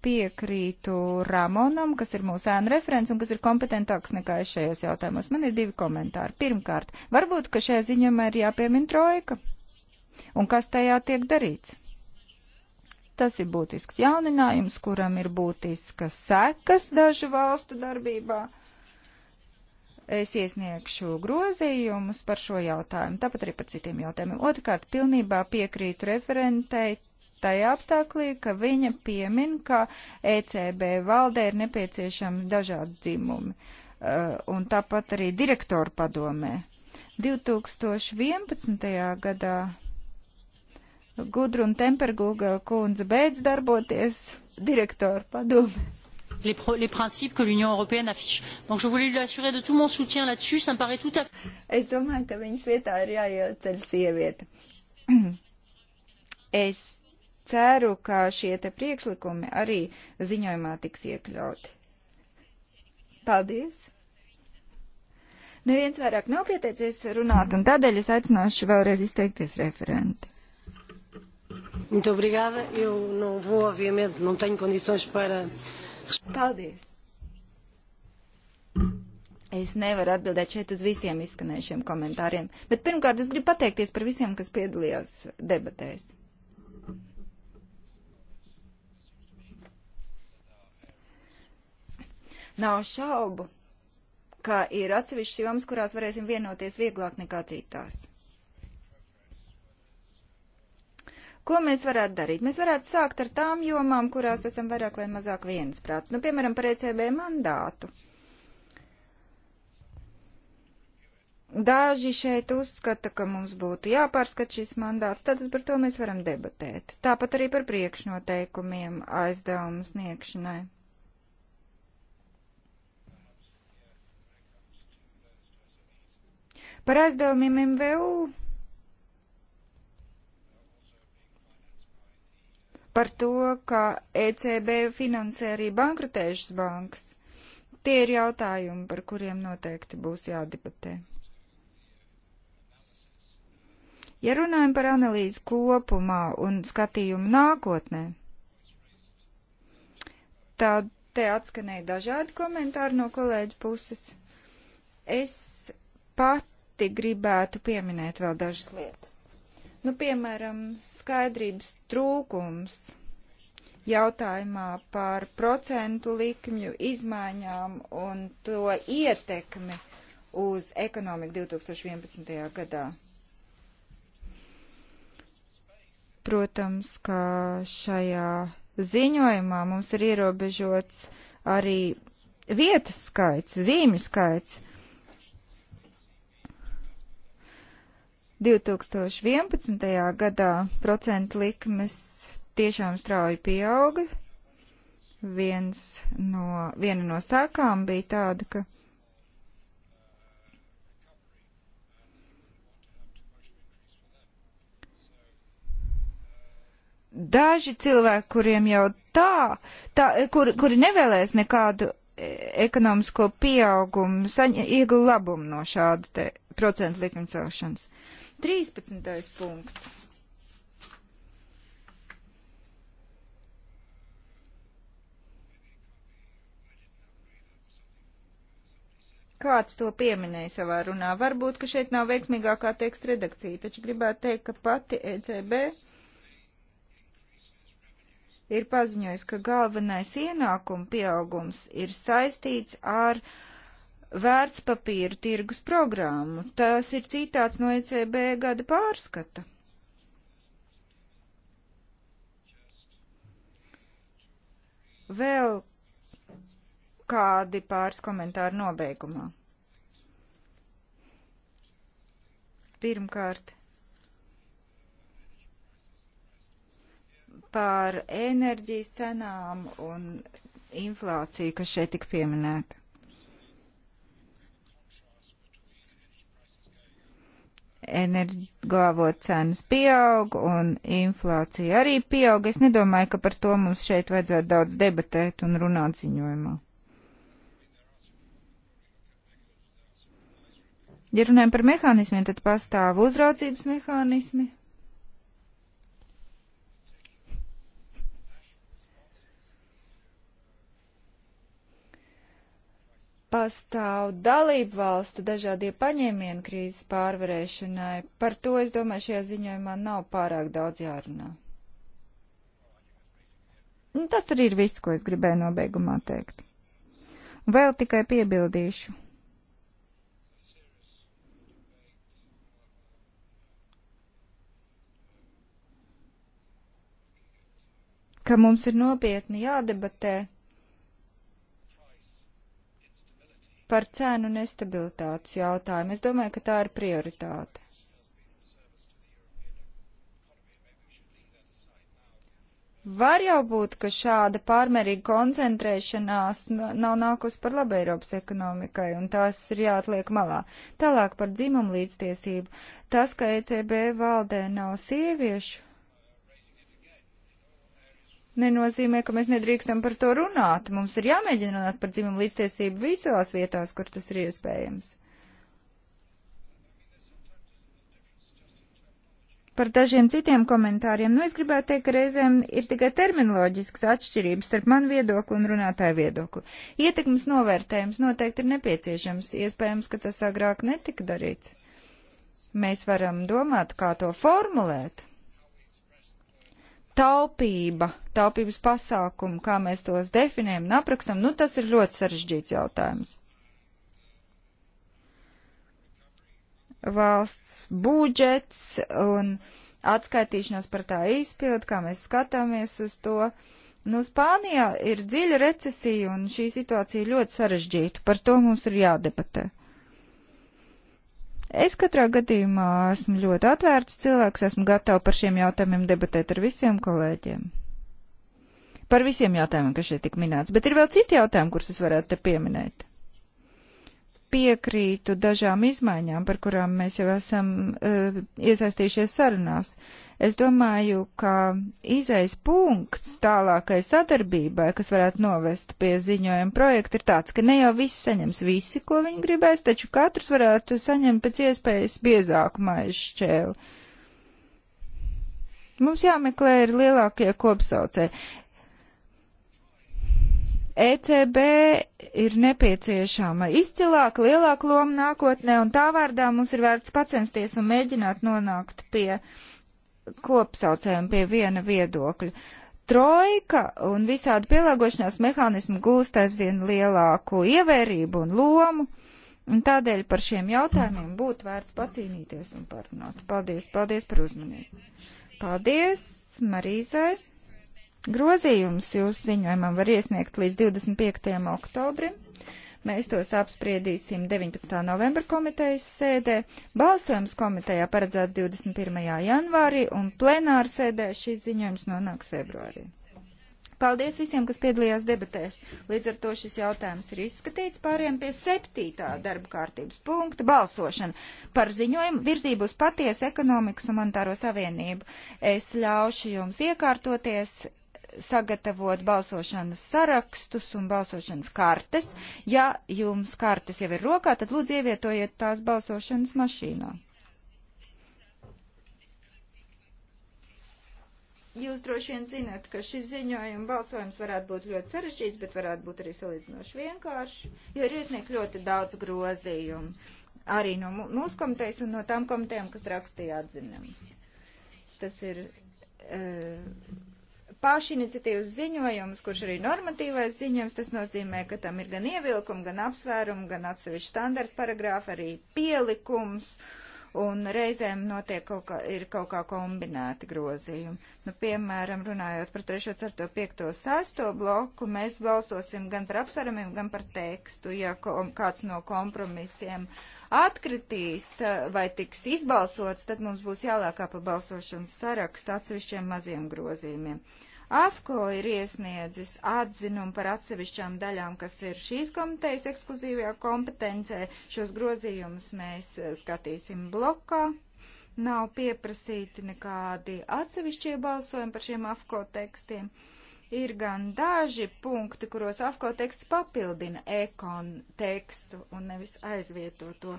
piekrītu Ramonam, kas ir mūsu ēna referents un kas ir kompetentāks nekā es šajos jautājumos. Man ir divi komentāri. Pirmkārt, varbūt, ka šajā ziņojumā ir jāpiemina trojka un kas tajā tiek darīts. Tas ir būtisks jauninājums, kuram ir būtiskas sekas dažu valstu darbībā. Es iesniegšu grozījumus par šo jautājumu, tāpat arī par citiem jautājumiem. Otrkārt, pilnībā piekrītu referentei tajā apstāklī, ka viņa piemin, ka ECB valdē ir nepieciešami dažādi dzimumi uh, un tāpat arī direktoru padomē. 2011. gadā Gudrun Tempergūga kundze beidz darboties direktoru padomē les, les principes que l'Union européenne affiche. Donc je voulais lui assurer de tout mon soutien là-dessus, ça me paraît tout à fait. Es domāju, ka viņas vietā ir jāieceļ sieviete. es ceru, ka šie te priekšlikumi arī ziņojumā tiks iekļauti. Paldies! Neviens vairāk nav pieteicies runāt, un tādēļ es aicināšu vēlreiz izteikties referenti. Muito obrigada. Eu não vou, obviamente, não tenho condições para uh, Paldies! Es nevaru atbildēt šeit uz visiem izskanējušiem komentāriem, bet pirmkārt es gribu pateikties par visiem, kas piedalījās debatēs. Nav šaubu, ka ir atsevišķas jomas, kurās varēsim vienoties vieglāk nekā citās. Ko mēs varētu darīt? Mēs varētu sākt ar tām jomām, kurās esam vairāk vai mazāk viensprāts. Nu, piemēram, par ECB mandātu. Daži šeit uzskata, ka mums būtu jāpārskat šis mandāts, tad par to mēs varam debatēt. Tāpat arī par priekšnoteikumiem aizdevumu sniegšanai. Par aizdevumiem MVU par to, ka ECB finansē arī bankrutējušas bankas. Tie ir jautājumi, par kuriem noteikti būs jādebatē. Ja runājam par analīzi kopumā un skatījumu nākotnē, tad te atskanēja dažādi komentāri no kolēģa puses. Es pati gribētu pieminēt vēl dažas lietas. Nu, piemēram, skaidrības trūkums jautājumā par procentu likmju izmaiņām un to ietekmi uz ekonomiku 2011. gadā. Protams, ka šajā ziņojumā mums ir ierobežots arī vietas skaits, zīmju skaits. 2011. gadā procentu likmes tiešām strauji pieauga. Viens no, viena no sākām bija tāda, ka daži cilvēki, kuriem jau tā, tā kur, kuri nevēlēs nekādu e, ekonomisko pieaugumu, saņem iegūtu labumu no šāda procentu likuma celšanas. 13. punkts. Kāds to pieminēja savā runā. Varbūt, ka šeit nav veiksmīgākā teksta redakcija, taču gribētu teikt, ka pati ECB ir paziņojis, ka galvenais ienākuma pieaugums ir saistīts ar uh, vērtspapīru tirgus programmu. Tas ir citāts no ECB gada pārskata. Vēl kādi pāris komentāri nobeigumā. Pirmkārt, par enerģijas cenām un inflāciju, kas šeit tik pieminēta. energoavotu cenas pieaug un inflācija arī pieaug. Es nedomāju, ka par to mums šeit vajadzētu daudz debatēt un runāt ziņojumā. Ja runājam par mehānismiem, tad pastāv uzraudzības mehānismi, pastāv dalību valstu dažādie paņēmienu krīzes pārvarēšanai. Par to, es domāju, šajā ziņojumā nav pārāk daudz jārunā. Nu, tas arī ir viss, ko es gribēju nobeigumā teikt. Vēl tikai piebildīšu. ka mums ir nopietni jādebatē Par cēnu nestabilitātes jautājumu es domāju, ka tā ir prioritāte. Var jau būt, ka šāda pārmērīga koncentrēšanās nav nākus par labu Eiropas ekonomikai, un tās ir jāatliek malā. Tālāk par dzimumu līdztiesību. Tas, ka ECB valdē nav sieviešu, nenozīmē, ka mēs nedrīkstam par to runāt. Mums ir jāmēģina runāt par dzimumu līdztiesību visās vietās, kur tas ir iespējams. Par dažiem citiem komentāriem, nu es gribētu teikt, ka reizēm ir tikai terminoloģisks atšķirības starp manu viedokli un runātāju viedokli. Ietekmes novērtējums noteikti ir nepieciešams, iespējams, ka tas agrāk netika darīts. Mēs varam domāt, kā to formulēt taupība, taupības pasākumi, kā mēs tos definējam un aprakstam, nu tas ir ļoti sarežģīts jautājums. Valsts budžets un atskaitīšanās par tā izpildu, kā mēs skatāmies uz to. Nu, Spānijā ir dziļa recesija un šī situācija ļoti sarežģīta. Par to mums ir jādebatē. Es katrā gadījumā esmu ļoti atvērts cilvēks, esmu gatava par šiem jautājumiem debatēt ar visiem kolēģiem. Par visiem jautājumiem, kas šeit tik minēts, bet ir vēl citi jautājumi, kurus es varētu te pieminēt. Piekrītu dažām izmaiņām, par kurām mēs jau esam uh, iesaistījušies sarunās. Uh, Es domāju, ka izējas punkts tālākai sadarbībai, kas varētu novest pie ziņojuma projekta, ir tāds, ka ne jau visi saņems visi, ko viņi gribēs, taču katrs varētu saņemt pēc iespējas biezāku maižu šķēli. Mums jāmeklē ir lielākie kopsaucē. ECB ir nepieciešama izcilāka, lielāka loma nākotnē, un tā vārdā mums ir vērts pacensties un mēģināt nonākt pie uh, kopsaucējiem pie viena viedokļa. Trojka un visādi pielāgošanās mehānismi gūst aizvien lielāku ievērību un lomu, un tādēļ par šiem jautājumiem būtu vērts pacīnīties un parunāt. Paldies, paldies par uzmanību. Paldies, Marīzai. Grozījums jūsu ziņojumam var iesniegt līdz 25. oktobrim. Mēs tos apspriedīsim 19. novembra komitejas sēdē, balsojums komitejā paredzēts 21. janvārī un plenāra sēdē šis ziņojums nonāks februārī. Paldies visiem, kas piedalījās debatēs. Līdz ar to šis jautājums ir izskatīts. Pāriem pie septītā darba kārtības punkta - balsošana par ziņojumu virzību uz patiesu ekonomikas un monetāro savienību. Es ļaušu jums iekārtoties sagatavot balsošanas sarakstus un balsošanas kartes. Ja jums kartes jau ir rokā, tad lūdzu ievietojiet tās balsošanas mašīnā. Jūs droši vien zināt, ka šis ziņojuma balsojums varētu būt ļoti sarežģīts, bet varētu būt arī salīdzinoši vienkārši, jo ir iesniegt ļoti daudz grozījumu arī no mūsu komitejas un no tām komitejām, kas rakstīja atzinumus. Tas ir. Uh, pašiniciatīvas ziņojums, kurš arī normatīvais ziņojums, tas nozīmē, ka tam ir gan ievilkumi, gan apsvērumi, gan atsevišķi standarta paragrāfi, arī pielikums. Un reizēm notiek kaut kā, ir kaut kā kombinēti grozījumi. Nu, piemēram, runājot par 3, 4, 5, 6 bloku, mēs balsosim gan par apsvērumiem, gan par tekstu. Ja kāds no kompromisiem atkritīs vai tiks izbalsots, tad mums būs jālākā pa balsošanas sarakstu atsevišķiem maziem grozījumiem. Uh, AFCO ir iesniedzis atzinumu par atsevišķām daļām, kas ir šīs komitejas ekskluzīvajā kompetencē. Šos grozījumus mēs eh, skatīsim blokā. Nav pieprasīti nekādi atsevišķie balsojumi par šiem AFCO tekstiem. Uh, ir gan daži punkti, kuros AFCO teksts papildina ekon tekstu un nevis aizvieto to.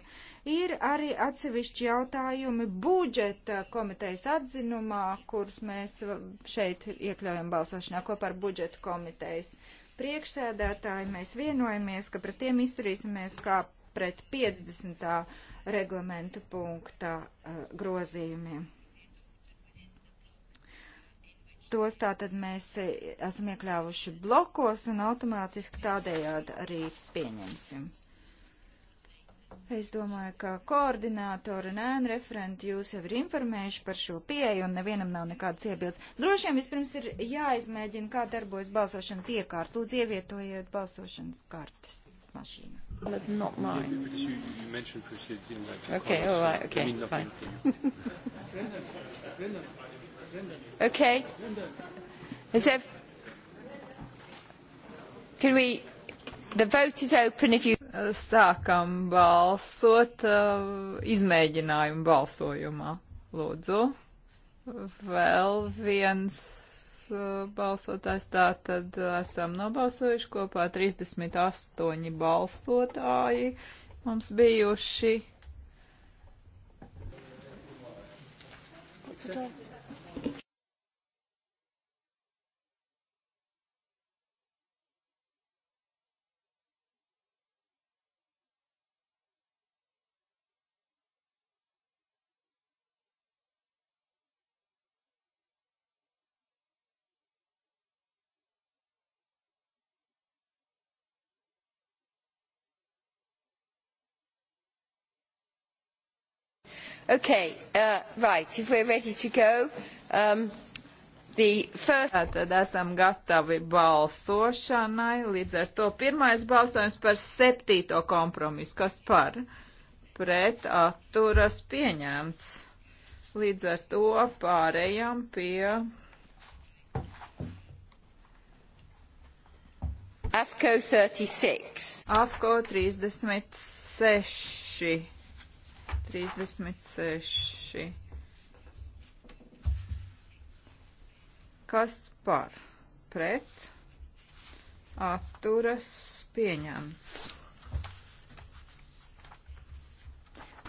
Ir arī atsevišķi jautājumi budžeta komitejas atzinumā, kurus mēs šeit iekļaujam balsošanā kopā ar budžeta komitejas priekšsēdētāji, mēs vienojamies, ka pret tiem izturīsimies kā pret 50. reglamentu punktā uh, eh, grozījumiem. Tos tātad mēs e, esam iekļāvuši blokos un automātiski tādējādi arī pieņemsim. Es domāju, ka koordinātori un ēnu referenti jūs jau ir informējuši par šo pieeju un nevienam nav nekādas iebildes. Droši vien vispirms ir jāizmēģina, kā darbojas balsošanas iekārta. Lūdzu, ievietojiet balsošanas kartes mašīnu. But not mine. Yeah, because you, you mentioned proceed in like Okay, all right, okay, fine. Okay. Is there... Can we... The vote is open if you... Sākam balsot uh, izmēģinājumu balsojumā. Lūdzu. Vēl viens uh, balsotājs. Tā tad uh, esam nobalsojuši kopā 38 balsotāji mums bijuši. What's it all? Okay, uh, right, if we're ready to go, um, the first... Tātad esam gatavi balsošanai, līdz ar to pirmais balsojums par septīto kompromisu, kas par pret atturas pieņemts. Līdz ar to pārējām pie. AFCO 36. AFCO 36 36. Kas par pret atturas pieņemts?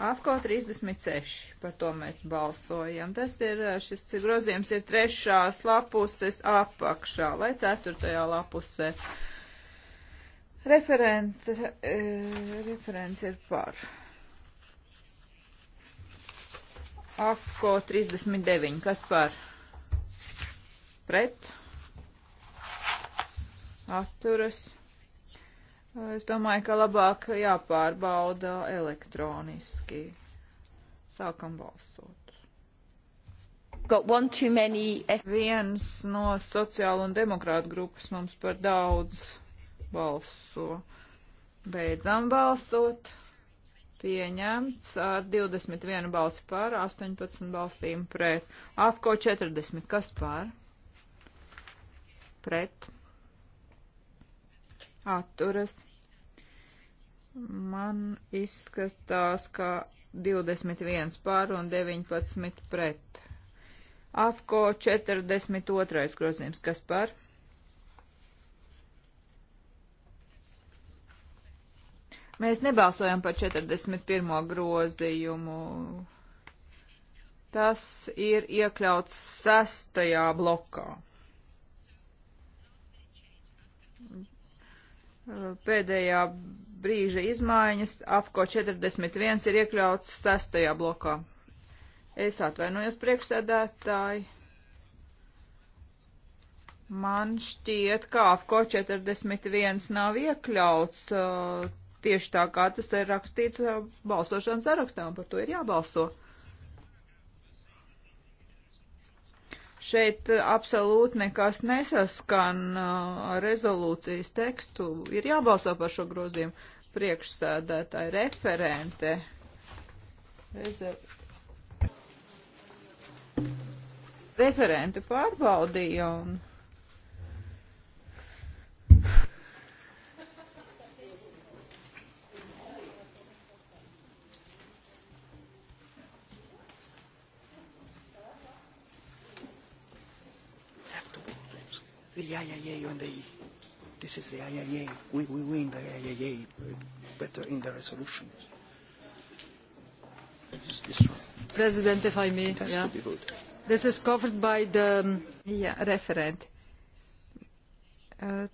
Afko 36, par to mēs balsojam. Tas ir, eh, šis grozījums ir trešās lapuses apakšā, lai ceturtajā lapusē. Referents, e, referents ir par Ako 39. Kas par? Pret. Atturas. Es domāju, ka labāk jāpārbauda elektroniski. Sākam balsot. Got one too many. Viens no sociāla un demokrāta grupas mums par daudz balso. Beidzam balsot pieņemts ar 21 balsi par, 18 balsīm pret. AFCO 40, kas par? Pret. Atturas. Man izskatās, ka 21 par un 19 pret. AFCO 42 grozījums, kas par? Mēs nebalsojam par 41. grozījumu. Tas ir iekļauts sestajā blokā. Pēdējā brīža izmaiņas AFCO 41 ir iekļauts sestajā blokā. Es atvainojos priekšsēdētāji. Man šķiet, ka AFCO 41 nav iekļauts. Uh, tieši tā, kā tas ir rakstīts uh, balsošanas sarakstā, un par to ir jābalso. Šeit uh, absolūti nekas nesaskan uh, ar rezolūcijas tekstu. Ir jābalso par šo grozījumu priekšsēdētāja referente. Rezer... Referente pārbaudīja un the IIA on the E. This is the IIA. We, we win the IIA better in the resolution. It's this one. President, if I may. It has yeah. to be good. This is covered by the... Yeah, um, referent.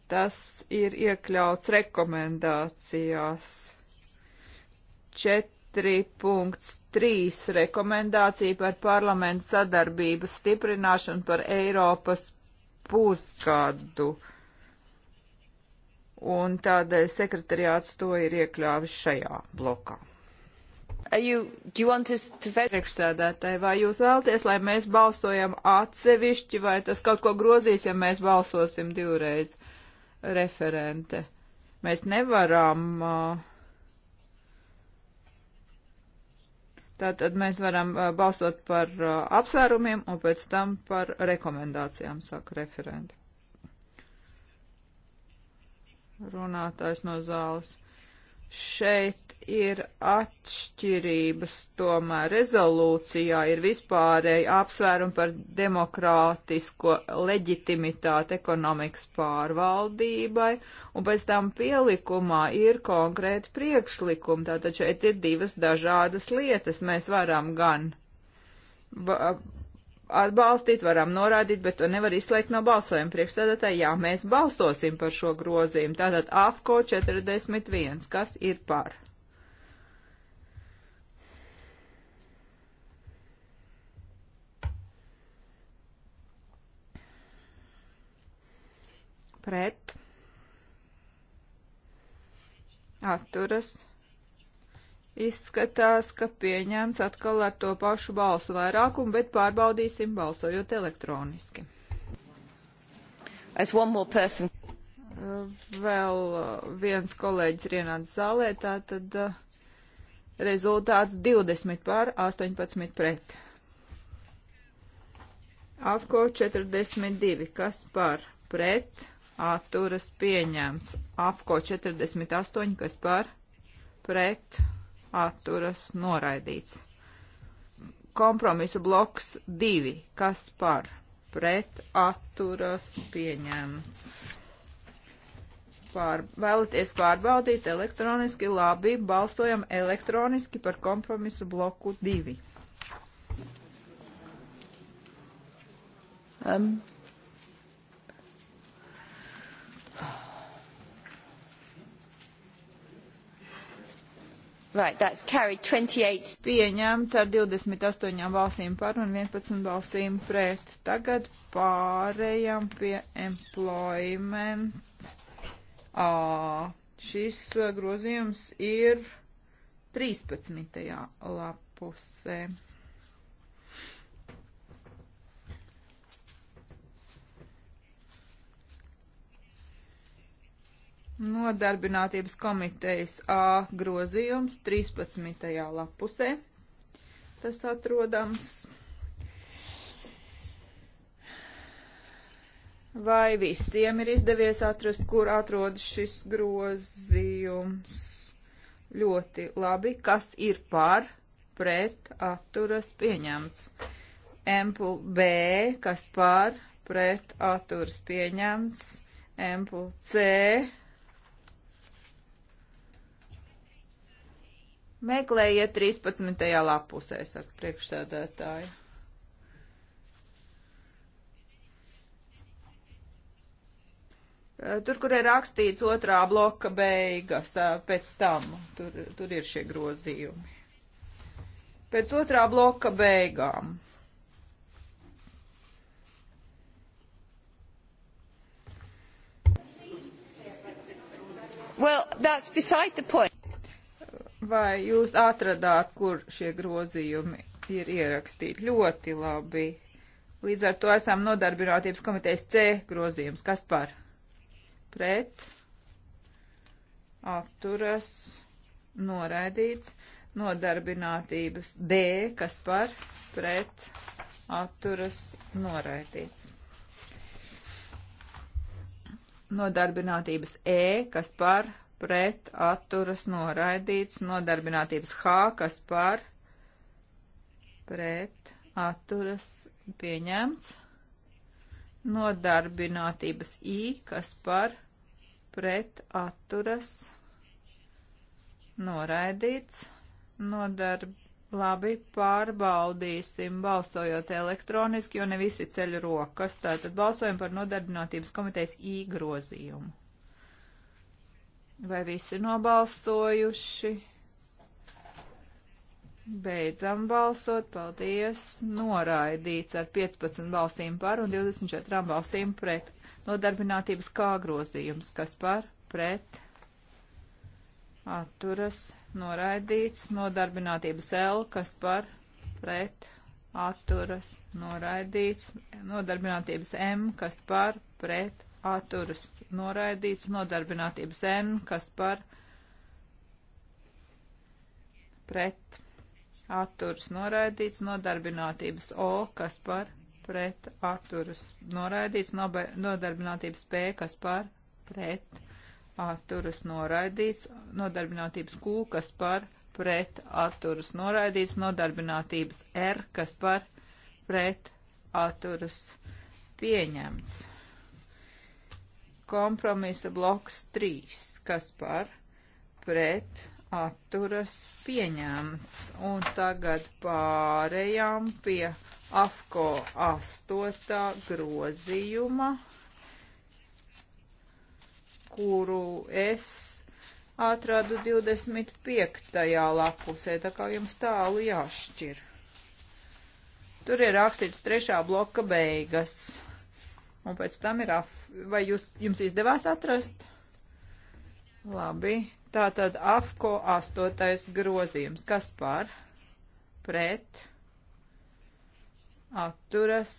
Tas ir iekļauts rekomendācijās. 4.3 rekomendācija par parlamentu sadarbības stiprināšanu par Eiropas pusgadu. Un tādēļ sekretariāts to ir iekļāvis šajā blokā. You, you to... Priekšsēdētāji, vai jūs vēlaties, lai mēs balsojam atsevišķi, vai tas kaut ko grozīs, ja mēs balsosim divreiz referente? Mēs nevaram uh, Tātad mēs varam balsot par apsvērumiem un pēc tam par rekomendācijām, saka referenti. Runātājs no zāles. Šeit ir atšķirības, tomēr rezolūcijā ir vispārēji apsvērumi par demokrātisko leģitimitāti ekonomikas pārvaldībai, un pēc tam pielikumā ir konkrēti priekšlikumi. Tātad šeit ir divas dažādas lietas. Mēs varam gan atbalstīt, varam norādīt, bet to nevar izslēgt no balsojuma. Priekšsēdētāji, jā, mēs balsosim par šo grozījumu. Tātad AFCO 41, kas ir par? Pret. Atturas. Izskatās, ka pieņemts atkal ar to pašu balsu vairākumu, bet pārbaudīsim balsojot elektroniski. As one more person. Uh, vēl uh, viens kolēģis ir ienācis zālē, tā tad uh, rezultāts 20 pār 18 pret. Afko 42, kas par pret atturas pieņemts. Afko 48, kas par pret atturas pieņemts atturas noraidīts. Kompromisa bloks 2. Kas par? Pret atturas pieņemts. Pār, vēlaties pārbaudīt elektroniski? Labi, balsojam elektroniski par kompromisu bloku 2. Um, Right, that's carried 28. Pieņemts ar 28 balsīm par un 11 balsīm pret. Tagad pārējām pie employment. À, šis uh, grozījums ir 13. lapusē. Nodarbinātības komitejas A grozījums 13. lapusē. Tas atrodams. Vai visiem ir izdevies atrast, kur atrodas šis grozījums? Ļoti labi. Kas ir par, pret, atturas pieņemts? Empul B, kas par, pret, atturas pieņemts? Empul C, Meklējiet 13. lapusē, saka priekšsēdētāji. Eh, tur, kur ir rakstīts otrā bloka beigas, eh, pēc tam tur, tur ir šie grozījumi. Pēc otrā bloka beigām. Well, that's beside the point. Vai jūs atradāt, kur šie grozījumi ir ierakstīti? Ļoti labi. Līdz ar to esam nodarbinātības komitejas C grozījums. Kas par? Pret. Atturas. Noraidīts. Nodarbinātības D. Kas par? Pret. Atturas. Noraidīts. Nodarbinātības E. Kas par? pret atturas noraidīts, nodarbinātības H, kas par pret atturas pieņemts, nodarbinātības I, kas par pret atturas noraidīts, nodarb... Labi, pārbaudīsim, balsojot elektroniski, jo ne visi ceļ rokas. Tātad balsojam par nodarbinātības komitejas īgrozījumu. Vai visi ir nobalsojuši? Beidzam balsot, paldies. Noraidīts ar 15 balsīm par un 24 balsīm pret. Nodarbinātības kā grozījums, kas par pret atturas noraidīts. Nodarbinātības L, kas par pret atturas noraidīts. Nodarbinātības M, kas par pret atturas noraidīts, nodarbinātības N, kas par pret atturas noraidīts, nodarbinātības O, kas par pret atturas noraidīts, nodarbinātības P, kas par pret atturas noraidīts, nodarbinātības Q, kas par pret atturas noraidīts, nodarbinātības R, kas par pret atturas pieņemts kompromisa bloks 3, kas par pret atturas pieņemts. Un tagad pārējām pie AFCO 8. grozījuma, kuru es atradu 25. lapusē, tā kā jums tālu jāšķir. Tur ir rakstīts trešā bloka beigas. Un pēc tam ir, af... vai jūs, jums izdevās atrast? Labi, tātad AFCO astotais grozījums. Kas par? Pret? Atturas?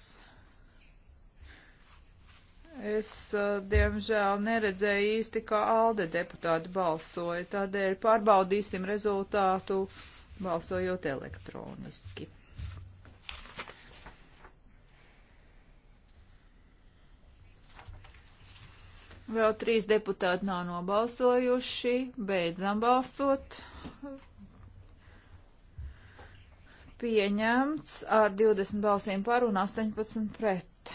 Es, eh, diemžēl, neredzēju īsti, kā ALDE deputāti balsoja, tādēļ pārbaudīsim rezultātu balsojot elektroniski. Vēl trīs deputāti nav nobalsojuši. Beidzam balsot. Pieņemts ar 20 balsīm par un 18 pret.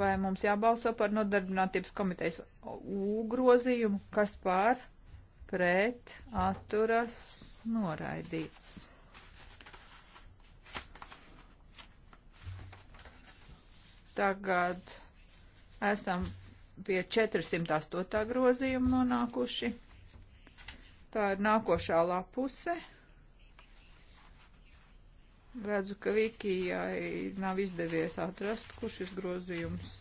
Vai mums jābalso par nodarbinātības komitejas U grozījumu? Kas pār? Pret, atturas, noraidīts. Tagad esam pie 408. grozījuma nonākuši. Tā ir nākošā lapuse. Redzu, ka Vikijai nav izdevies atrast, kur šis grozījums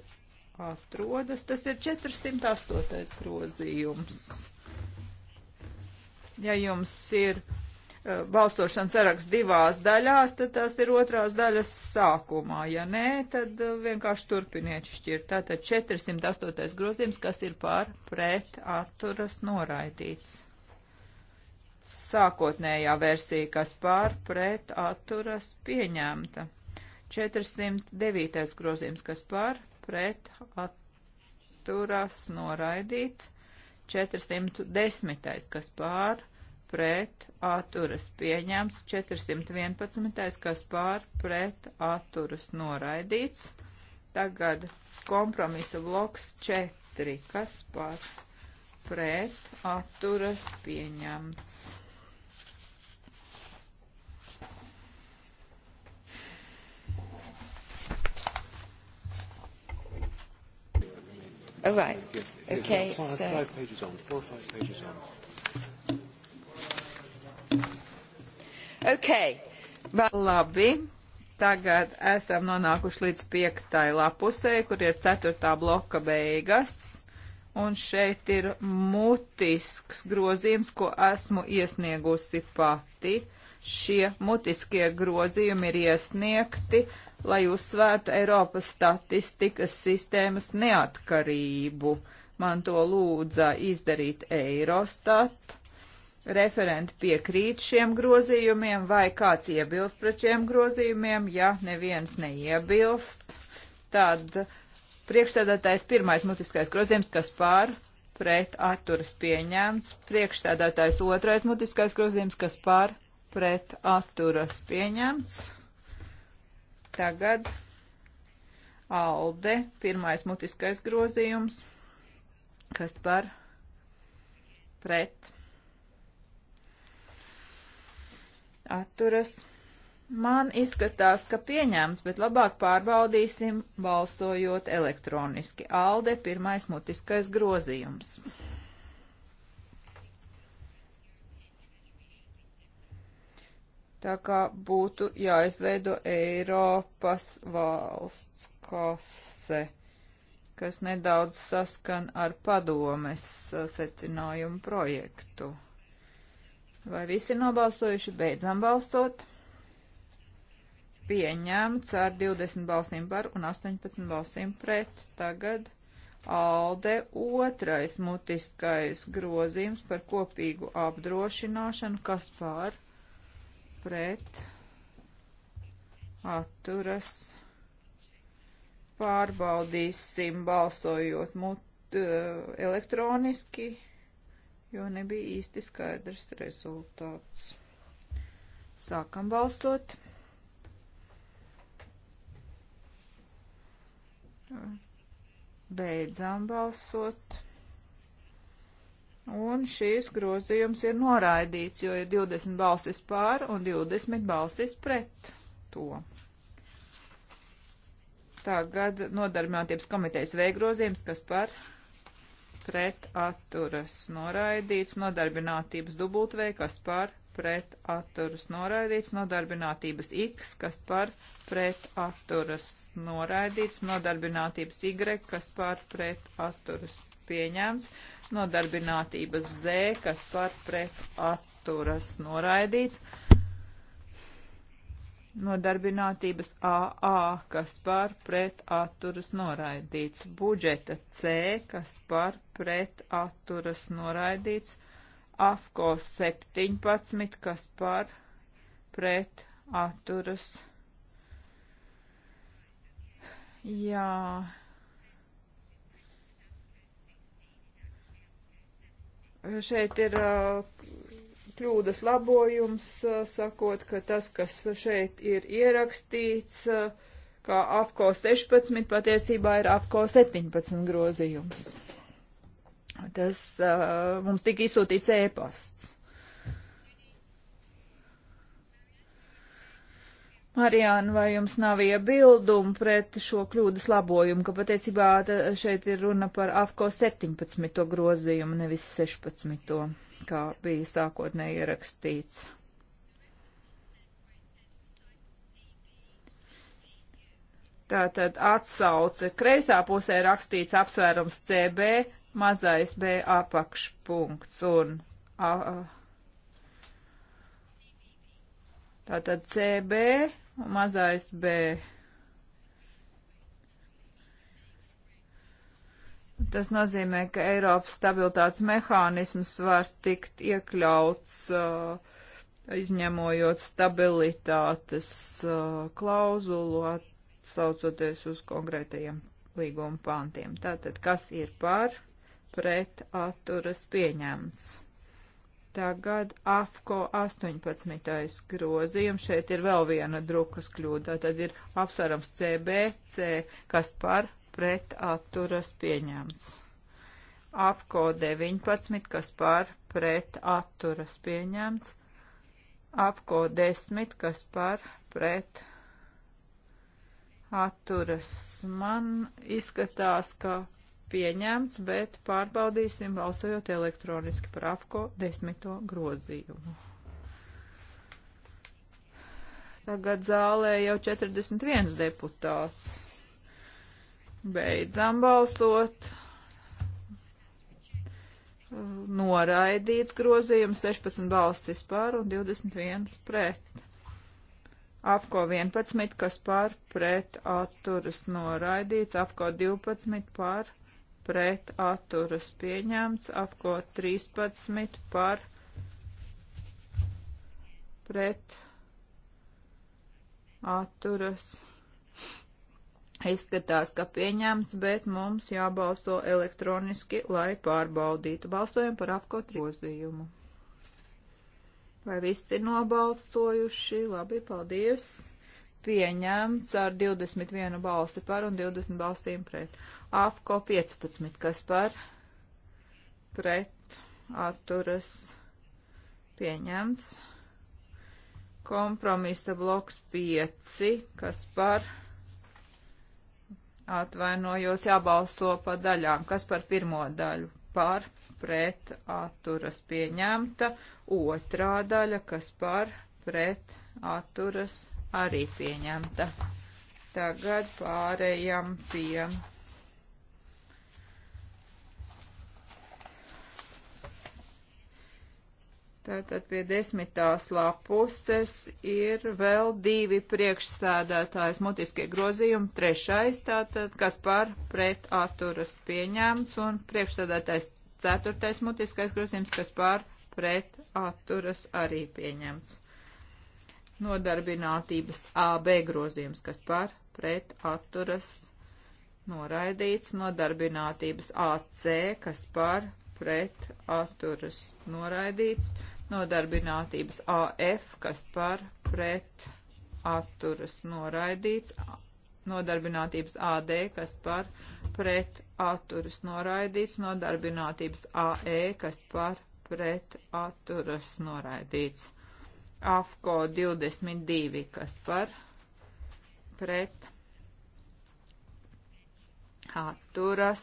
atrodas. Tas ir 408. grozījums. Ja jums ir Eh, balsošanas saraksts divās daļās, tad tās ir otrās daļas sākumā. Ja nē, tad eh, vienkārši turpiniet šķirt. Tātad 408. grozījums, kas ir pār pret atturas noraidīts. Sākotnējā versija, kas pār pret atturas pieņemta. 409. grozījums, kas pār pret atturas noraidīts. 410. kas pār pret pret atturas pieņemts, 411. kas pār pret atturas noraidīts. Tagad kompromisa bloks 4, kas pār pret atturas pieņemts. Oh, right. Okay. Five, so... five pages on. Four or five pages on. Okay. But... Labi. Tagad esam nonākuši līdz piektai lapusē, kur ir ceturtā bloka beigas. Un šeit ir mutisks grozījums, ko esmu iesniegusi pati. Šie mutiskie grozījumi ir iesniegti, lai uzsvērtu Eiropas statistikas sistēmas neatkarību. Man to lūdza izdarīt Eirostat Referenti piekrīt šiem grozījumiem, vai kāds iebilst pret šiem grozījumiem, ja neviens neiebilst, tad priekšsēdētājs pirmais mutiskais grozījums, kas pār pret atturas pieņemts, priekšsēdētājs otrais mutiskais grozījums, kas pār pret atturas pieņemts. Tagad Alde, pirmais mutiskais grozījums, kas par pret atturas. Man izskatās, ka pieņēmts, bet labāk pārbaudīsim, balsojot elektroniski. Alde pirmais mutiskais grozījums. Tā kā būtu jāizveido Eiropas valsts kase, kas nedaudz saskan ar padomes secinājumu projektu. Vai visi ir nobalsojuši? Beidzam balsot. Pieņemts ar 20 balsīm par un 18 balsīm pret. Tagad ALDE otrais mutiskais grozījums par kopīgu apdrošināšanu, kas pār pret atturas. Pārbaudīsim balsojot mut, eh, elektroniski jo nebija īsti skaidrs rezultāts. Sākam balsot. Beidzām balsot. Un šīs grozījums ir noraidīts, jo ir 20 balsis pār un 20 balsis pret to. Tagad nodarbinātības komitejas veigrozījums, kas par pret atturas noraidīts, nodarbinātības dubultvei, kas par pret atturas noraidīts, nodarbinātības X, kas par pret atturas noraidīts, nodarbinātības Y, kas par pret atturas pieņemts, nodarbinātības Z, kas par pret atturas noraidīts nodarbinātības AA, kas par pret atturas noraidīts, budžeta C, kas par pret atturas noraidīts, AFCO 17, kas par pret atturas. Jā. Šeit ir uh, kļūdas labojums, sakot, ka tas, kas šeit ir ierakstīts, kā apko 16, patiesībā ir apko 17 grozījums. Tas mums tika izsūtīts ēpasts. Marijāna, vai jums nav iebildumu pret šo kļūdas labojumu, ka patiesībā šeit ir runa par AFCO 17. grozījumu, nevis 16 kā bija sākotnēji ierakstīts. Tātad atsauce kreisā pusē rakstīts apsvērums CB, mazais B apakšpunkts un a, a, tātad CB un mazais B Tas nozīmē, ka Eiropas stabilitātes mehānisms var tikt iekļauts, uh, izņemojot stabilitātes uh, klauzulu, atsaucoties uz konkrētajiem līguma pāntiem. Tātad, kas ir par pret atturas pieņemts? Tagad AFCO 18. grozījums. Šeit ir vēl viena drukas kļūda. Tad ir apsvarams CBC, kas par pret atturas pieņemts. Apko 19, kas par pret atturas pieņemts. Apko 10, kas par pret atturas. Man izskatās, ka pieņemts, bet pārbaudīsim balsojot elektroniski par AFCO desmito grozījumu. Tagad zālē jau 41 deputāts. Beidzam balsot. Noraidīts grozījums 16 balstis par un 21 pret. Afko 11, kas par pret atturas noraidīts, Afko 12 par pret atturas pieņemts, Afko 13 par pret atturas pieņemts atturas Izskatās, ka pieņemts, bet mums jābalso elektroniski, lai pārbaudītu. Balsojam par apkotrozījumu. Vai visi ir nobalsojuši? Labi, paldies. Pieņemts ar 21 balsi par un 20 balsīm pret. Apko 15, kas par pret atturas pieņemts. Kompromista bloks 5, kas par pret atvainojos jābalso pa daļām. Kas par pirmo daļu? Par, pret, atturas pieņemta. Otrā daļa, kas par, pret, atturas arī pieņemta. Tagad pārējām pie Tātad pie desmitās lapuses ir vēl divi priekšsēdētājs mutiskie grozījumi. Trešais tātad, kas par pret atturas pieņēmts un priekšsēdētājs ceturtais mutiskais grozījums, kas par pret atturas arī pieņemts nodarbinātības AB grozījums, kas par pret atturas noraidīts, nodarbinātības AC, kas par pret atturas noraidīts, nodarbinātības AF, kas par pret atturas noraidīts, nodarbinātības AD, kas par pret atturas noraidīts, nodarbinātības AE, kas par pret atturas noraidīts, AFCO 22, kas par pret atturas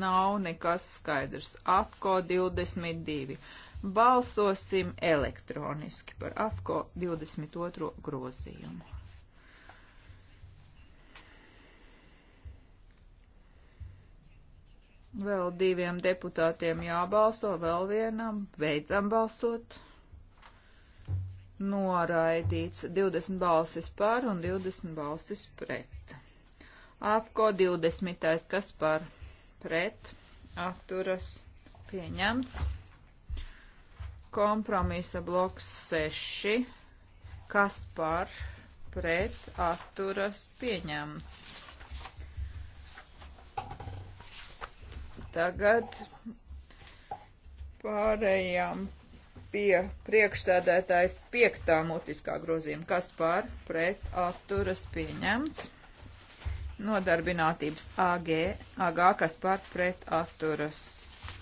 nav nekas skaidrs, AFCO 22 Balsosim elektroniski par AFCO 22. grozījumu. Vēl diviem deputātiem jābalso, vēl vienam. Beidzam balsot. Noraidīts 20 balsis par un 20 balsis pret. AFCO 20. kas par pret atturas pieņemts. Kompromisa bloks 6. Kas par pret atturas pieņemts? Tagad pārējām pie priekšsēdētājs piektā mutiskā grozījuma, kas par pret atturas pieņemts. Nodarbinātības AG, AG, kas par pret atturas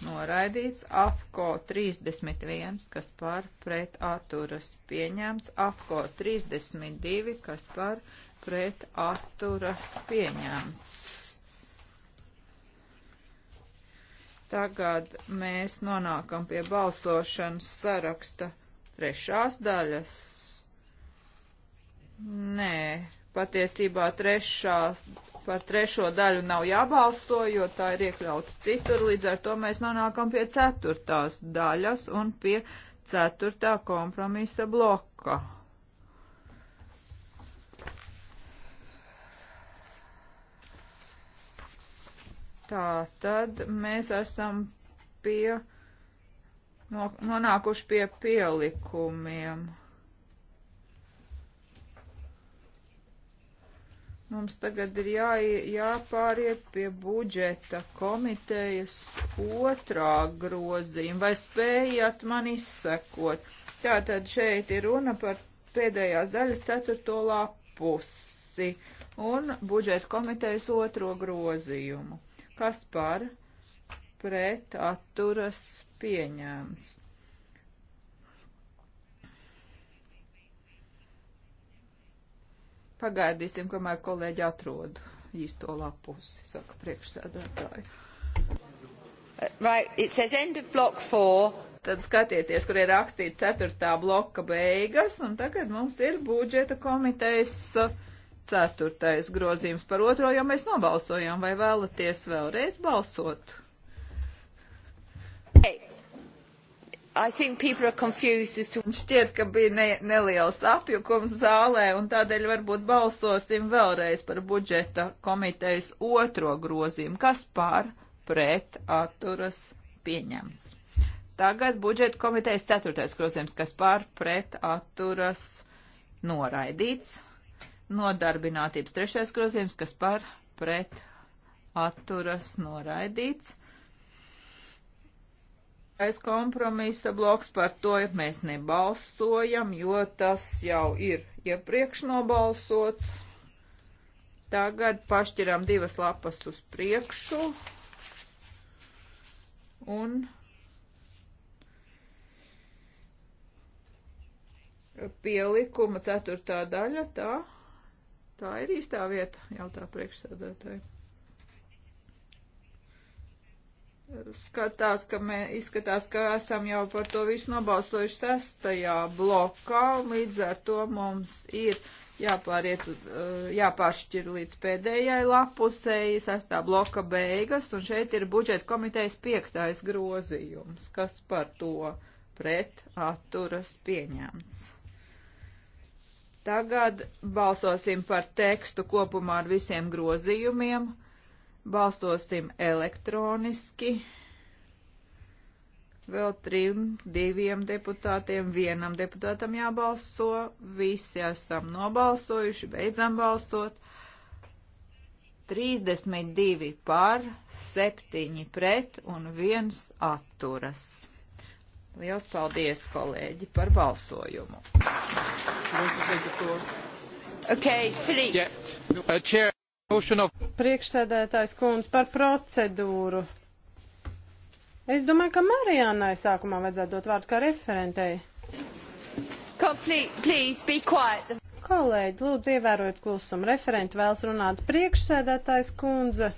noraidīts, AFCO 31, kas par pret atturas pieņemts, AFCO 32, kas par pret atturas pieņemts. Tagad mēs nonākam pie balsošanas saraksta trešās daļas. Nē, patiesībā trešā par trešo daļu nav jābalso, jo tā ir iekļauta citur, līdz ar to mēs nonākam pie ceturtās daļas un pie ceturtā kompromisa bloka. Tā tad mēs esam pie, no, nonākuši pie pielikumiem. Mums tagad ir jā, jāpāriet pie budžeta komitejas otrā grozījuma. Vai spējat man izsekot? Tātad šeit ir runa par pēdējās daļas ceturto lapusi un budžeta komitejas otro grozījumu. Kas par pret atturas pieņēmts? Pagaidīsim, kamēr kolēģi atrod īsto lapusi, saka priekšsēdētāji. Right, it says end of block four. Tad skatieties, kur ir rakstīts ceturtā bloka beigas, un tagad mums ir budžeta komitejas uh, ceturtais grozījums par otro, jo mēs nobalsojām, vai vēlaties vēlreiz balsot? To... Šķiet, ka bija ne, neliels apjukums zālē, un tādēļ varbūt balsosim vēlreiz par budžeta komitejas otro grozījumu, kas par pret atturas pieņems. Tagad budžeta komitejas ceturtais grozījums, kas par pret atturas noraidīts. Nodarbinātības trešais grozījums, kas par pret atturas noraidīts Pirmais kompromisa bloks par to mēs nebalsojam, jo tas jau ir iepriekš nobalsots. Tagad pašķiram divas lapas uz priekšu un pielikuma ceturtā daļa tā. Tā ir īstā vieta, jautā priekšsēdētāji. skatās, ka mē, izskatās, ka esam jau par to visu nobalsojuši sestajā blokā, līdz ar to mums ir jāpāriet, eh, jāpāršķir līdz pēdējai lapusēji, sestā bloka beigas, un šeit ir budžeta komitejas piektais grozījums, kas par to pret atturas pieņemts. Tagad balsosim par tekstu kopumā ar visiem grozījumiem. Balsosim elektroniski. Vēl trim, diviem deputātiem, vienam deputātam jābalso. Visi esam nobalsojuši, beidzam balsot. 32 par, 7 pret un 1 atturas. Liels paldies, kolēģi, par balsojumu. Okay, Filipe. Yeah. Uh, chair. Priekšsēdētājs kundze par procedūru. Es domāju, ka Marijānai sākumā vajadzētu dot vārdu kā referentei. Kolēģi, lūdzu ievērojiet klusumu. Referenti vēlas runāt priekšsēdētājs kundze.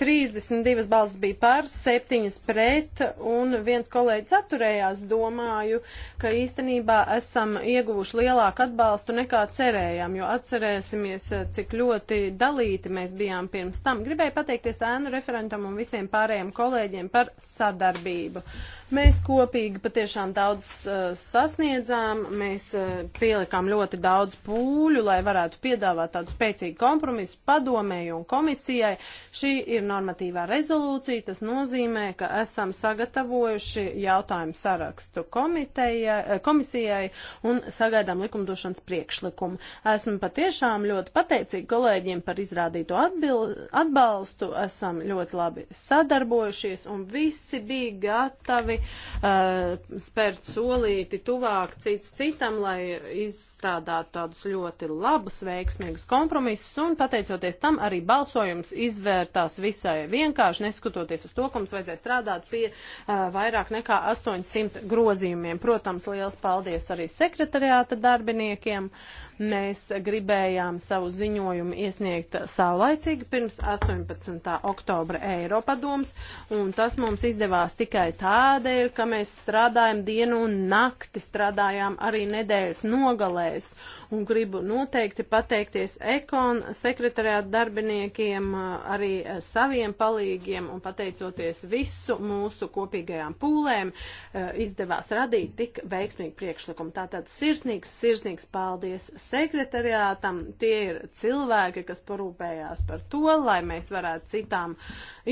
32 balsis bija par, 7 pret un viens kolēģis atturējās. Domāju, ka īstenībā esam ieguvuši lielāku atbalstu nekā cerējām, jo atcerēsimies, cik ļoti dalīti mēs bijām pirms tam. Gribēju pateikties ēnu referentam un visiem pārējiem kolēģiem par sadarbību. Uh, Mēs kopīgi patiešām daudz uh, sasniedzām, mēs uh, pielikām ļoti daudz pūļu, lai varētu piedāvāt tādu spēcīgu kompromisu padomēju un komisijai. Šī ir normatīvā rezolūcija, tas nozīmē, ka esam sagatavojuši jautājumu sarakstu komiteja, eh, komisijai un sagaidām likumdošanas priekšlikumu. Esmu patiešām ļoti pateicīgi kolēģiem par izrādīto atbil, atbalstu, esam ļoti labi sadarbojušies un visi bija gatavi uh, spērt solīti tuvāk cits citam, lai izstrādātu tādus ļoti labus, veiksmīgus kompromisus, un pateicoties tam arī balsojums izvērtās visai vienkārši, neskatoties uz to, ka mums vajadzēja strādāt pie uh, vairāk nekā 800 grozījumiem. Protams, liels paldies arī sekretariāta darbiniekiem. Uh, Mēs gribējām savu ziņojumu iesniegt saulaicīgi pirms 18. oktobra Eiropadoms, un tas mums izdevās tikai tādēļ, ka mēs strādājam dienu un nakti, strādājām arī nedēļas nogalēs. Uh, un gribu noteikti pateikties ekon sekretariātu darbiniekiem, arī eh, saviem palīgiem un pateicoties visu mūsu kopīgajām pūlēm eh, izdevās radīt tik veiksmīgu priekšlikumu. Tātad sirsnīgs, sirsnīgs paldies sekretariātam. Tie ir cilvēki, kas parūpējās par to, lai mēs varētu citām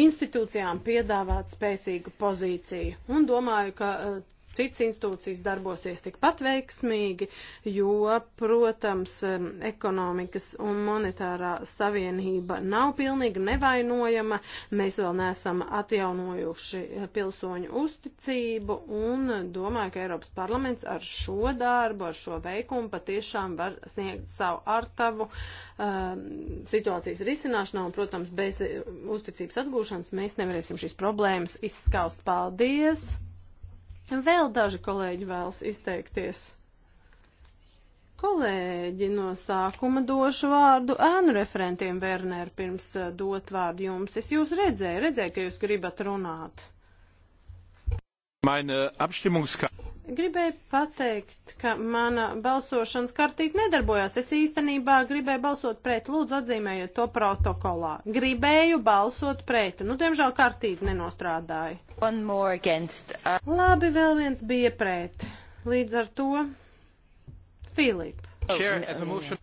institūcijām piedāvāt spēcīgu pozīciju. Un domāju, ka eh, citas institūcijas darbosies tikpat veiksmīgi, jo, protams, ekonomikas un monetārā savienība nav pilnīgi nevainojama, mēs vēl neesam atjaunojuši pilsoņu uzticību un domāju, ka Eiropas parlaments ar šo darbu, ar šo veikumu patiešām var sniegt savu artavu um, situācijas risināšanā un, protams, bez uzticības atgūšanas mēs nevarēsim šīs problēmas izskaust. Paldies! Vēl daži kolēģi vēlas izteikties. Kolēģi, no sākuma došu vārdu ēnu referentiem, Werner, pirms eh, dot vārdu jums. Es jūs redzēju, redzēju, ka jūs gribat runāt. Meine Abstimmungskarte. Gribēju pateikt, ka mana balsošanas kartīte nedarbojās. Es īstenībā gribēju balsot pret. Lūdzu, atzīmējiet to protokolā. Gribēju balsot pret. Nu, diemžēl kartīte nenostrādāja. Against, uh... Labi, vēl viens bija pret. Līdz ar to Filip. Oh,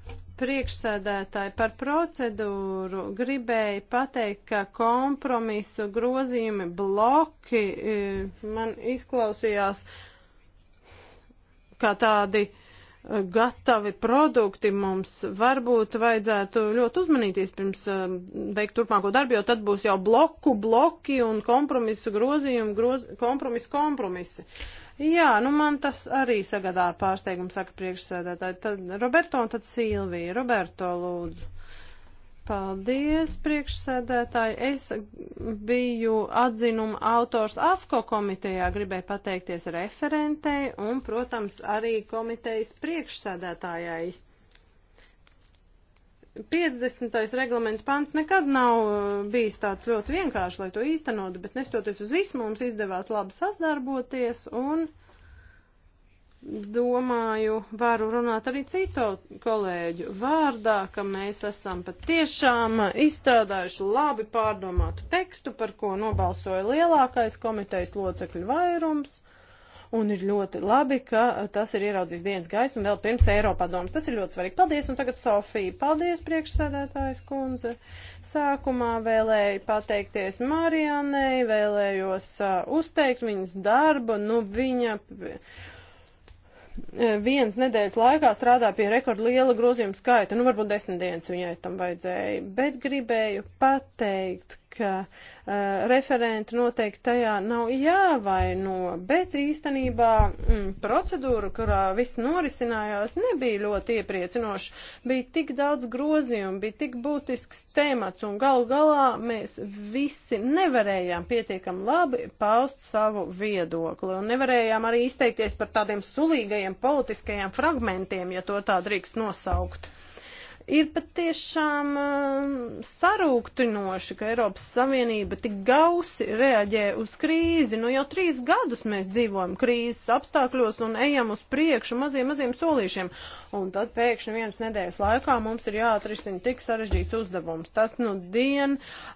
Priekšsēdētāji par procedūru gribēja pateikt, ka kompromisu grozījumi bloki eh, man izklausījās uh, kā tādi eh, gatavi produkti mums varbūt vajadzētu ļoti uzmanīties pirms eh, veikt turpmāko darbu, jo tad būs jau bloku bloki un kompromisu grozījumi, groz, kompromisu kompromisi. Jā, nu man tas arī sagādā pārsteigumu, saka priekšsēdētāji. Tad Roberto un tad Silvija. Roberto, lūdzu. Paldies, priekšsēdētāji. Es biju atzinuma autors AFCO komitejā, gribēju pateikties referentei un, protams, arī komitejas priekšsēdētājai. 50. reglamentu pants nekad nav uh, bijis tāds ļoti vienkāršs, lai to īstenotu, bet nestoties uz visu, mums izdevās labi sazdarboties un. Uh, domāju, varu runāt arī citu kolēģu vārdā, ka mēs esam patiešām izstrādājuši labi pārdomātu tekstu, par ko nobalsoja lielākais komitejas locekļu vairums. Un ir ļoti labi, ka tas ir ieraudzījis dienas gaisu un vēl pirms Eiropā domas. Tas ir ļoti svarīgi. Paldies, un tagad Sofija. Paldies, priekšsēdētājs kundze. Sākumā vēlēju pateikties Marijanai, vēlējos uh, uzteikt viņas darbu. Nu, viņa. Uh, E, viens nedēļas laikā strādā pie rekordliela grozījuma skaita, nu varbūt desmit dienas viņai tam vajadzēja, bet gribēju pateikt, ka uh, referenti noteikti tajā nav jāvaino, bet īstenībā mm, procedūra, kurā viss norisinājās, nebija ļoti iepriecinoša. Bija tik daudz grozījumu, bija tik būtisks temats, un galu galā mēs visi nevarējām pietiekam labi paust savu viedokli, un nevarējām arī izteikties par tādiem sulīgajiem politiskajiem fragmentiem, ja to tā drīkst nosaukt. Ir patiešām um, sarūktinoši, ka Eiropas Savienība tik gausi reaģē uz krīzi. Nu jau trīs gadus mēs dzīvojam krīzes apstākļos un ejam uz priekšu maziem, maziem solīšiem un tad pēkšņi vienas nedēļas laikā mums ir jāatrisina tik sarežģīts uzdevums. Tas nu dien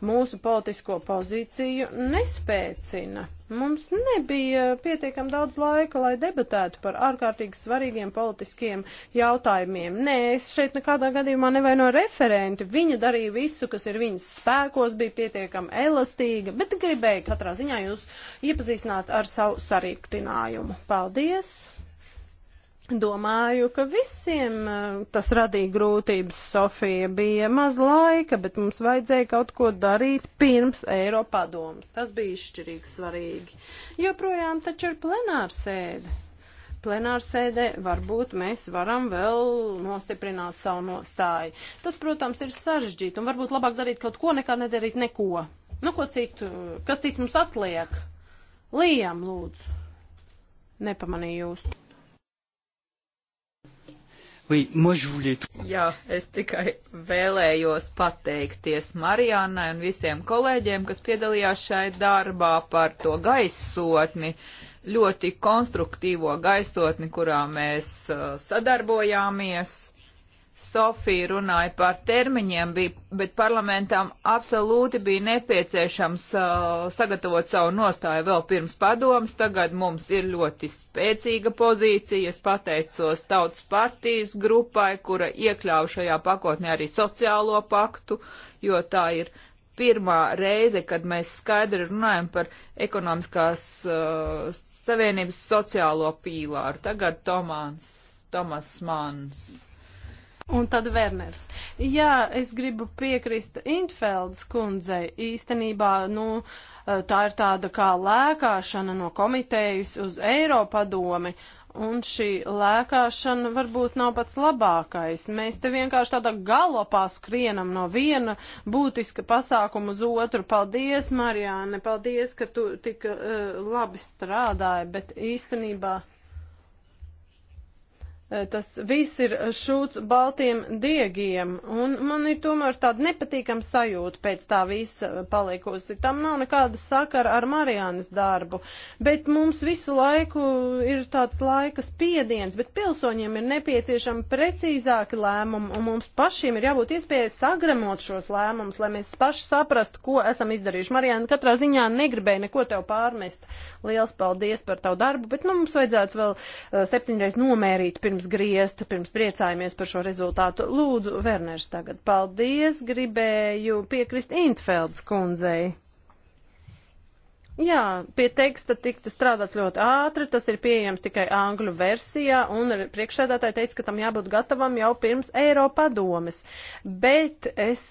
mūsu politisko pozīciju nespēcina. Mums nebija pietiekam daudz laika, lai debatētu par ārkārtīgi svarīgiem politiskiem jautājumiem. Nē, es šeit nekādā gadījumā nevainoju referenti. Viņa darīja visu, kas ir viņas spēkos, bija pietiekam elastīga, bet gribēja katrā ziņā jūs iepazīstināt ar savu sarīktinājumu. Paldies! Domāju, ka visiem tas radīja grūtības. Sofija bija maz laika, bet mums vajadzēja kaut ko darīt pirms Eiropadomas. Tas bija izšķirīgi svarīgi. Joprojām taču ir plenārsēde. Plenārsēdē varbūt mēs varam vēl nostiprināt savu nostāju. Tas, protams, ir sarežģīti un varbūt labāk darīt kaut ko, nekā nedarīt neko. Nu, ko citu, kas cits mums atliek? Lījām, lūdzu. Nepamanīju jūs. Oui, moi je voulais. Jā, es tikai vēlējos pateikties Marijānai un visiem kolēģiem, kas piedalījās šai darbā par to gaisotni, ļoti konstruktīvo gaisotni, kurā mēs eh, sadarbojāmies. Sofija runāja par termiņiem, bija, bet parlamentam absolūti bija nepieciešams uh, sagatavot savu nostāju vēl pirms padomas. Tagad mums ir ļoti spēcīga pozīcija. Es pateicos Tautas partijas grupai, kura iekļāva šajā pakotnē arī sociālo paktu, jo tā ir pirmā reize, kad mēs skaidri runājam par ekonomiskās uh, savienības sociālo pīlāru. Tagad Tomāns, Tomas Mans. Un tad Werners. Jā, es gribu piekrist Intfelds kundzei. Īstenībā, nu, eh, tā ir tāda kā lēkāšana no komitejas uz Eiropadomi. Un šī lēkāšana varbūt nav pats labākais. Mēs te vienkārši tādā galopā skrienam no viena būtiska pasākuma uz otru. Paldies, Marijāne, paldies, ka tu tik uh, labi strādāji, bet īstenībā. Uh, Eh, tas viss ir šūts baltiem diegiem, un man ir tomēr tāda nepatīkama sajūta pēc tā visa palikusi. Tam nav nekāda sakara ar Marijānas darbu, bet mums visu laiku ir tāds laika spiediens, bet pilsoņiem ir nepieciešami precīzāki lēmumi, un mums pašiem ir jābūt iespējai sagremot šos lēmumus, lai mēs paši saprastu, ko esam izdarījuši. Marijāna katrā ziņā negribēja neko tev pārmest. Liels paldies par tavu darbu, bet nu, mums vajadzētu vēl eh, septiņreiz nomērīt pirms pirms griezta, pirms priecājamies par šo rezultātu. Lūdzu, Werners tagad. Paldies, gribēju piekrist Intfelds kundzei. Jā, pie teksta tikta strādāt ļoti ātri, tas ir pieejams tikai angļu versijā, un priekšsēdētāji teica, ka tam jābūt gatavam jau pirms Eiropadomes. Bet es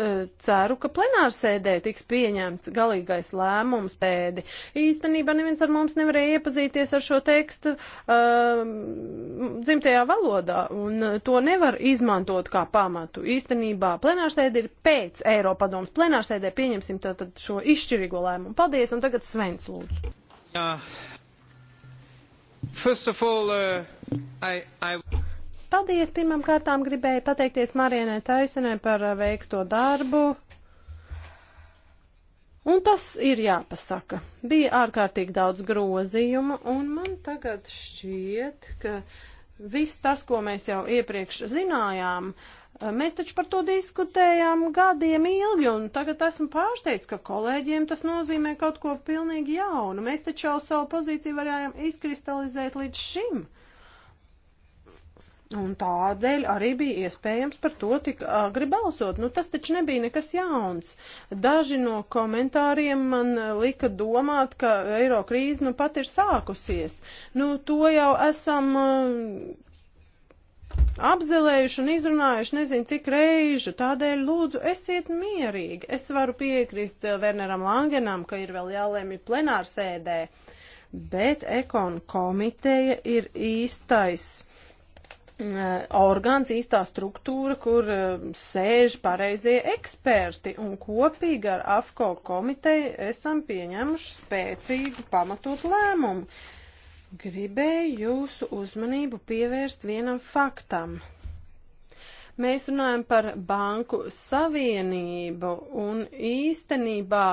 Eh, ceru, ka plenārsēdē tiks pieņemts galīgais lēmums pēdi. Īstenībā neviens ar mums nevarēja iepazīties ar šo tekstu uh, dzimtajā valodā, un eh, to nevar izmantot kā pamatu. Īstenībā plenārsēde ir pēc Eiropadomas. Plenārsēdē pieņemsim tātad šo izšķirīgo lēmumu. Paldies, un tagad Svens lūdzu. Jā. First of all, uh, I, I... Paldies! Pirmām kārtām gribēju pateikties Marienai Taisenai par uh, veikto darbu. Un tas ir jāpasaka. Bija ārkārtīgi daudz grozījumu, un man tagad šķiet, ka viss tas, ko mēs jau iepriekš zinājām, uh, mēs taču par to diskutējām gadiem ilgi, un tagad esmu pārsteigts, ka kolēģiem tas nozīmē kaut ko pilnīgi jaunu. Mēs taču jau savu pozīciju varējām izkristalizēt līdz šim. Uh, Un tādēļ arī bija iespējams par to tik agri balsot. Nu, tas taču nebija nekas jauns. Daži no komentāriem man lika domāt, ka eiro krīze nu pat ir sākusies. Nu, to jau esam uh, apzelējuši un izrunājuši nezinu cik reižu. Tādēļ lūdzu, esiet mierīgi. Es varu piekrist uh, Werneram Langenam, ka ir vēl jālēmi plenārsēdē. Bet ekon komiteja ir īstais Eh, orgāns, īstā struktūra, kur eh, sēž pareizie eksperti, un kopīgi ar AFCO komiteju esam pieņemuši spēcīgu pamatot lēmumu. Gribēju jūsu uzmanību pievērst vienam faktam. Mēs runājam par banku savienību un īstenībā,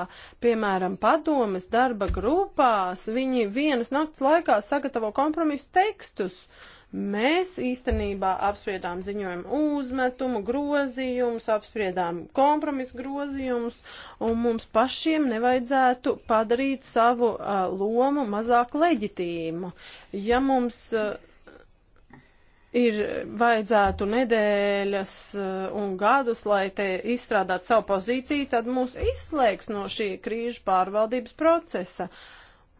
piemēram, padomas darba grupās, viņi vienas nakts laikā sagatavo kompromisu tekstus. Uh, Mēs īstenībā apspriedām ziņojumu uzmetumu, grozījumus, apspriedām kompromisu grozījumus, un mums pašiem nevajadzētu padarīt savu uh, lomu mazāk leģitīmu. Ja mums uh, ir vajadzētu nedēļas un gadus, lai te izstrādātu savu pozīciju, tad mūs izslēgs no šī krīžu pārvaldības procesa. Uh,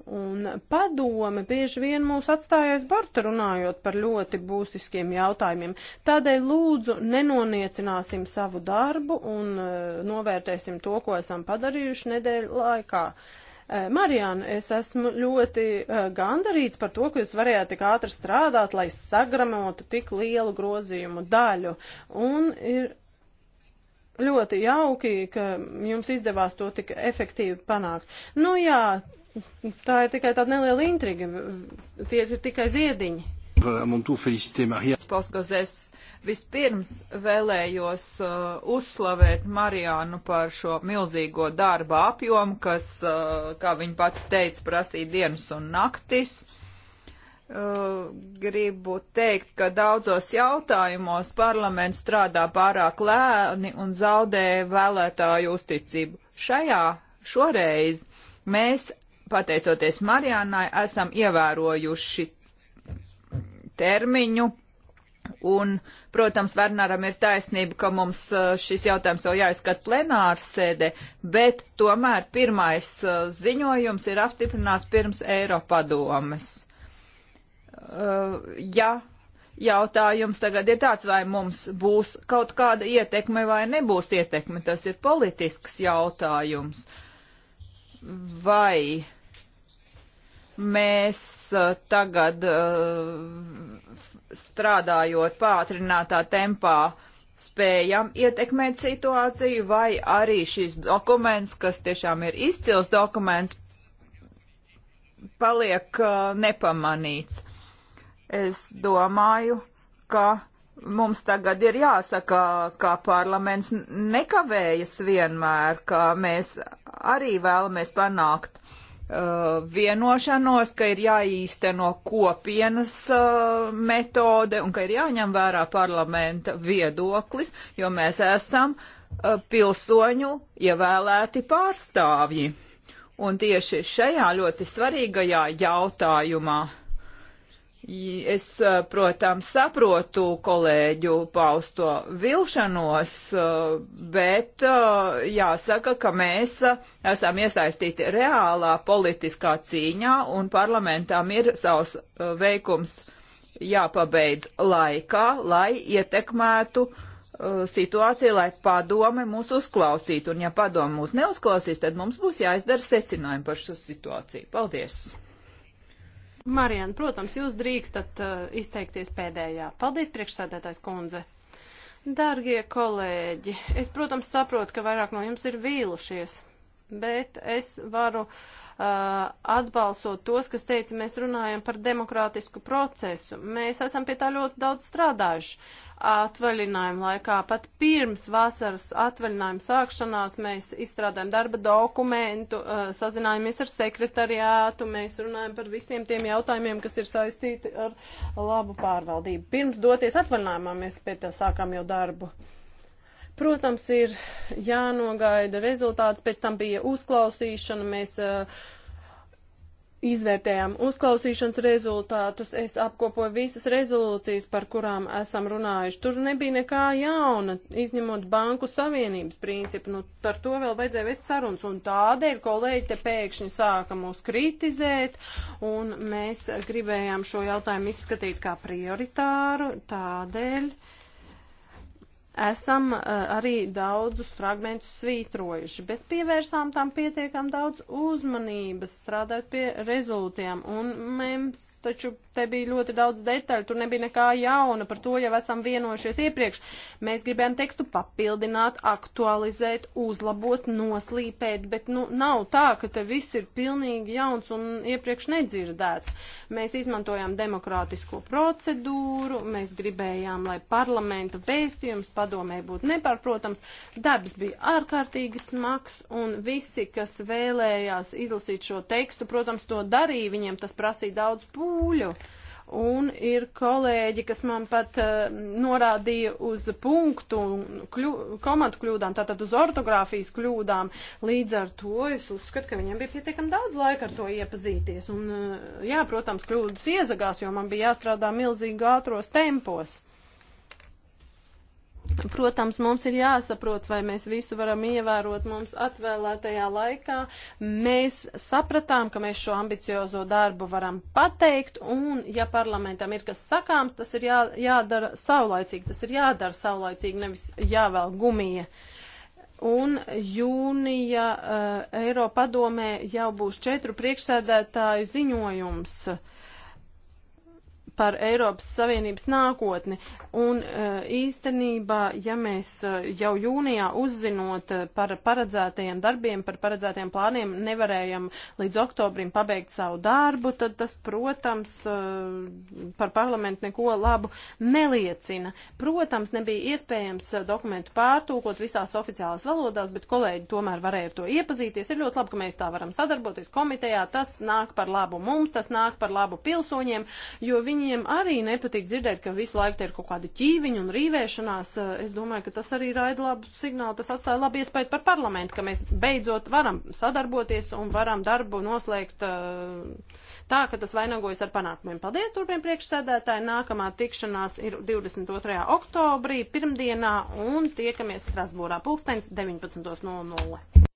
Un padome bieži vien mūs atstājais barta runājot par ļoti būtiskiem jautājumiem. Tādēļ lūdzu nenoniecināsim savu darbu un e, novērtēsim to, ko esam padarījuši nedēļu laikā. E, Marijāna, es esmu ļoti e, gandarīts par to, ka jūs varējāt tik ātri strādāt, lai sagramotu tik lielu grozījumu daļu. Un ir ļoti jauki, ka jums izdevās to tik efektīvi panākt. Nu jā, Tā ir tikai tāda neliela intriga. Tie ir tikai ziediņi. Pausgazēs vispirms vēlējos uh, uzslavēt Mariānu par šo milzīgo darba apjomu, kas, uh, kā viņa pati teica, prasīja dienas un naktis. Uh, gribu teikt, ka daudzos jautājumos parlaments strādā pārāk lēni un zaudē vēlētāju uzticību. Šajā šoreiz mēs pateicoties Marijānai, esam ievērojuši termiņu. Un, protams, Vernaram ir taisnība, ka mums uh, šis jautājums jau jāizskat plenārs sēdē, bet tomēr pirmais uh, ziņojums ir apstiprināts pirms Eiropadomes. Uh, ja jautājums tagad ir tāds, vai mums būs kaut kāda ietekme vai nebūs ietekme, tas ir politisks jautājums. Vai mēs uh, tagad uh, strādājot pātrinātā tempā spējam ietekmēt situāciju, vai arī šis dokuments, kas tiešām ir izcils dokuments, paliek uh, nepamanīts. Es domāju, ka mums tagad ir jāsaka, ka parlaments nekavējas vienmēr, ka mēs arī vēlamies panākt Uh, vienošanos, ka ir jāīsteno kopienas uh, metode un ka ir jāņem vērā parlamenta viedoklis, jo mēs esam uh, pilsoņu ievēlēti pārstāvji. Un tieši šajā ļoti svarīgajā jautājumā uh, Es, eh, protams, saprotu kolēģu pausto vilšanos, eh, bet eh, jāsaka, ka mēs esam iesaistīti reālā politiskā cīņā un parlamentām ir savs veikums jāpabeidz laikā, lai ietekmētu situāciju, lai padome mūs uzklausītu. Un ja padome mūs neuzklausīs, tad mums būs jāizdara secinājumi par šo situāciju. Paldies! Marijana, protams, jūs drīkstat uh, izteikties pēdējā. Paldies, priekšsēdētājs kundze. Dargie kolēģi, es, protams, saprotu, ka vairāk no jums ir vīlušies, bet es varu uh, Uh, atbalsot tos, kas teica, mēs runājam par demokrātisku procesu. Mēs esam pie tā ļoti daudz strādājuši atvaļinājuma laikā. Pat pirms vasaras atvaļinājuma sākšanās mēs izstrādājam darba dokumentu, uh, sazinājāmies ar sekretariātu, mēs runājam par visiem tiem jautājumiem, kas ir saistīti ar labu pārvaldību. Pirms doties atvaļinājumā mēs pie tā sākām jau darbu. Protams, ir jānogaida rezultāts, pēc tam bija uzklausīšana, mēs uh, izvērtējām uzklausīšanas rezultātus, es apkopoju visas rezolūcijas, par kurām esam runājuši. Tur nebija nekā jauna, izņemot banku savienības principu, nu par to vēl vajadzēja vest sarunas, un tādēļ kolēģi te pēkšņi sāka mūs kritizēt, un mēs gribējām šo jautājumu izskatīt kā prioritāru, tādēļ. Uh, esam uh, arī daudzus fragmentus svītrojuši, bet pievērsām tam pietiekam daudz uzmanības, strādājot pie rezolūcijām. Un mums taču te bija ļoti daudz detaļu, tur nebija nekā jauna, par to jau esam vienojušies iepriekš. Mēs gribējām tekstu papildināt, aktualizēt, uzlabot, noslīpēt, bet nu, nav tā, ka te viss ir pilnīgi jauns un iepriekš nedzirdēts. Mēs izmantojām demokrātisko procedūru, mēs gribējām, lai parlamenta vēstījums padarītu padomē būtu nepārprotams. Darbs bija ārkārtīgi smags, un visi, kas vēlējās izlasīt šo tekstu, protams, to darīja, viņiem tas prasīja daudz pūļu. Un ir kolēģi, kas man pat uh, norādīja uz punktu, kļu, komatu kļūdām, tātad uz ortogrāfijas kļūdām. Līdz ar to es uzskatu, ka viņiem bija pietiekami daudz laika ar to iepazīties. Un, uh, jā, protams, kļūdas iezagās, jo man bija jāstrādā milzīgi ātros tempos. Protams, mums ir jāsaprot, vai mēs visu varam ievērot mums atvēlētajā laikā. Mēs sapratām, ka mēs šo ambiciozo darbu varam pateikt, un ja parlamentam ir kas sakāms, tas ir jā, jādara saulaicīgi, tas ir jādara saulaicīgi, nevis jāvēl gumija. Un jūnija uh, Eiropadomē jau būs četru priekšsēdētāju ziņojums. Uh, par Eiropas Savienības nākotni. Un eh, īstenībā, ja mēs eh, jau jūnijā uzzinot eh, par paredzētajiem darbiem, par paredzētajiem plāniem, nevarējam līdz oktobrim pabeigt savu darbu, tad tas, protams, par parlamentu neko labu neliecina. Protams, nebija iespējams dokumentu pārtūkot visās oficiālās valodās, bet kolēģi tomēr varēja ar to iepazīties. Ir ļoti labi, ka mēs tā varam sadarboties komitejā. Tas nāk par labu mums, tas nāk par labu pilsoņiem, jo viņi viņiem arī nepatīk dzirdēt, ka visu laiku te ir kaut kāda ķīviņa un rīvēšanās. Eh, es domāju, ka tas arī raida labu signālu, tas atstāja labu iespēju par parlamentu, ka mēs beidzot varam sadarboties un varam darbu noslēgt eh, tā, ka tas vainagojas ar panākumiem. Paldies, turpiem priekšsēdētāji. Nākamā tikšanās ir 22. oktobrī, pirmdienā, un tiekamies Strasbūrā pulkstens 19.00.